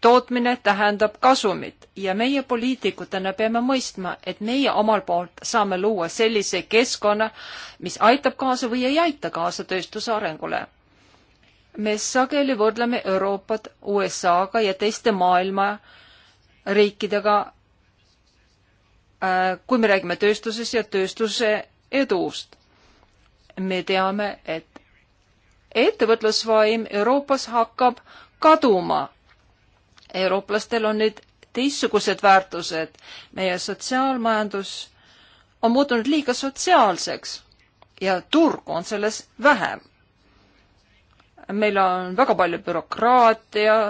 tootmine tähendab kasumit ja meie poliitikutena peame mõistma, et meie omalt poolt saame luua sellise keskkonna, mis aitab kaasa või ei aita kaasa tööstuse arengule. me sageli võrdleme Euroopat USA-ga ja teiste maailma riikidega Äh, kui me räägime tööstusest ja tööstuse edust, me teame, et ettevõtlusvaim Euroopas hakkab kaduma. eurooplastel on nüüd teistsugused väärtused, meie sotsiaalmajandus on muutunud liiga sotsiaalseks ja turgu on selles vähem. meil on väga palju bürokraatia,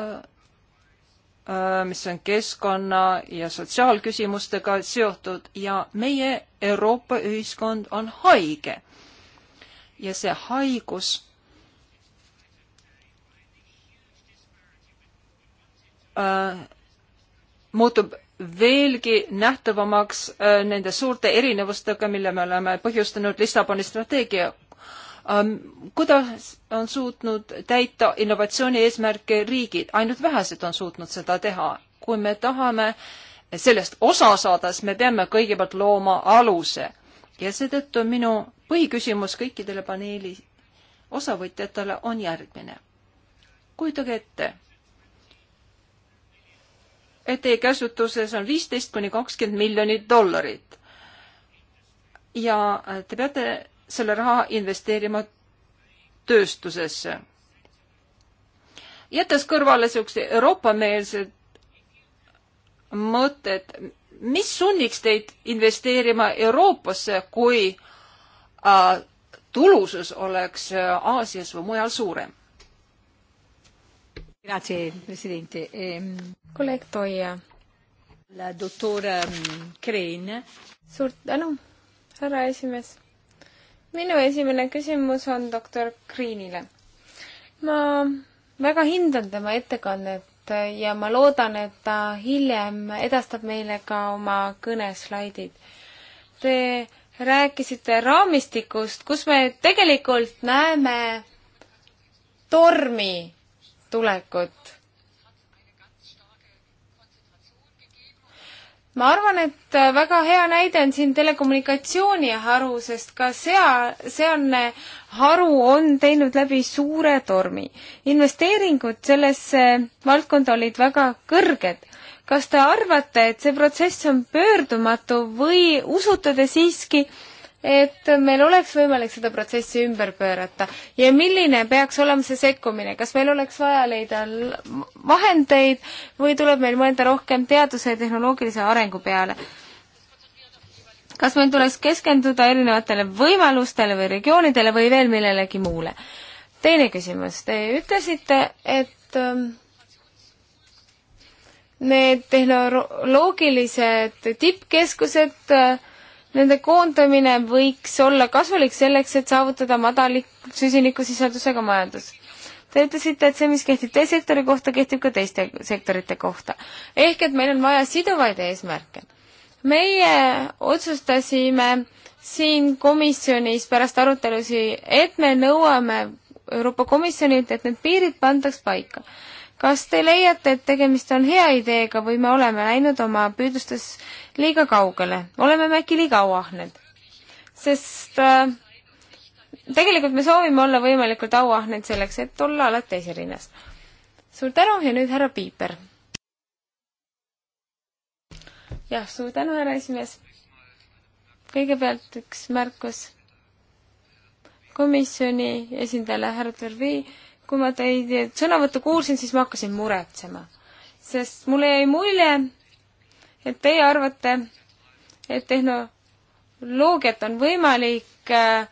Äh, mis on keskkonna ja sotsiaalküsimustega seotud ja meie Euroopa ühiskond on haige. ja see haigus äh, muutub veelgi nähtavamaks äh, nende suurte erinevustega, mille me oleme põhjustanud Lissaboni strateegia Ähm, kuidas on suutnud täita innovatsiooni eesmärke riigid, ainult vähesed on suutnud seda teha. kui me tahame sellest osa saada, siis me peame kõigepealt looma aluse ja seetõttu minu põhiküsimus kõikidele paneeli osavõtjatele on järgmine. kujutage ette, et teie käsutuses on viisteist kuni kakskümmend miljonit dollarit ja te peate selle raha investeerima tööstusesse. jättes kõrvale siukse Euroopa-meelsed mõtted, mis sunniks teid investeerima Euroopasse, kui äh, tulusus oleks äh, Aasias või mujal suurem? Grazie Presidente. Ehm, kolleeg Toia. La dottor Kreen. Ehm, suur tänu, härra esimees minu esimene küsimus on doktor Greenile. ma väga hindan tema ettekannet ja ma loodan, et ta hiljem edastab meile ka oma kõneslaidid. Te rääkisite raamistikust, kus me tegelikult näeme tormi tulekut ma arvan, et äh, väga hea näide on siin telekommunikatsiooniharu, sest ka sea, sealne haru on teinud läbi suure tormi. investeeringud sellesse valdkonda olid väga kõrged. kas te arvate, et see protsess on pöördumatu või usute te siiski, et meil oleks võimalik seda protsessi ümber pöörata ja milline peaks olema see sekkumine, kas meil oleks vaja leida vahendeid või tuleb meil mõelda rohkem teaduse ja tehnoloogilise arengu peale? kas meil tuleks keskenduda erinevatele võimalustele või regioonidele või veel millelegi muule? teine küsimus, te ütlesite, et ähm, need tehnoloogilised tippkeskused äh, nende koondamine võiks olla kasulik selleks, et saavutada madalik süsinikusisaldusega majandus. Te ütlesite, et see, mis kehtib teie sektori kohta, kehtib ka teiste sektorite kohta. ehk et meil on vaja siduvaid eesmärke. meie otsustasime siin komisjonis pärast arutelusi, et me nõuame Euroopa Komisjonilt, et need piirid pandaks paika. kas te leiate, et tegemist on hea ideega või me oleme läinud oma püüdlustes liiga kaugele, oleme me äkki liiga auahned, sest äh, tegelikult me soovime olla võimalikult auahned selleks, et olla alati esirinnas. suur tänu ja nüüd härra Piiper. jah, suur tänu, härra esimees. kõigepealt üks märkus komisjoni esindajale härra Tervi. kui ma teid sõnavõttu kuulsin, siis ma hakkasin muretsema, sest mulle jäi mulje, et teie arvate, et tehnoloogiat on võimalik äh,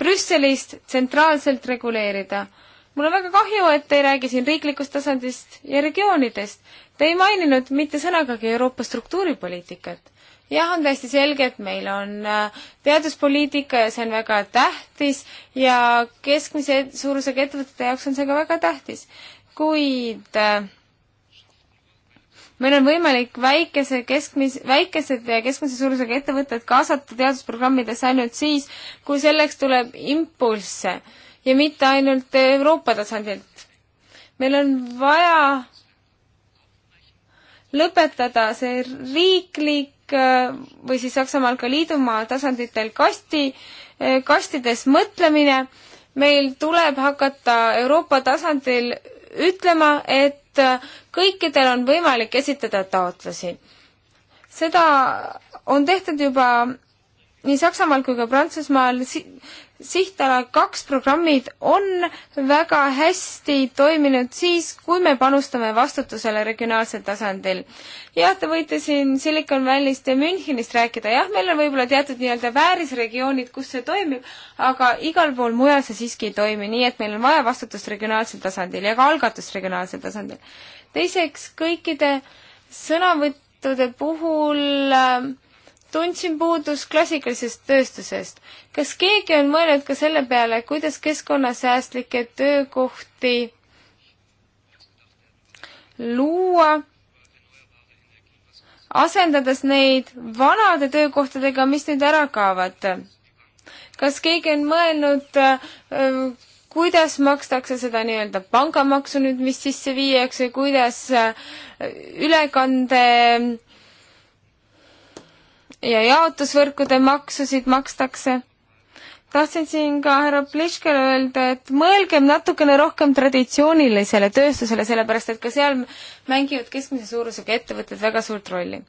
Brüsselist tsentraalselt reguleerida. mul on väga kahju, et te ei räägi siin riiklikust tasandist ja regioonidest. Te ei maininud mitte sõnagagi Euroopa struktuuripoliitikat. jah, on täiesti selge, et meil on äh, teaduspoliitika ja see on väga tähtis ja keskmise suurusega ettevõtete jaoks on see ka väga tähtis, kuid äh, meil on võimalik väikese keskmis, väikesed ja keskmise suurusega ettevõtted kaasata teadusprogrammidesse ainult siis, kui selleks tuleb impulsse ja mitte ainult Euroopa tasandilt. meil on vaja lõpetada see riiklik äh, või siis Saksamaal ka liidumaa tasanditel kasti, äh, kastides mõtlemine, meil tuleb hakata Euroopa tasandil ütlema, et äh, kõikidel on võimalik esitada taotlusi. seda on tehtud juba nii Saksamaal kui ka Prantsusmaal si sihtala kaks programmid on väga hästi toiminud siis, kui me panustame vastutusele regionaalsel tasandil. jah, te võite siin Silicon Valley'st ja Münchenist rääkida, jah, meil on võib-olla teatud nii-öelda väärisregioonid, kus see toimib, aga igal pool mujal see siiski ei toimi, nii et meil on vaja vastutust regionaalsel tasandil ja ka algatust regionaalsel tasandil. teiseks, kõikide sõnavõttude puhul äh, tundsin puudust klassikalisest tööstusest. kas keegi on mõelnud ka selle peale, kuidas keskkonnasäästlikke töökohti luua, asendades neid vanade töökohtadega, mis nüüd ära kaovad? kas keegi on mõelnud äh, kuidas makstakse seda nii-öelda pangamaksu nüüd, mis sisse viiakse, kuidas äh, ülekande ja jaotusvõrkude maksusid makstakse. tahtsin siin ka härra Pliškele öelda, et mõelgem natukene rohkem traditsioonilisele tööstusele, sellepärast et ka seal mängivad keskmise suurusega ettevõtted väga suurt rolli.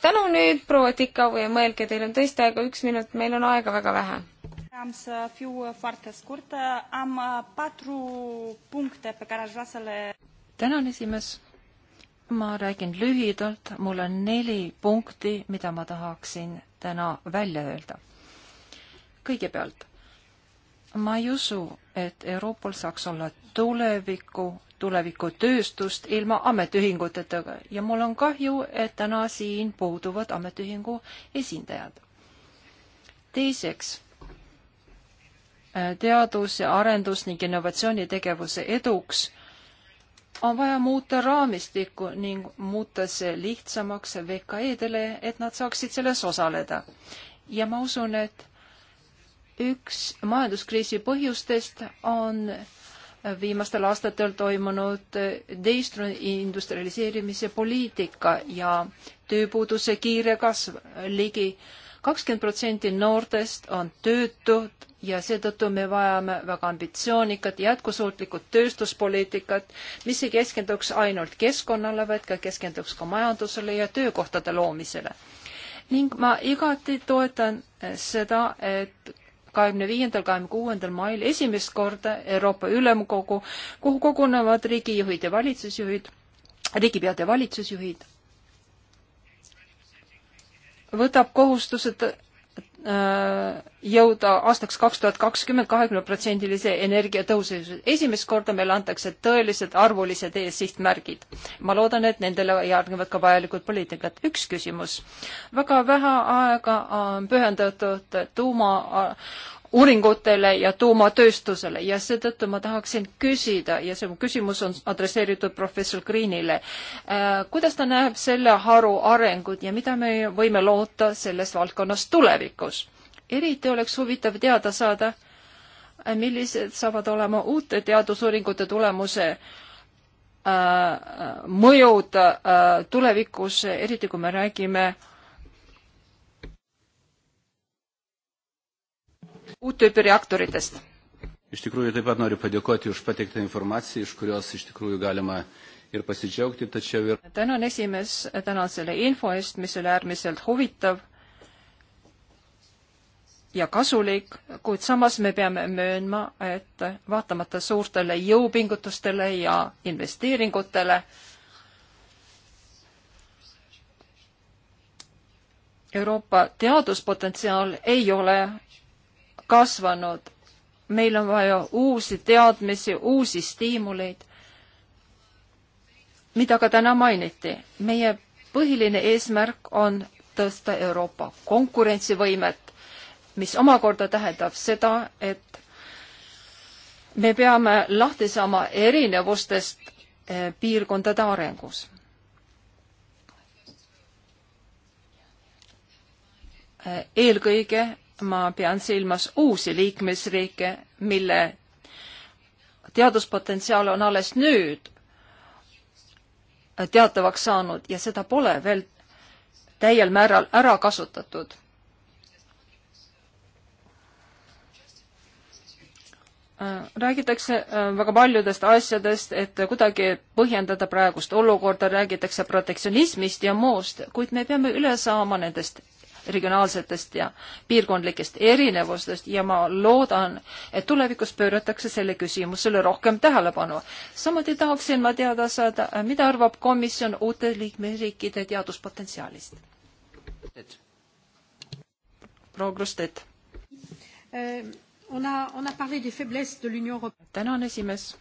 tänu nüüd, proua Tikau, ja mõelge, teil on tõesti aega üks minut, meil on aega väga vähe. Am să fiu foarte scurtă. Am patru puncte pe care aș vrea să le... Tänan esimees ma räägin lühidalt, mul on neli punkti, mida ma tahaksin täna välja öelda. kõigepealt, ma ei usu, et Euroopal saaks olla tuleviku, tulevikutööstust ilma ametiühingutega ja mul on kahju, et täna siin puuduvad ametiühingu esindajad. teiseks teadus- ja arendus- ning innovatsioonitegevuse eduks on vaja muuta raamistikku ning muuta see lihtsamaks VKE-dele, et nad saaksid selles osaleda. ja ma usun, et üks majanduskriisi põhjustest on viimastel aastatel toimunud deindustrialiseerimise poliitika ja tööpuuduse kiire kasv. ligi kakskümmend protsenti noortest on töötud ja seetõttu me vajame väga ambitsioonikat, jätkusuutlikud tööstuspoliitikat, mis ei keskenduks ainult keskkonnale, vaid ka keskenduks ka majandusele ja töökohtade loomisele. ning ma igati toetan eh, seda, et kahekümne viiendal, kahekümne kuuendal mail esimest korda Euroopa Ülemkogu, kuhu kogunevad riigijuhid ja valitsusjuhid, riigipead ja valitsusjuhid, võtab kohustused Äh, jõuda aastaks kaks tuhat kakskümmend kahekümne protsendilise energiatõusu. esimest korda meile antakse tõelised arvulised eessihtmärgid. ma loodan, et nendele järgnevad ka vajalikud poliitikad. üks küsimus. väga vähe aega on pühendatud tuuma uuringutele ja tuumatööstusele ja seetõttu ma tahaksin küsida ja see küsimus on adresseeritud professor Greenile. Äh, kuidas ta näeb selle haru arengut ja mida me võime loota selles valdkonnas tulevikus? eriti oleks huvitav teada saada, äh, millised saavad olema uute teadusuuringute tulemuse äh, mõjud tulevikus, eriti kui me räägime uut tüüpi reaktoritest. Iš tikrųjų, taip pat noriu padėkoti už pateiktą informaciją, iš kurios iš tikrųjų galima ir pasidžiaugti, tačiau ir... Tänan esimees tänan selle info eest, mis oli äärmiselt huvitav ja kasulik, kuid samas me peame möönma, et vaatamata suurtele jõupingutustele ja investeeringutele, Euroopa teaduspotentsiaal ei ole kasvanud. meil on vaja uusi teadmisi, uusi stiimuleid, mida ka täna mainiti. meie põhiline eesmärk on tõsta Euroopa konkurentsivõimet, mis omakorda tähendab seda, et me peame lahti saama erinevustest eh, piirkondade arengus. Eh, eelkõige ma pean silmas uusi liikmesriike, mille teaduspotentsiaal on alles nüüd teatavaks saanud ja seda pole veel täiel määral ära kasutatud. räägitakse äh, väga paljudest asjadest, et kuidagi põhjendada praegust olukorda, räägitakse protektsionismist ja muust, kuid me peame üle saama nendest regionaalsetest ja piirkondlikest erinevustest ja ma loodan, et tulevikus pööratakse selle küsimusele rohkem tähelepanu. samuti tahaksin ma teada saada, mida arvab komisjon uute liikmesriikide teaduspotentsiaalist? proua Krustet. Eh, tänan, esimees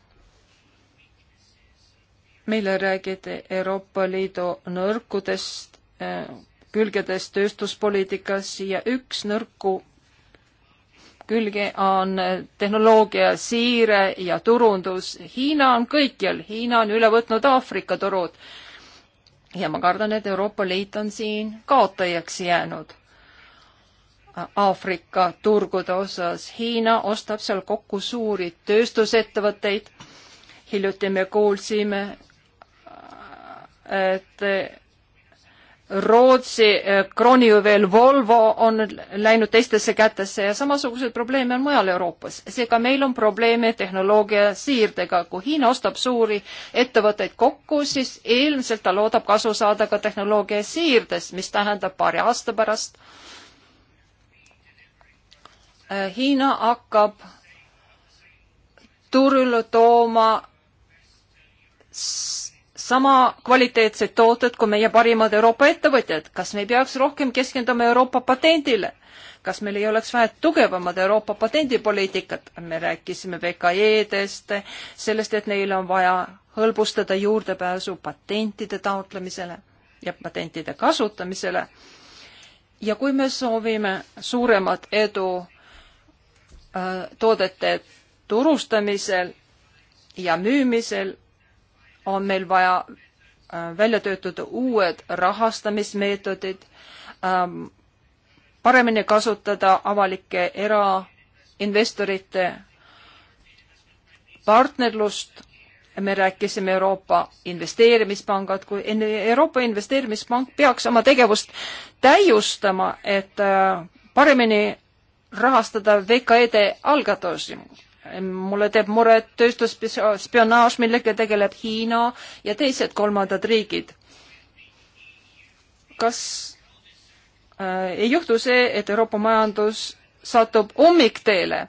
meile räägiti Euroopa Liidu nõrkudest eh, külgedes tööstuspoliitikas ja üks nõrku külge on tehnoloogia siire ja turundus. Hiina on kõikjal, Hiina on üle võtnud Aafrika turud. ja ma kardan, et Euroopa Liit on siin kaotajaks jäänud. Aafrika turgude osas Hiina ostab seal kokku suuri tööstusettevõtteid. hiljuti me kuulsime, et Rootsi eh, kroonijuvel Volvo on läinud teistesse kätesse ja samasuguseid probleeme on mujal Euroopas. seega meil on probleeme tehnoloogia siirdega. kui Hiina ostab suuri ettevõtteid kokku, siis ilmselt ta loodab kasu saada ka tehnoloogia siirdest, mis tähendab paari aasta pärast eh, Hiina hakkab turule tooma sama kvaliteetsed tooted kui meie parimad Euroopa ettevõtjad. kas me ei peaks rohkem keskenduma Euroopa patendile? kas meil ei oleks vaja tugevamat Euroopa patendipoliitikat? me rääkisime VKE-dest, sellest, et neil on vaja hõlbustada juurdepääsu patentide taotlemisele ja patentide kasutamisele. ja kui me soovime suuremat edu äh, toodete turustamisel ja müümisel, on meil vaja äh, välja töötada uued rahastamismeetodid, ähm, paremini kasutada avalike erainvestorite partnerlust, me rääkisime Euroopa Investeerimispangad, kui Euroopa Investeerimispank peaks oma tegevust täiustama, et äh, paremini rahastada VKE-de algatusi mulle teeb muret tööstusspionaaž, millega tegeleb Hiina ja teised kolmandad riigid. kas äh, ei juhtu see, et Euroopa majandus satub ummikteele?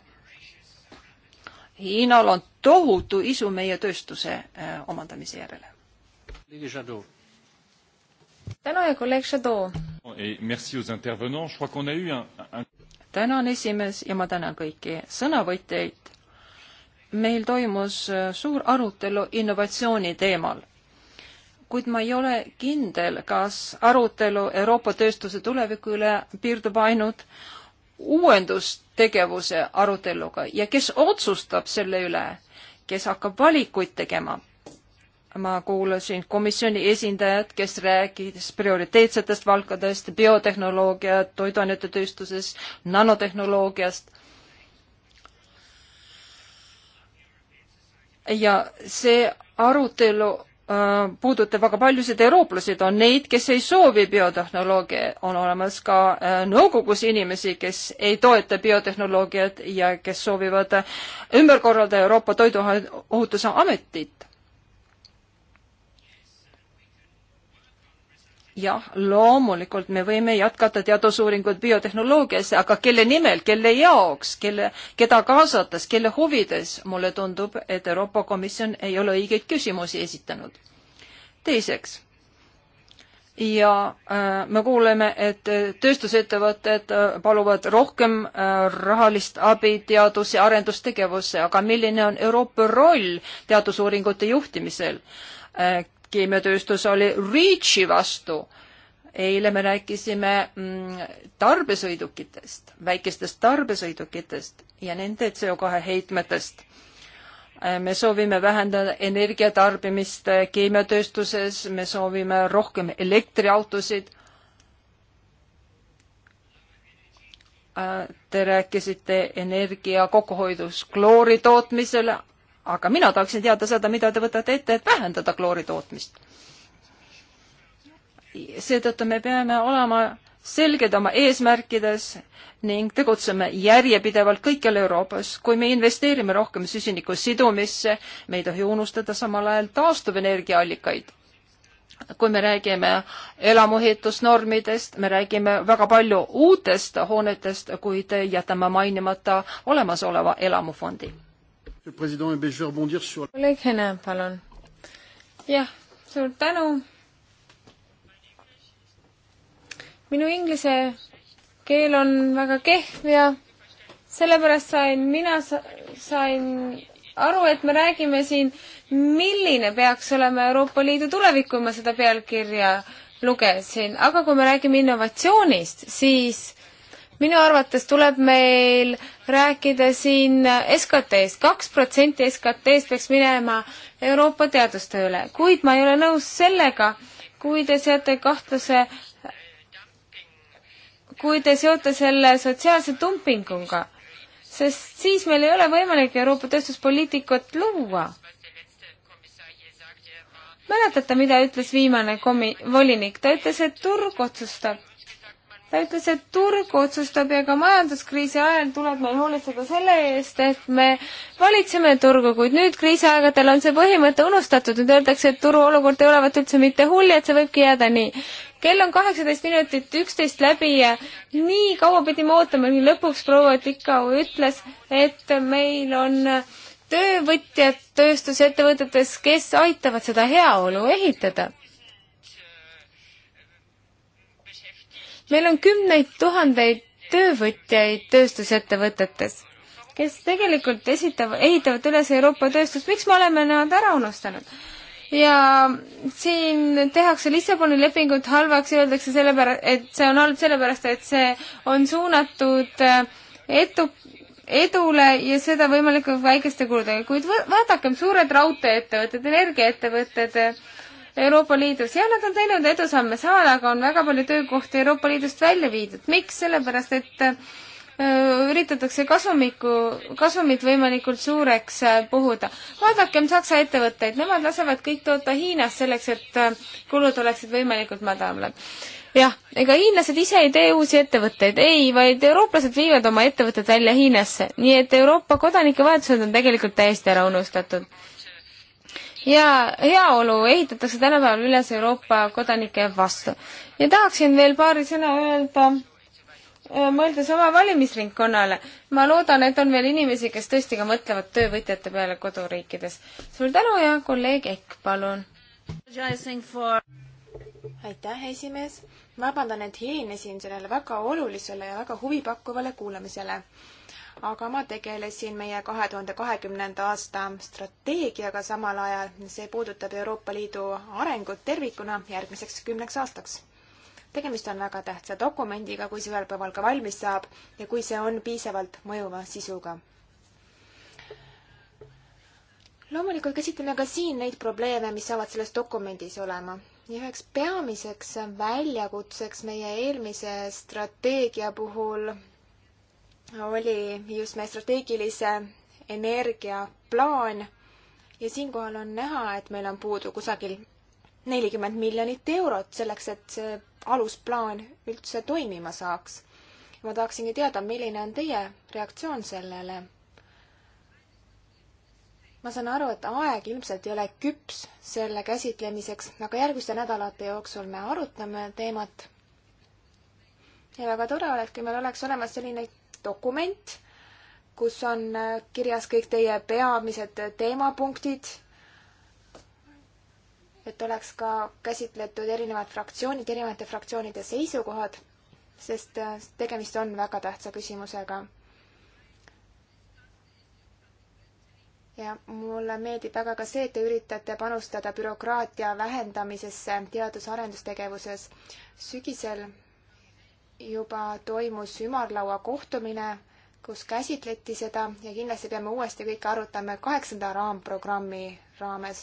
Hiinal on tohutu isu meie tööstuse äh, omandamise järele. tänu ja kolleeg Šadov. tänan esimees ja ma tänan kõiki sõnavõtjaid meil toimus äh, suur arutelu innovatsiooni teemal, kuid ma ei ole kindel, kas arutelu Euroopa tööstuse tuleviku üle piirdub ainult uuendustegevuse aruteluga ja kes otsustab selle üle, kes hakkab valikuid tegema. ma kuulasin komisjoni esindajat, kes rääkis prioriteetsetest valdkondadest, biotehnoloogia, toiduainetetööstuses, nanotehnoloogiast ja see arutelu äh, puudutab väga paljusid eurooplasid, on neid, kes ei soovi biotehnoloogia, on olemas ka äh, nõukogus inimesi, kes ei toeta biotehnoloogiat ja kes soovivad äh, ümber korraldada Euroopa Toiduohutuse Ametit jah, loomulikult me võime jätkata teadusuuringuid biotehnoloogiasse, aga kelle nimel, kelle jaoks, kelle, keda kaasates, kelle huvides, mulle tundub, et Euroopa Komisjon ei ole õigeid küsimusi esitanud. teiseks, ja äh, me kuuleme, et tööstusettevõtted äh, paluvad rohkem äh, rahalist abi teadus- ja arendustegevusse, aga milline on Euroopa roll teadusuuringute juhtimisel äh,? keemiatööstus oli REACH-i vastu. eile me rääkisime mm, tarbesõidukitest, väikestest tarbesõidukitest ja nende CO2 heitmetest. Äh, me soovime vähendada energiatarbimist äh, keemiatööstuses, me soovime rohkem elektriautosid äh, te rääkisite energia kokkuhoidus kloori tootmisele, aga mina tahaksin teada seda, mida te võtate ette, et vähendada kloori tootmist. seetõttu me peame olema selged oma eesmärkides ning tegutseme järjepidevalt kõikjal Euroopas. kui me investeerime rohkem süsiniku sidumisse, me ei tohi unustada samal ajal taastuvenergiaallikaid kui me räägime elamuehitusnormidest, me räägime väga palju uutest hoonetest, kuid jätame mainimata olemasoleva elamufondi kolleeg Hene, palun. jah, suur tänu. minu inglise keel on väga kehv ja sellepärast sain mina, sain aru, et me räägime siin, milline peaks olema Euroopa Liidu tulevik, kui ma seda pealkirja lugesin, aga kui me räägime innovatsioonist, siis minu arvates tuleb meil rääkida siin SKT-st, kaks protsenti SKT-st peaks minema Euroopa teadustööle, kuid ma ei ole nõus sellega, kui te seate kahtluse, kui te seote selle sotsiaalse dumpinguga, sest siis meil ei ole võimalik Euroopa tööstuspoliitikat luua. mäletate, mida ütles viimane komi-, volinik, ta ütles, et turg otsustab ta ütles, et turg otsustab ja ka majanduskriisi ajal tuleb meil hoolitseda selle eest, et me valitseme turgu, kuid nüüd kriisiaegadel on see põhimõte unustatud, nüüd öeldakse, et turuolukord ei olevat üldse mitte hull ja et see võibki jääda nii. kell on kaheksateist minutit üksteist läbi ja nii kaua pidime ootama, nii lõpuks proua Tikau ütles, et meil on töövõtjad tööstusettevõtetes, kes aitavad seda heaolu ehitada meil on kümneid tuhandeid töövõtjaid tööstusettevõtetes, kes tegelikult esitavad, ehitavad üles Euroopa tööstust, miks me oleme nad ära unustanud? ja siin tehakse Lissaboni lepingut halvaks, öeldakse sellepärast, et see on halb sellepärast, et see on suunatud äh, edu, edule ja seda võimalikult väikeste kuludega, kuid vaadakem, suured raudtee-ettevõtted, energiaettevõtted, energia ettevõtted Euroopa Liidus. jah, nad on teinud edusamme saada, aga on väga palju töökohti Euroopa Liidust välja viidud. miks? sellepärast, et äh, üritatakse kasumikku, kasumit võimalikult suureks äh, puhuda. vaadakem Saksa ettevõtteid, nemad lasevad kõik toota Hiinas selleks, et äh, kulud oleksid võimalikult madalad jah, ega hiinlased ise ei tee uusi ettevõtteid, ei, vaid eurooplased viivad oma ettevõtted välja Hiinasse, nii et Euroopa kodanike vajadused on tegelikult täiesti ära unustatud ja heaolu ehitatakse tänapäeval üles Euroopa kodanike vastu. ja tahaksin veel paari sõna öelda mõeldes oma valimisringkonnale. ma loodan, et on veel inimesi, kes tõesti ka mõtlevad töövõtjate peale koduriikides. suur tänu ja kolleeg Ekk, palun! aitäh, esimees! vabandan, et hilinesin sellele väga olulisele ja väga huvipakkuvale kuulamisele aga ma tegelesin meie kahe tuhande kahekümnenda aasta strateegiaga samal ajal. see puudutab Euroopa Liidu arengut tervikuna järgmiseks kümneks aastaks. tegemist on väga tähtsa dokumendiga, kui see ühel päeval ka valmis saab ja kui see on piisavalt mõjuva sisuga. loomulikult käsitleme ka siin neid probleeme, mis saavad selles dokumendis olema ja üheks peamiseks väljakutseks meie eelmise strateegia puhul oli just meie strateegilise energiaplaan ja siinkohal on näha, et meil on puudu kusagil nelikümmend miljonit eurot selleks, et see alusplaan üldse toimima saaks. ma tahaksingi teada, milline on teie reaktsioon sellele? ma saan aru, et aeg ilmselt ei ole küps selle käsitlemiseks, aga järgmiste nädalate jooksul me arutame teemat. ja väga tore oleks, kui meil oleks olemas selline dokument, kus on äh, kirjas kõik teie peamised äh, teemapunktid, et oleks ka käsitletud erinevad fraktsioonid, erinevate fraktsioonide seisukohad, sest äh, tegemist on väga tähtsa küsimusega ja mulle meeldib väga ka see, et te üritate panustada bürokraatia vähendamisesse teadus-arendustegevuses. sügisel juba toimus ümarlaua kohtumine, kus käsitleti seda ja kindlasti peame uuesti kõike arutama kaheksanda raamprogrammi raames.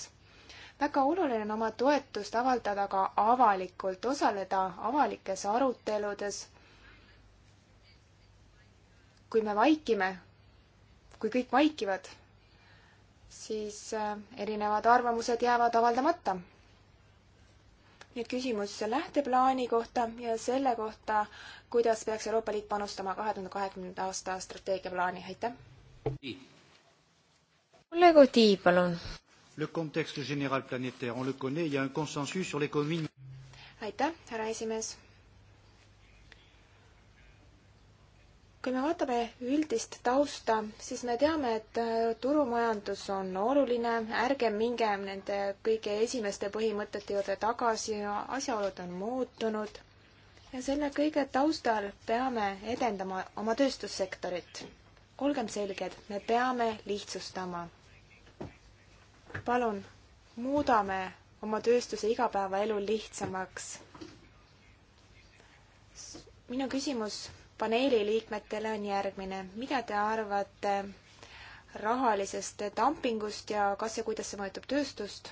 väga oluline on oma toetust avaldada ka avalikult, osaleda avalikes aruteludes. kui me vaikime, kui kõik vaikivad, siis äh, erinevad arvamused jäävad avaldamata nüüd küsimus lähteplaani kohta ja selle kohta, kuidas peaks Euroopa Liit panustama kahe tuhande kahekümnenda aasta strateegiaplaani, aitäh! kolleeg Oti, palun! Le contexte général planétaire, on le connaît, il y a un consensus sur les communes. aitäh, härra esimees kui me vaatame üldist tausta, siis me teame, et äh, turumajandus on oluline, ärgem mingem nende kõige esimeste põhimõtete juurde tagasi, asjaolud on muutunud ja selle kõige taustal peame edendama oma tööstussektorit. olgem selged, me peame lihtsustama. palun, muudame oma tööstuse igapäevaelu lihtsamaks. minu küsimus paneeli liikmetele on järgmine. mida te arvate rahalisest dumpingust ja kas ja kuidas see mõjutab tööstust?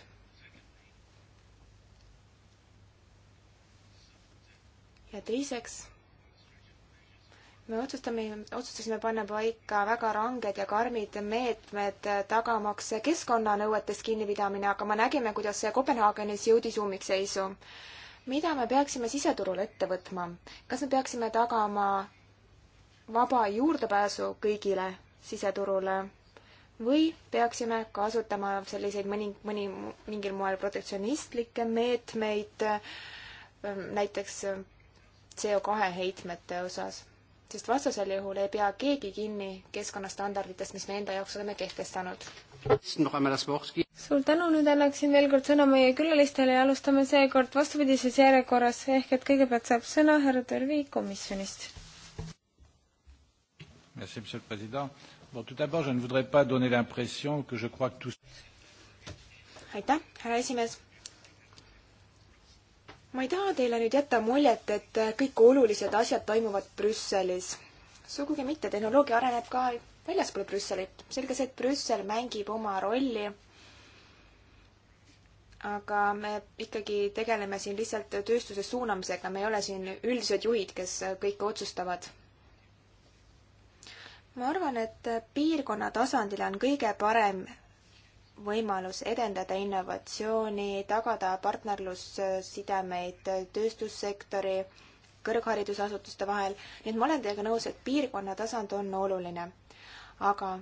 ja teiseks, me otsustame, otsustasime panna paika väga ranged ja karmid meetmed, tagamaks keskkonnanõuetest kinnipidamine, aga me nägime, kuidas see Kopenhaagenis jõudis ummikseisu mida me peaksime siseturul ette võtma? kas me peaksime tagama vaba juurdepääsu kõigile siseturule või peaksime kasutama selliseid mõni, mõni, mingil moel protektsionistlikke meetmeid, näiteks CO2 heitmete osas? sest vastasel juhul ei pea keegi kinni keskkonnastandarditest, mis me enda jaoks oleme kehtestanud. suur tänu, nüüd annaksin veel kord sõna meie külalistele ja alustame seekord vastupidises järjekorras, ehk et kõigepealt saab sõna härra Tõrvi komisjonist. Merci, monsieur le Président. Bon, tout d'abord, je ne voudrais pas donner l'impression que je crois que tout... Aitäh, härra esimees ma ei taha teile nüüd jätta muljet, et kõik olulised asjad toimuvad Brüsselis. sugugi mitte, tehnoloogia areneb ka väljaspool Brüsselit. selge see, et Brüssel mängib oma rolli. aga me ikkagi tegeleme siin lihtsalt tööstuse suunamisega, me ei ole siin üldised juhid, kes kõike otsustavad. ma arvan, et piirkonna tasandile on kõige parem võimalus edendada innovatsiooni, tagada partnerlussidemeid tööstussektori, kõrgharidusasutuste vahel, nii et ma olen teiega nõus, et piirkonna tasand on oluline. aga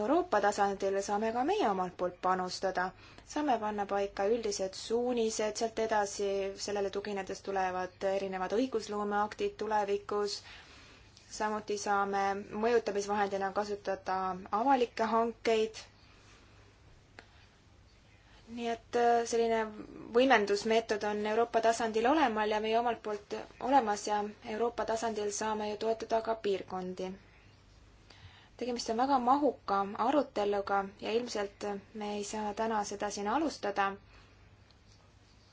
Euroopa tasandil saame ka meie omalt poolt panustada, saame panna paika üldised suunised, sealt edasi sellele tuginedes tulevad erinevad õigusloomeaktid tulevikus, samuti saame mõjutamisvahendina kasutada avalikke hankeid nii et äh, selline võimendusmeetod on Euroopa tasandil olemal ja meie omalt poolt olemas ja Euroopa tasandil saame ju toetada ka piirkondi. tegemist on väga mahuka aruteluga ja ilmselt me ei saa täna seda siin alustada.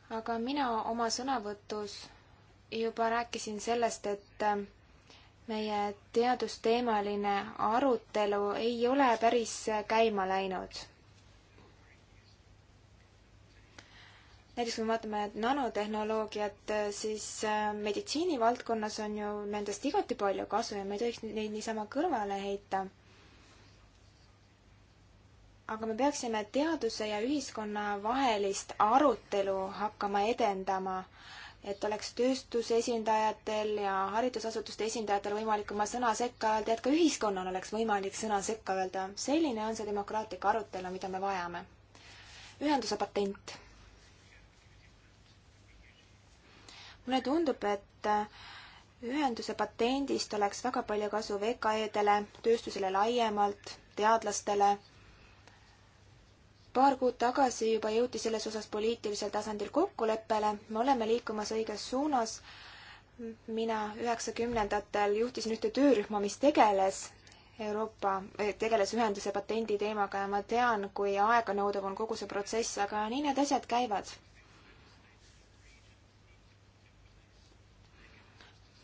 aga mina oma sõnavõtus juba rääkisin sellest, et äh, meie teadusteemaline arutelu ei ole päris käima läinud näiteks kui me vaatame nanotehnoloogiat, äh, siis äh, meditsiinivaldkonnas on ju nendest igati palju kasu ja me ei tohiks neid niisama kõrvale heita. aga me peaksime teaduse ja ühiskonna vahelist arutelu hakkama edendama et oleks tööstuse esindajatel ja haridusasutuste esindajatel võimalik oma sõna sekka öelda, et ka ühiskonnal oleks võimalik sõna sekka öelda. selline on see demokraatlik arutelu, mida me vajame. ühenduse patent. mulle tundub, et äh, ühenduse patendist oleks väga palju kasu VKE-dele, tööstusele laiemalt, teadlastele. paar kuud tagasi juba jõuti selles osas poliitilisel tasandil kokkuleppele, me oleme liikumas õiges suunas. mina üheksakümnendatel juhtisin ühte töörühma, mis tegeles Euroopa eh, tegeles ühenduse patendi teemaga ja ma tean, kui aeganõudev on kogu see protsess, aga nii need asjad käivad.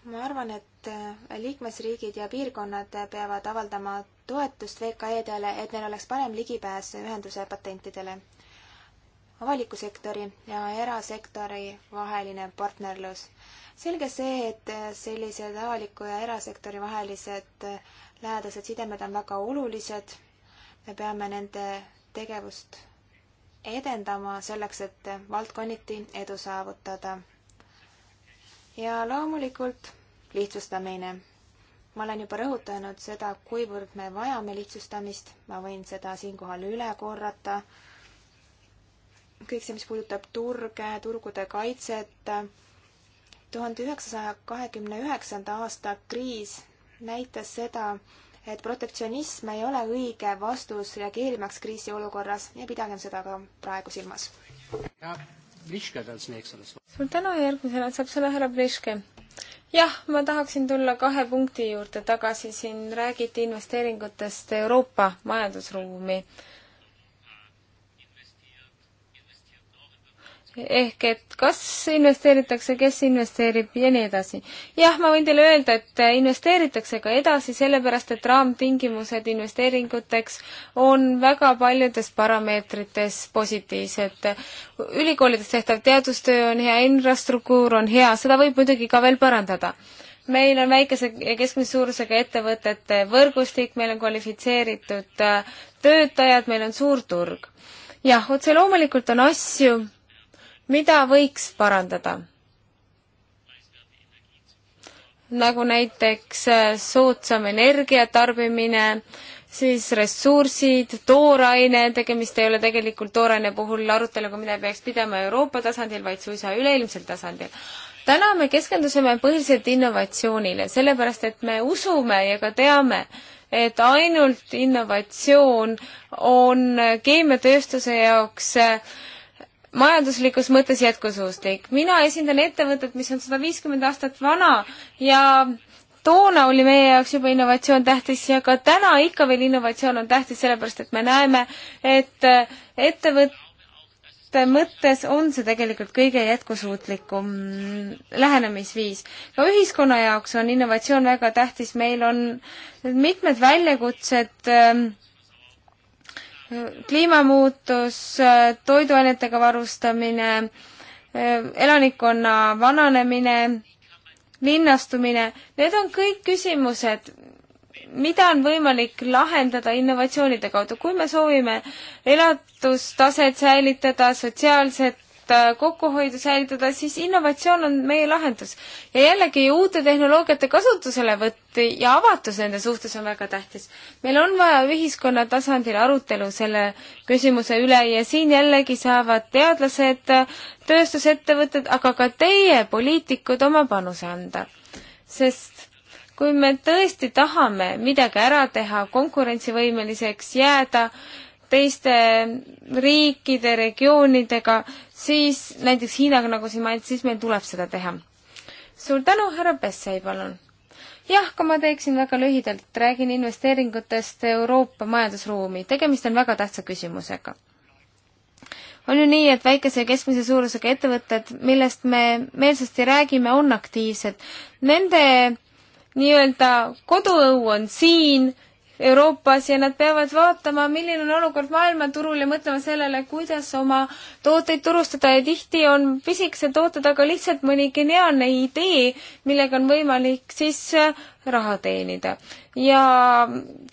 ma arvan, et äh, liikmesriigid ja piirkonnad peavad avaldama toetust VKE-dele, et neil oleks parem ligipääs ühenduse patentidele. avaliku sektori ja erasektori vaheline partnerlus. selge see, et äh, sellised avaliku ja erasektori vahelised äh, lähedased sidemed on väga olulised. me peame nende tegevust edendama selleks, et valdkonniti edu saavutada ja loomulikult lihtsustamine. ma olen juba rõhutanud seda, kuivõrd me vajame lihtsustamist, ma võin seda siinkohal üle korrata. kõik see, mis puudutab turge, turgude kaitset, tuhande üheksasaja kahekümne üheksanda aasta kriis näitas seda, et protektsionism ei ole õige vastus reageerimaks kriisiolukorras ja pidagem seda ka praegu silmas suur tänu, järgmisena saab sõna härra Pliške. jah, ma tahaksin tulla kahe punkti juurde tagasi, siin räägiti investeeringutest Euroopa majandusruumi äh, ehk et kas investeeritakse, kes investeerib ja nii edasi. jah, ma võin teile öelda, et investeeritakse ka edasi, sellepärast et raamtingimused investeeringuteks on väga paljudes parameetrites positiivsed. ülikoolides tehtav teadustöö on hea, infrastruktuur on hea, seda võib muidugi ka veel parandada meil on väikese ja keskmise suurusega ettevõtete võrgustik, meil on kvalifitseeritud äh, töötajad, meil on suur turg. jah, otse loomulikult on asju, mida võiks parandada? nagu näiteks äh, soodsam energiatarbimine, siis ressursid, tooraine, tegemist ei ole tegelikult tooraine puhul aruteluga, mida peaks pidama Euroopa tasandil, vaid suisa üleilmsel tasandil täna me keskendusime põhiliselt innovatsioonile, sellepärast et me usume ja ka teame, et ainult innovatsioon on keemiatööstuse jaoks äh, majanduslikus mõttes jätkusuutlik. mina esindan ettevõtet, mis on sada viiskümmend aastat vana ja toona oli meie jaoks juba innovatsioon tähtis ja ka täna ikka veel innovatsioon on tähtis, sellepärast et me näeme, et äh, ettevõtte mõttes on see tegelikult kõige jätkusuutlikum mm, lähenemisviis. ka ühiskonna jaoks on innovatsioon väga tähtis, meil on mitmed väljakutsed äh, kliimamuutus, toiduainetega varustamine, elanikkonna vananemine, linnastumine, need on kõik küsimused, mida on võimalik lahendada innovatsioonide kaudu, kui me soovime elatustaset säilitada, sotsiaalset Äh, kokkuhoidu säilitada, siis innovatsioon on meie lahendus. ja jällegi uute tehnoloogiate kasutuselevõtt ja avatus nende suhtes on väga tähtis. meil on vaja ühiskonna tasandil arutelu selle küsimuse üle ja siin jällegi saavad teadlased, tööstusettevõtted, aga ka teie, poliitikud, oma panuse anda. sest kui me tõesti tahame midagi ära teha, konkurentsivõimeliseks jääda, teiste riikide, regioonidega, siis näiteks Hiinaga, nagu siin mainiti, siis meil tuleb seda teha. suur tänu, härra Pessei, palun! jah, ka ma teeksin väga lühidalt, räägin investeeringutest Euroopa majandusruumi, tegemist on väga tähtsa küsimusega. on ju nii, et väikese ja keskmise suurusega ettevõtted, millest me meelsasti räägime, on aktiivsed. Nende nii-öelda koduõu on siin Euroopas ja nad peavad vaatama, milline on olukord maailmaturul ja mõtlema sellele, kuidas oma tooteid turustada ja tihti on pisikese toote taga lihtsalt mõni geniaalne idee, millega on võimalik siis äh, raha teenida. ja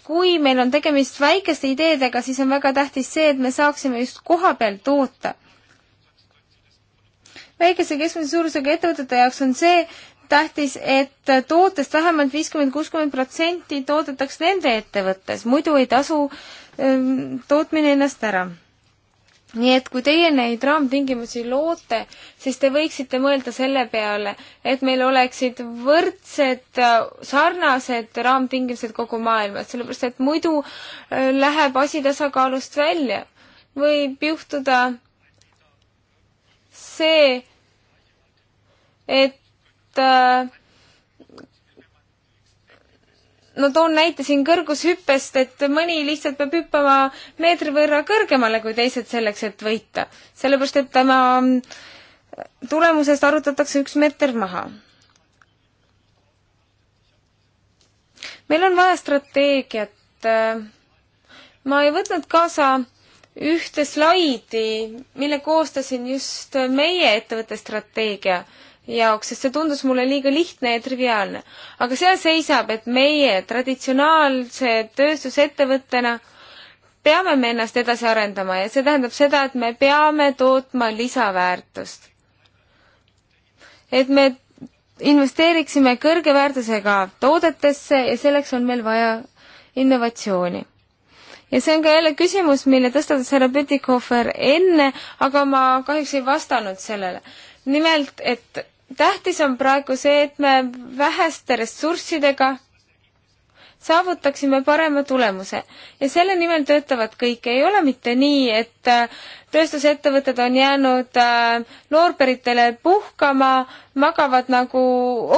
kui meil on tegemist väikeste ideedega, siis on väga tähtis see, et me saaksime just koha peal toota väikese keskmise suurusega ettevõtete jaoks on see tähtis, et tootest vähemalt viiskümmend, kuuskümmend protsenti toodetaks nende ettevõttes, muidu ei tasu ähm, tootmine ennast ära. nii et kui teie neid raamtingimusi loote, siis te võiksite mõelda selle peale, et meil oleksid võrdsed, äh, sarnased raamtingimused kogu maailmas, sellepärast et muidu äh, läheb asi tasakaalust välja. võib juhtuda see, et Äh, no toon näite siin kõrgushüppest, et mõni lihtsalt peab hüppama meetri võrra kõrgemale kui teised selleks, et võita. sellepärast, et tema äh, tulemusest arutatakse üks meeter maha. meil on vaja strateegiat. Äh, ma ei võtnud kaasa ühte slaidi, mille koostasin just meie ettevõtte strateegia jaoks, sest see tundus mulle liiga lihtne ja triviaalne. aga seal seisab, et meie traditsionaalse tööstusettevõttena peame me ennast edasi arendama ja see tähendab seda, et me peame tootma lisaväärtust. et me investeeriksime kõrge väärtusega toodetesse ja selleks on meil vaja innovatsiooni ja see on ka jälle küsimus, mille tõstatas härra Pütikofer enne, aga ma kahjuks ei vastanud sellele. nimelt, et tähtis on praegu see, et me väheste ressurssidega saavutaksime parema tulemuse ja selle nimel töötavad kõik, ei ole mitte nii, et äh, tööstusettevõtted on jäänud loorberitele äh, puhkama, magavad nagu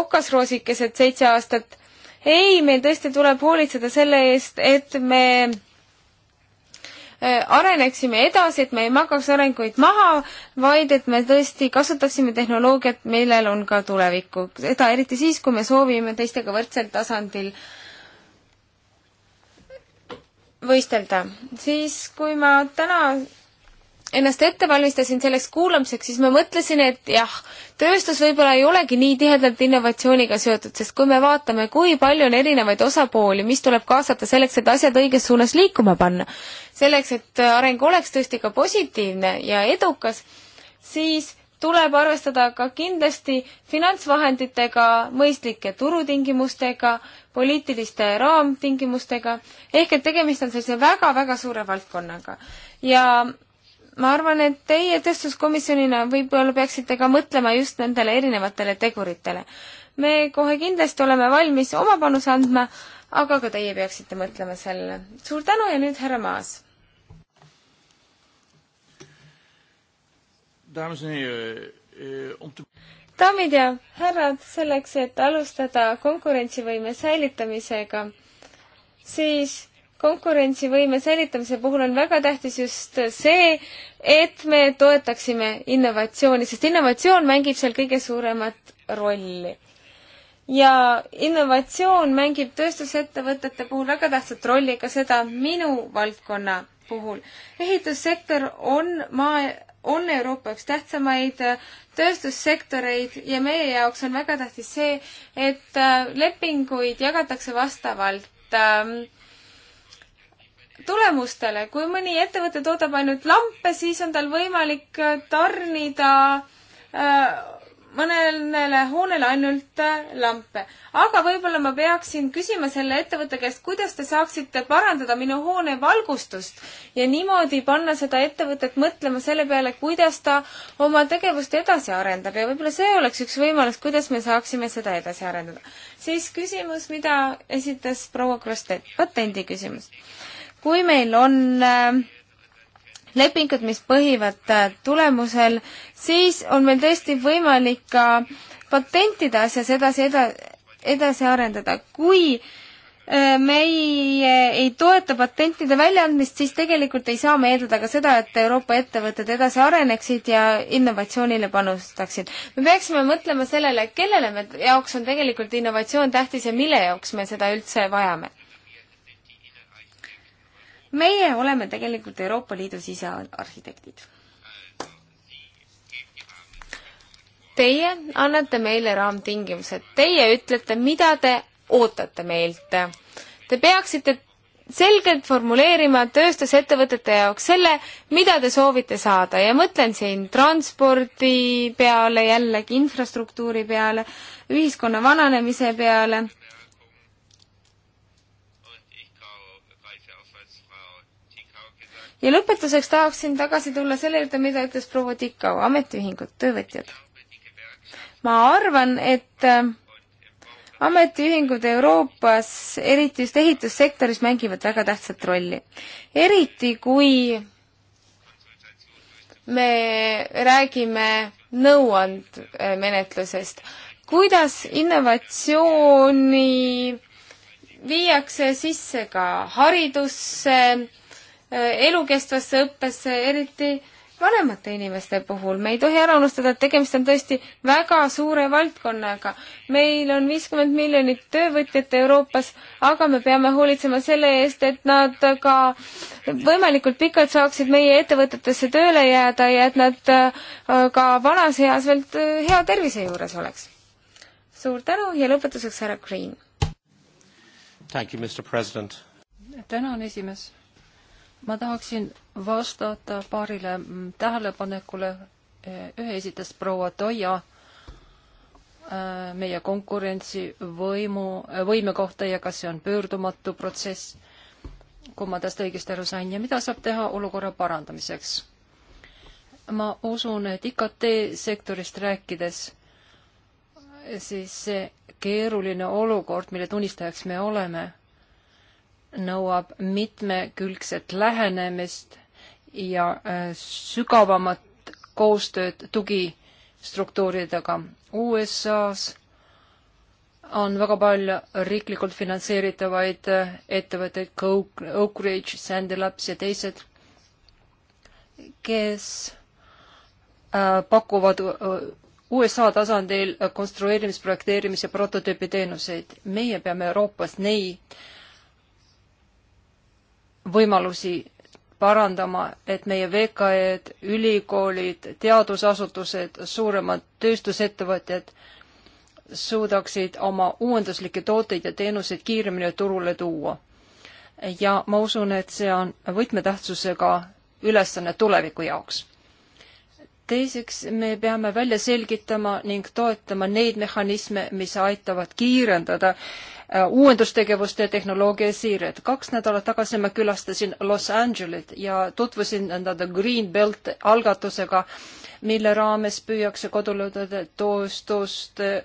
okasroosikesed seitse aastat. ei, meil tõesti tuleb hoolitseda selle eest, et me Äh, areneksime edasi, et me ei magaks arenguid maha, vaid et me tõesti kasutaksime tehnoloogiat, millel on ka tulevikku. seda eriti siis, kui me soovime teistega võrdsel tasandil võistelda. siis, kui ma täna ennast ette valmistasin selleks kuulamiseks, siis ma mõtlesin, et jah, tööstus võib-olla ei olegi nii tihedalt innovatsiooniga seotud, sest kui me vaatame, kui palju on erinevaid osapooli, mis tuleb kaasata selleks, et asjad õiges suunas liikuma panna, selleks, et areng oleks tõesti ka positiivne ja edukas, siis tuleb arvestada ka kindlasti finantsvahenditega, mõistlike turutingimustega, poliitiliste raamtingimustega, ehk et tegemist on sellise väga-väga suure valdkonnaga. ja ma arvan, et teie tööstuskomisjonina võib-olla peaksite ka mõtlema just nendele erinevatele teguritele. me kohe kindlasti oleme valmis oma panuse andma, aga ka teie peaksite mõtlema sellele. suur tänu ja nüüd härra Maas. Eh, eh, daamid ja härrad, selleks, et alustada konkurentsivõime säilitamisega, siis konkurentsivõime säilitamise puhul on väga tähtis just see, et me toetaksime innovatsiooni, sest innovatsioon mängib seal kõige suuremat rolli. ja innovatsioon mängib tööstusettevõtete puhul väga tähtsat rolli ka seda minu valdkonna puhul. ehitussektor on maa, on Euroopa üks tähtsamaid tööstussektoreid ja meie jaoks on väga tähtis see, et lepinguid jagatakse vastavalt äh, tulemustele. kui mõni ettevõte toodab ainult lampe, siis on tal võimalik äh, tarnida äh, mõnele hoonele ainult äh, lampe. aga võib-olla ma peaksin küsima selle ettevõtte käest, kuidas te saaksite parandada minu hoone valgustust ja niimoodi panna seda ettevõtet mõtlema selle peale, kuidas ta oma tegevust edasi arendab ja võib-olla see oleks üks võimalus, kuidas me saaksime seda edasi arendada. siis küsimus, mida esitas proua Krostet, patendi küsimus kui meil on äh, lepingud, mis põhivad äh, tulemusel, siis on meil tõesti võimalik ka patentida asjas edasi, edasi arendada. kui äh, meie ei toeta patentide väljaandmist, siis tegelikult ei saa me eeldada ka seda, et Euroopa ettevõtted edasi areneksid ja innovatsioonile panustaksid. me peaksime mõtlema sellele, kellele me jaoks on tegelikult innovatsioon tähtis ja mille jaoks me seda üldse vajame meie oleme tegelikult Euroopa Liidu sisearhitektid. Teie annate meile raamtingimused, teie ütlete, mida te ootate meilt. Te peaksite selgelt formuleerima tööstusettevõtete jaoks selle, mida te soovite saada ja mõtlen siin transpordi peale, jällegi infrastruktuuri peale, ühiskonna vananemise peale ja lõpetuseks tahaksin tagasi tulla selle juurde, mida ütles proua Tikau, ametiühingud, töövõtjad. ma arvan, et äh, ametiühingud Euroopas, eriti just ehitussektoris, mängivad väga tähtsat rolli. eriti, kui me räägime nõuandmenetlusest, äh, kuidas innovatsiooni viiakse sisse ka haridusse, Äh, elukestvasse õppesse, eriti vanemate inimeste puhul, me ei tohi ära unustada, et tegemist on tõesti väga suure valdkonnaga. meil on viiskümmend miljonit töövõtjat Euroopas, aga me peame hoolitsema selle eest, et nad ka võimalikult pikalt saaksid meie ettevõtetesse tööle jääda ja et nad äh, ka vanas eas veel äh, hea tervise juures oleks. suur tänu ja lõpetuseks härra Green. tänan, esimees ma tahaksin vastata paarile mm, tähelepanekule. E, ühe esitas proua Toia e, meie konkurentsivõimu, e, võime kohta ja kas see on pöördumatu protsess, kui ma tast õigesti aru sain ja mida saab teha olukorra parandamiseks? ma usun, et IKT sektorist rääkides siis see keeruline olukord, mille tunnistajaks me oleme nõuab mitmekülgset lähenemist ja äh, sügavamat koostööd tugistruktuuridega. USA-s on väga palju riiklikult finantseeritavaid äh, ettevõtteid, Oak Ridge, Sandy Labs ja teised, kes äh, pakuvad USA tasandil konstrueerimis, projekteerimis ja prototüübi teenuseid. meie peame Euroopas neid võimalusi parandama, et meie VKE-d, ülikoolid, teadusasutused, suuremad tööstusettevõtjad suudaksid oma uuenduslikke tooteid ja teenuseid kiiremini turule tuua. ja ma usun, et see on võtmetähtsusega ülesanne tuleviku jaoks. teiseks, me peame välja selgitama ning toetama neid mehhanisme, mis aitavad kiirendada Äh, uuendustegevust ja tehnoloogia siiret. kaks nädalat tagasi ma külastasin Los Angelet ja tutvusin nende Green Belt algatusega, mille raames püüakse kodulõdade toostust, äh,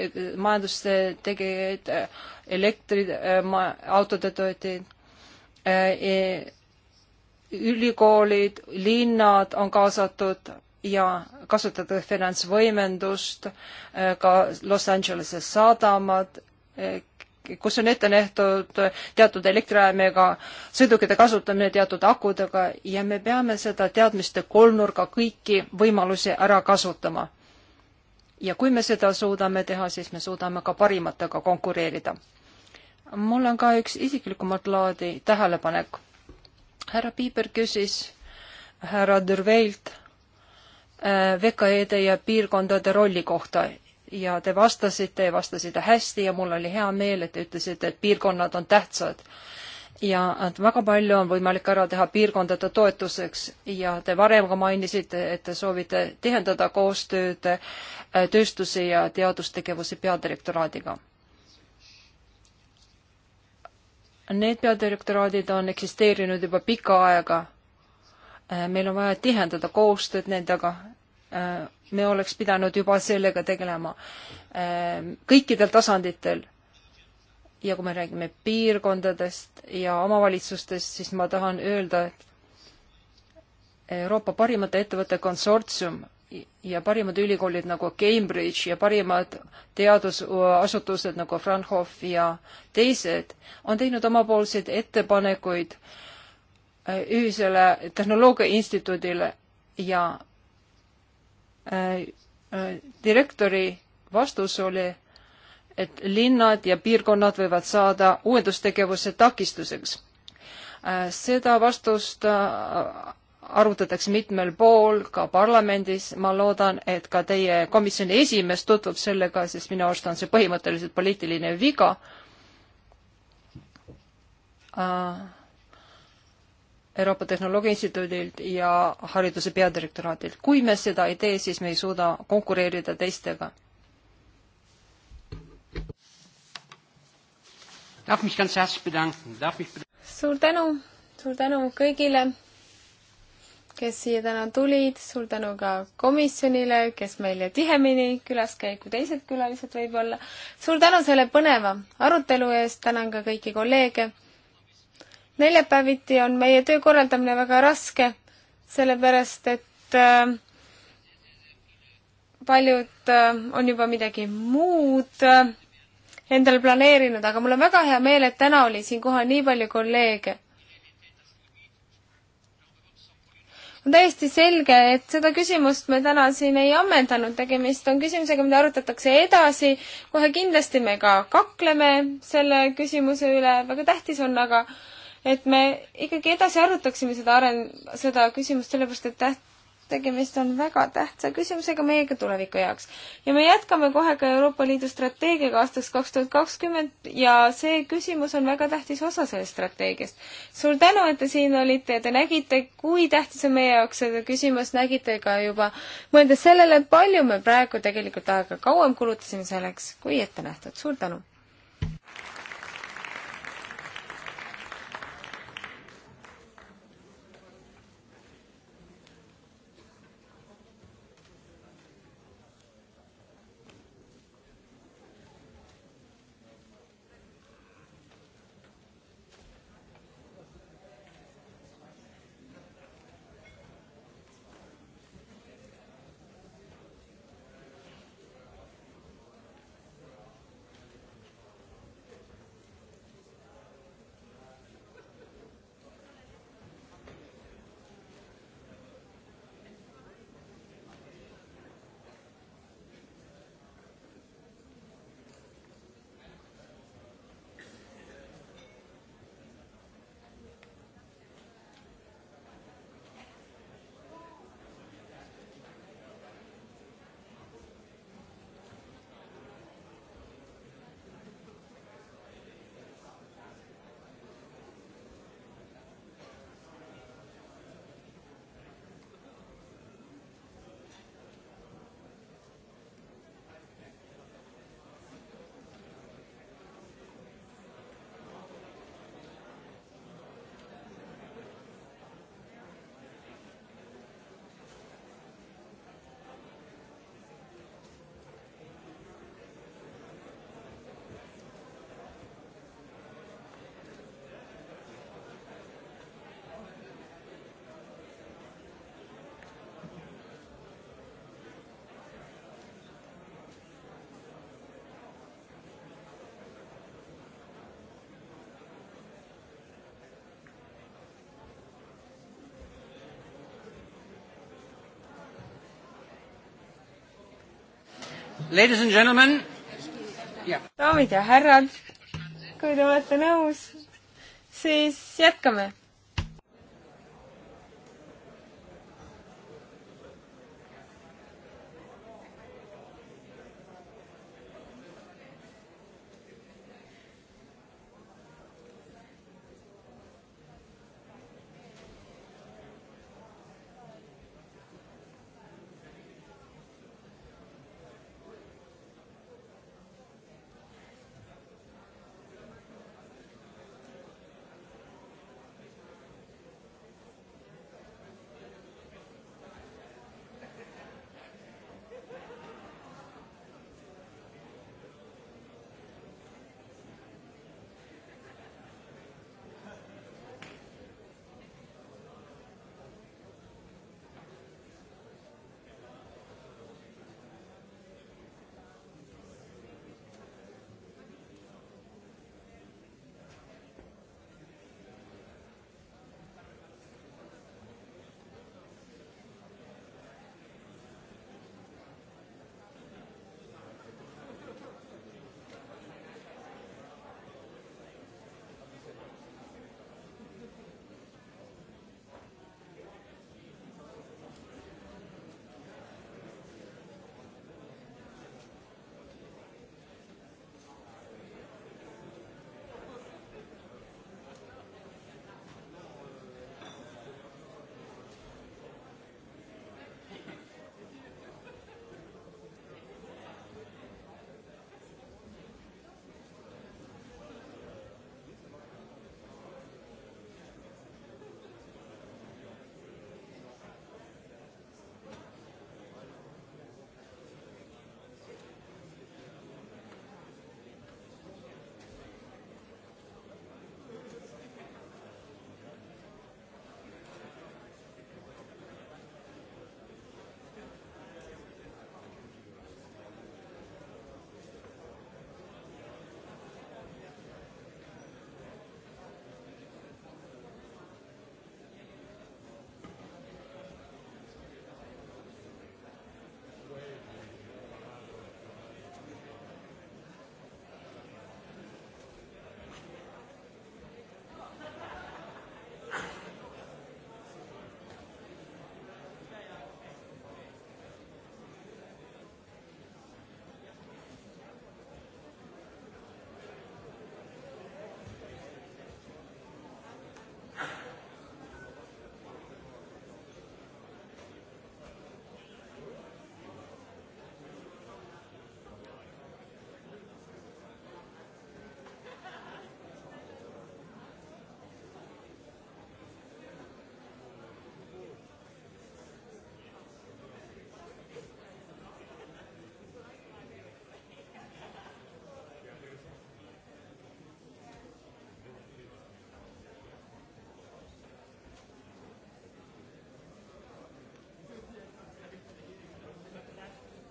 äh, majanduste tegijaid, elektri, autode tootjaid e,, ülikoolid, linnad on kaasatud ja kasutada finantsvõimendust, ka Los Angelese sadamad kus on ette nähtud teatud elektriajamega sõidukite kasutamine teatud akudega ja me peame seda teadmiste kolmnurga kõiki võimalusi ära kasutama. ja kui me seda suudame teha, siis me suudame ka parimatega konkureerida. mul on ka üks isiklikumat laadi tähelepanek. härra Piiber küsis härra Dürveilt äh, VKE-de ja piirkondade rolli kohta ja te vastasite ja vastasite hästi ja mul oli hea meel, et te ütlesite, et piirkonnad on tähtsad. ja et väga palju on võimalik ära teha piirkondade toetuseks ja te varem ka mainisite, et te soovite tihendada koostööd äh, tööstuse ja teadustegevuse peadirektoraadiga. Need peadirektoraadid on eksisteerinud juba pikka aega. Äh, meil on vaja tihendada koostööd nendega äh, me oleks pidanud juba sellega tegelema ähm, kõikidel tasanditel. ja kui me räägime piirkondadest ja omavalitsustest, siis ma tahan öelda, et Euroopa parimate ettevõtte konsortsium ja parimad ülikoolid nagu Cambridge ja parimad teadusasutused nagu Fraunhof ja teised on teinud omapoolseid ettepanekuid äh, ühisele tehnoloogiainstituudile ja Äh, äh, direktori vastus oli, et linnad ja piirkonnad võivad saada uuendustegevuse takistuseks. Äh, seda vastust arutatakse mitmel pool, ka parlamendis. ma loodan, et ka teie komisjoni esimees tutvub sellega, sest minu arust on see põhimõtteliselt poliitiline viga. Euroopa Tehnoloogia Instituudilt ja Hariduse Peadirektoraadilt. kui me seda ei tee, siis me ei suuda konkureerida teistega. suur tänu, suur tänu kõigile, kes siia täna tulid, suur tänu ka komisjonile, kes meile tihemini külas käib kui teised külalised võib-olla. suur tänu selle põneva arutelu eest, tänan ka kõiki kolleege neljapäeviti on meie töö korraldamine väga raske, sellepärast et äh, paljud äh, on juba midagi muud äh, endale planeerinud, aga mul on väga hea meel, et täna oli siin kohal nii palju kolleege. on täiesti selge, et seda küsimust me täna siin ei ammendanud, tegemist on küsimusega, mida arutatakse edasi, kohe kindlasti me ka kakleme selle küsimuse üle, väga tähtis on aga äh, et me ikkagi edasi arutaksime seda aren-, seda küsimust, sellepärast et täht-, tegemist on väga tähtsa küsimusega meiega tuleviku jaoks. ja me jätkame kohe ka Euroopa Liidu strateegiaga aastaks kaks tuhat kakskümmend ja see küsimus on väga tähtis osa sellest strateegiast. suur tänu, et te siin olite ja te nägite, kui tähtis on meie jaoks seda küsimust, nägite ka juba, mõeldes sellele, et palju me praegu tegelikult aega kauem kulutasime selleks, kui ette nähtud. suur tänu! Ladies and gentlemen yeah.. daamid ja härrad, kui te olete nõus, siis jätkame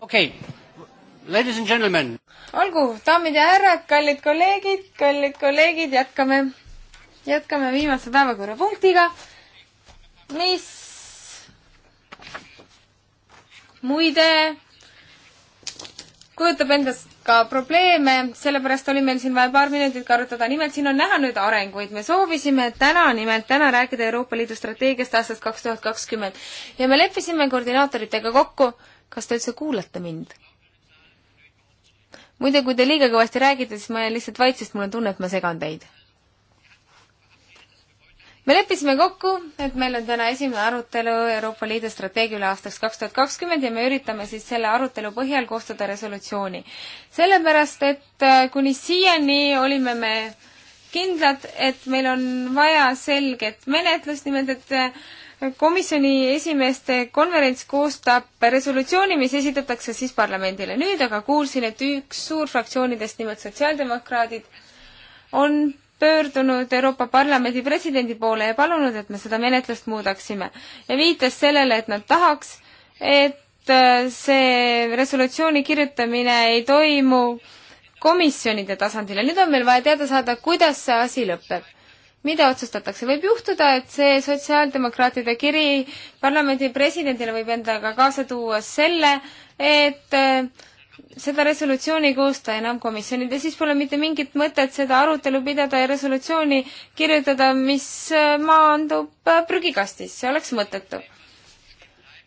okei okay., ladies and gentlemen. olgu, daamid ja härrad, kallid kolleegid, kallid kolleegid, jätkame, jätkame viimase päevakorrapunktiga, mis muide kujutab endast ka probleeme, sellepärast oli meil siin vaja paar minutit ka arutada, nimelt siin on näha nüüd arenguid, me soovisime täna, nimelt täna rääkida Euroopa Liidu strateegiast aastast kaks tuhat kakskümmend ja me leppisime koordinaatoritega kokku, kas te üldse kuulate mind? muide, kui te liiga kõvasti räägite, siis ma lihtsalt vait, sest mul on tunne, et ma segan teid. me leppisime kokku, et meil on täna esimene arutelu Euroopa Liidu strateegia üle aastaks kaks tuhat kakskümmend ja me üritame siis selle arutelu põhjal koostada resolutsiooni. sellepärast, et äh, kuni siiani olime me kindlad, et meil on vaja selget menetlust, nimelt et äh, komisjoni esimeeste konverents koostab resolutsiooni, mis esitatakse siis parlamendile. nüüd aga kuulsin, et üks suurfraktsioonidest, nimelt sotsiaaldemokraadid, on pöördunud Euroopa Parlamendi presidendi poole ja palunud, et me seda menetlust muudaksime. ja viitas sellele, et nad tahaks, et äh, see resolutsiooni kirjutamine ei toimu komisjonide tasandil ja nüüd on meil vaja teada saada, kuidas see asi lõpeb mida otsustatakse. võib juhtuda, et see sotsiaaldemokraatide kiri parlamendi presidendile võib endaga kaasa tuua selle, et äh, seda resolutsiooni ei koosta enam komisjonid ja siis pole mitte mingit mõtet seda arutelu pidada ja resolutsiooni kirjutada, mis äh, maandub äh, prügikastis, see oleks mõttetu.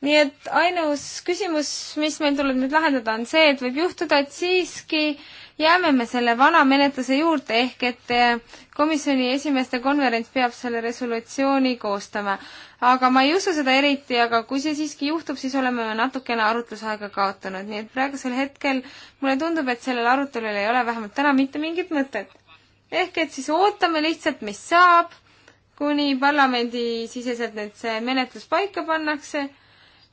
nii et ainus küsimus, mis meil tuleb nüüd lahendada, on see, et võib juhtuda, et siiski äh, jääme me selle vana menetluse juurde, ehk et eh, komisjoni esimeeste konverents peab selle resolutsiooni koostama. aga ma ei usu seda eriti, aga kui see siiski juhtub, siis oleme me natukene arutlusaega kaotanud, nii et praegusel hetkel mulle tundub, et sellel arutelul ei ole vähemalt täna mitte mingit mõtet. ehk et siis ootame lihtsalt, mis saab, kuni parlamendisiseselt nüüd see menetlus paika pannakse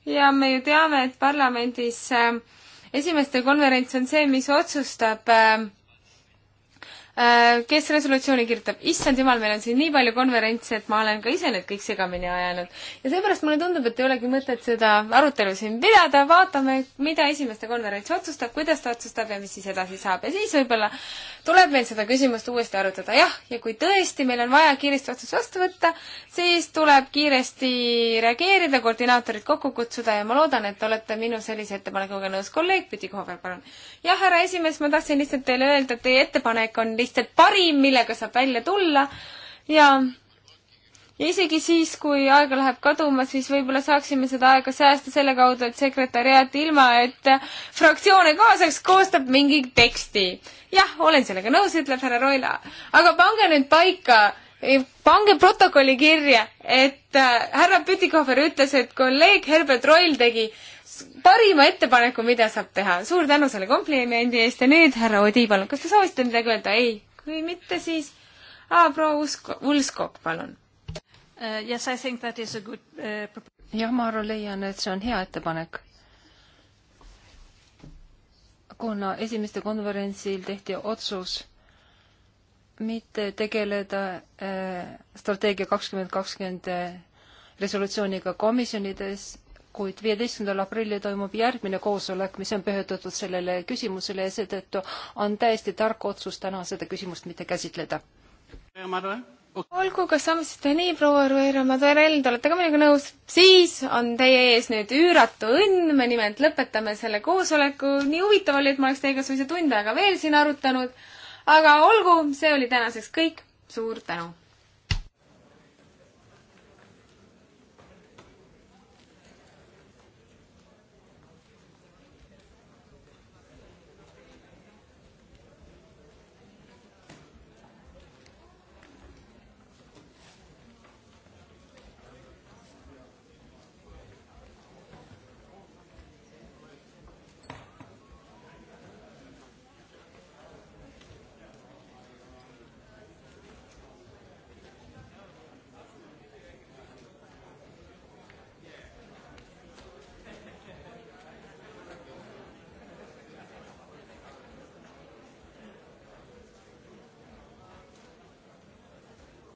ja me ju teame, et parlamendis äh, esimeste konverents on see, mis otsustab äh, Äh, kes resolutsiooni kirjutab, issand jumal, meil on siin nii palju konverentse, et ma olen ka ise need kõik segamini ajanud. ja seepärast mulle tundub, et ei olegi mõtet seda arutelu siin pidada, vaatame, mida esimeste konverents otsustab, kuidas ta otsustab ja mis siis edasi saab ja siis võib-olla tuleb meil seda küsimust uuesti arutada, jah, ja kui tõesti meil on vaja kiiresti otsus vastu võtta, siis tuleb kiiresti reageerida, koordinaatorid kokku kutsuda ja ma loodan, et olete minu sellise ettepanekuga nõus. kolleeg Pütikohver, palun jah, härra esimees, ma tahtsin lihtsalt teile öelda, et teie ettepanek on lihtsalt parim, millega saab välja tulla ja ja isegi siis, kui aega läheb kaduma, siis võib-olla saaksime seda aega säästa selle kaudu, et sekretäriaat ilma, et fraktsioone kaasaks, koostab mingi teksti. jah, olen sellega nõus, ütleb härra Roila. aga pange nüüd paika, pange protokolli kirja, et äh, härra Pütikofer ütles, et kolleeg Herbert Roil tegi parima ettepaneku, mida saab teha. suur tänu selle komplimendi eest ja nüüd, härra Odi, palun, kas te soovisite midagi öelda? ei, kui mitte, siis ah, proua Usko-, Ulskog, palun uh,. Yes, I think that is a good uh, jah, ma arvan, leian, et see on hea ettepanek. kuna esimeste konverentsil tehti otsus mitte tegeleda äh, strateegia kakskümmend kakskümmend uh, resolutsiooniga komisjonides, kuid viieteistkümnendal aprillil toimub järgmine koosolek, mis on pühendatud sellele küsimusele ja seetõttu on täiesti tark otsus täna seda küsimust mitte käsitleda. olgu, kas saavutasite nii, proua Ruero Madurell, te olete ka minuga nõus? siis on teie ees nüüd üüratu õnn, me nimelt lõpetame selle koosoleku, nii huvitav oli, et ma oleks teiega suisa tund aega veel siin arutanud, aga olgu, see oli tänaseks kõik, suur tänu!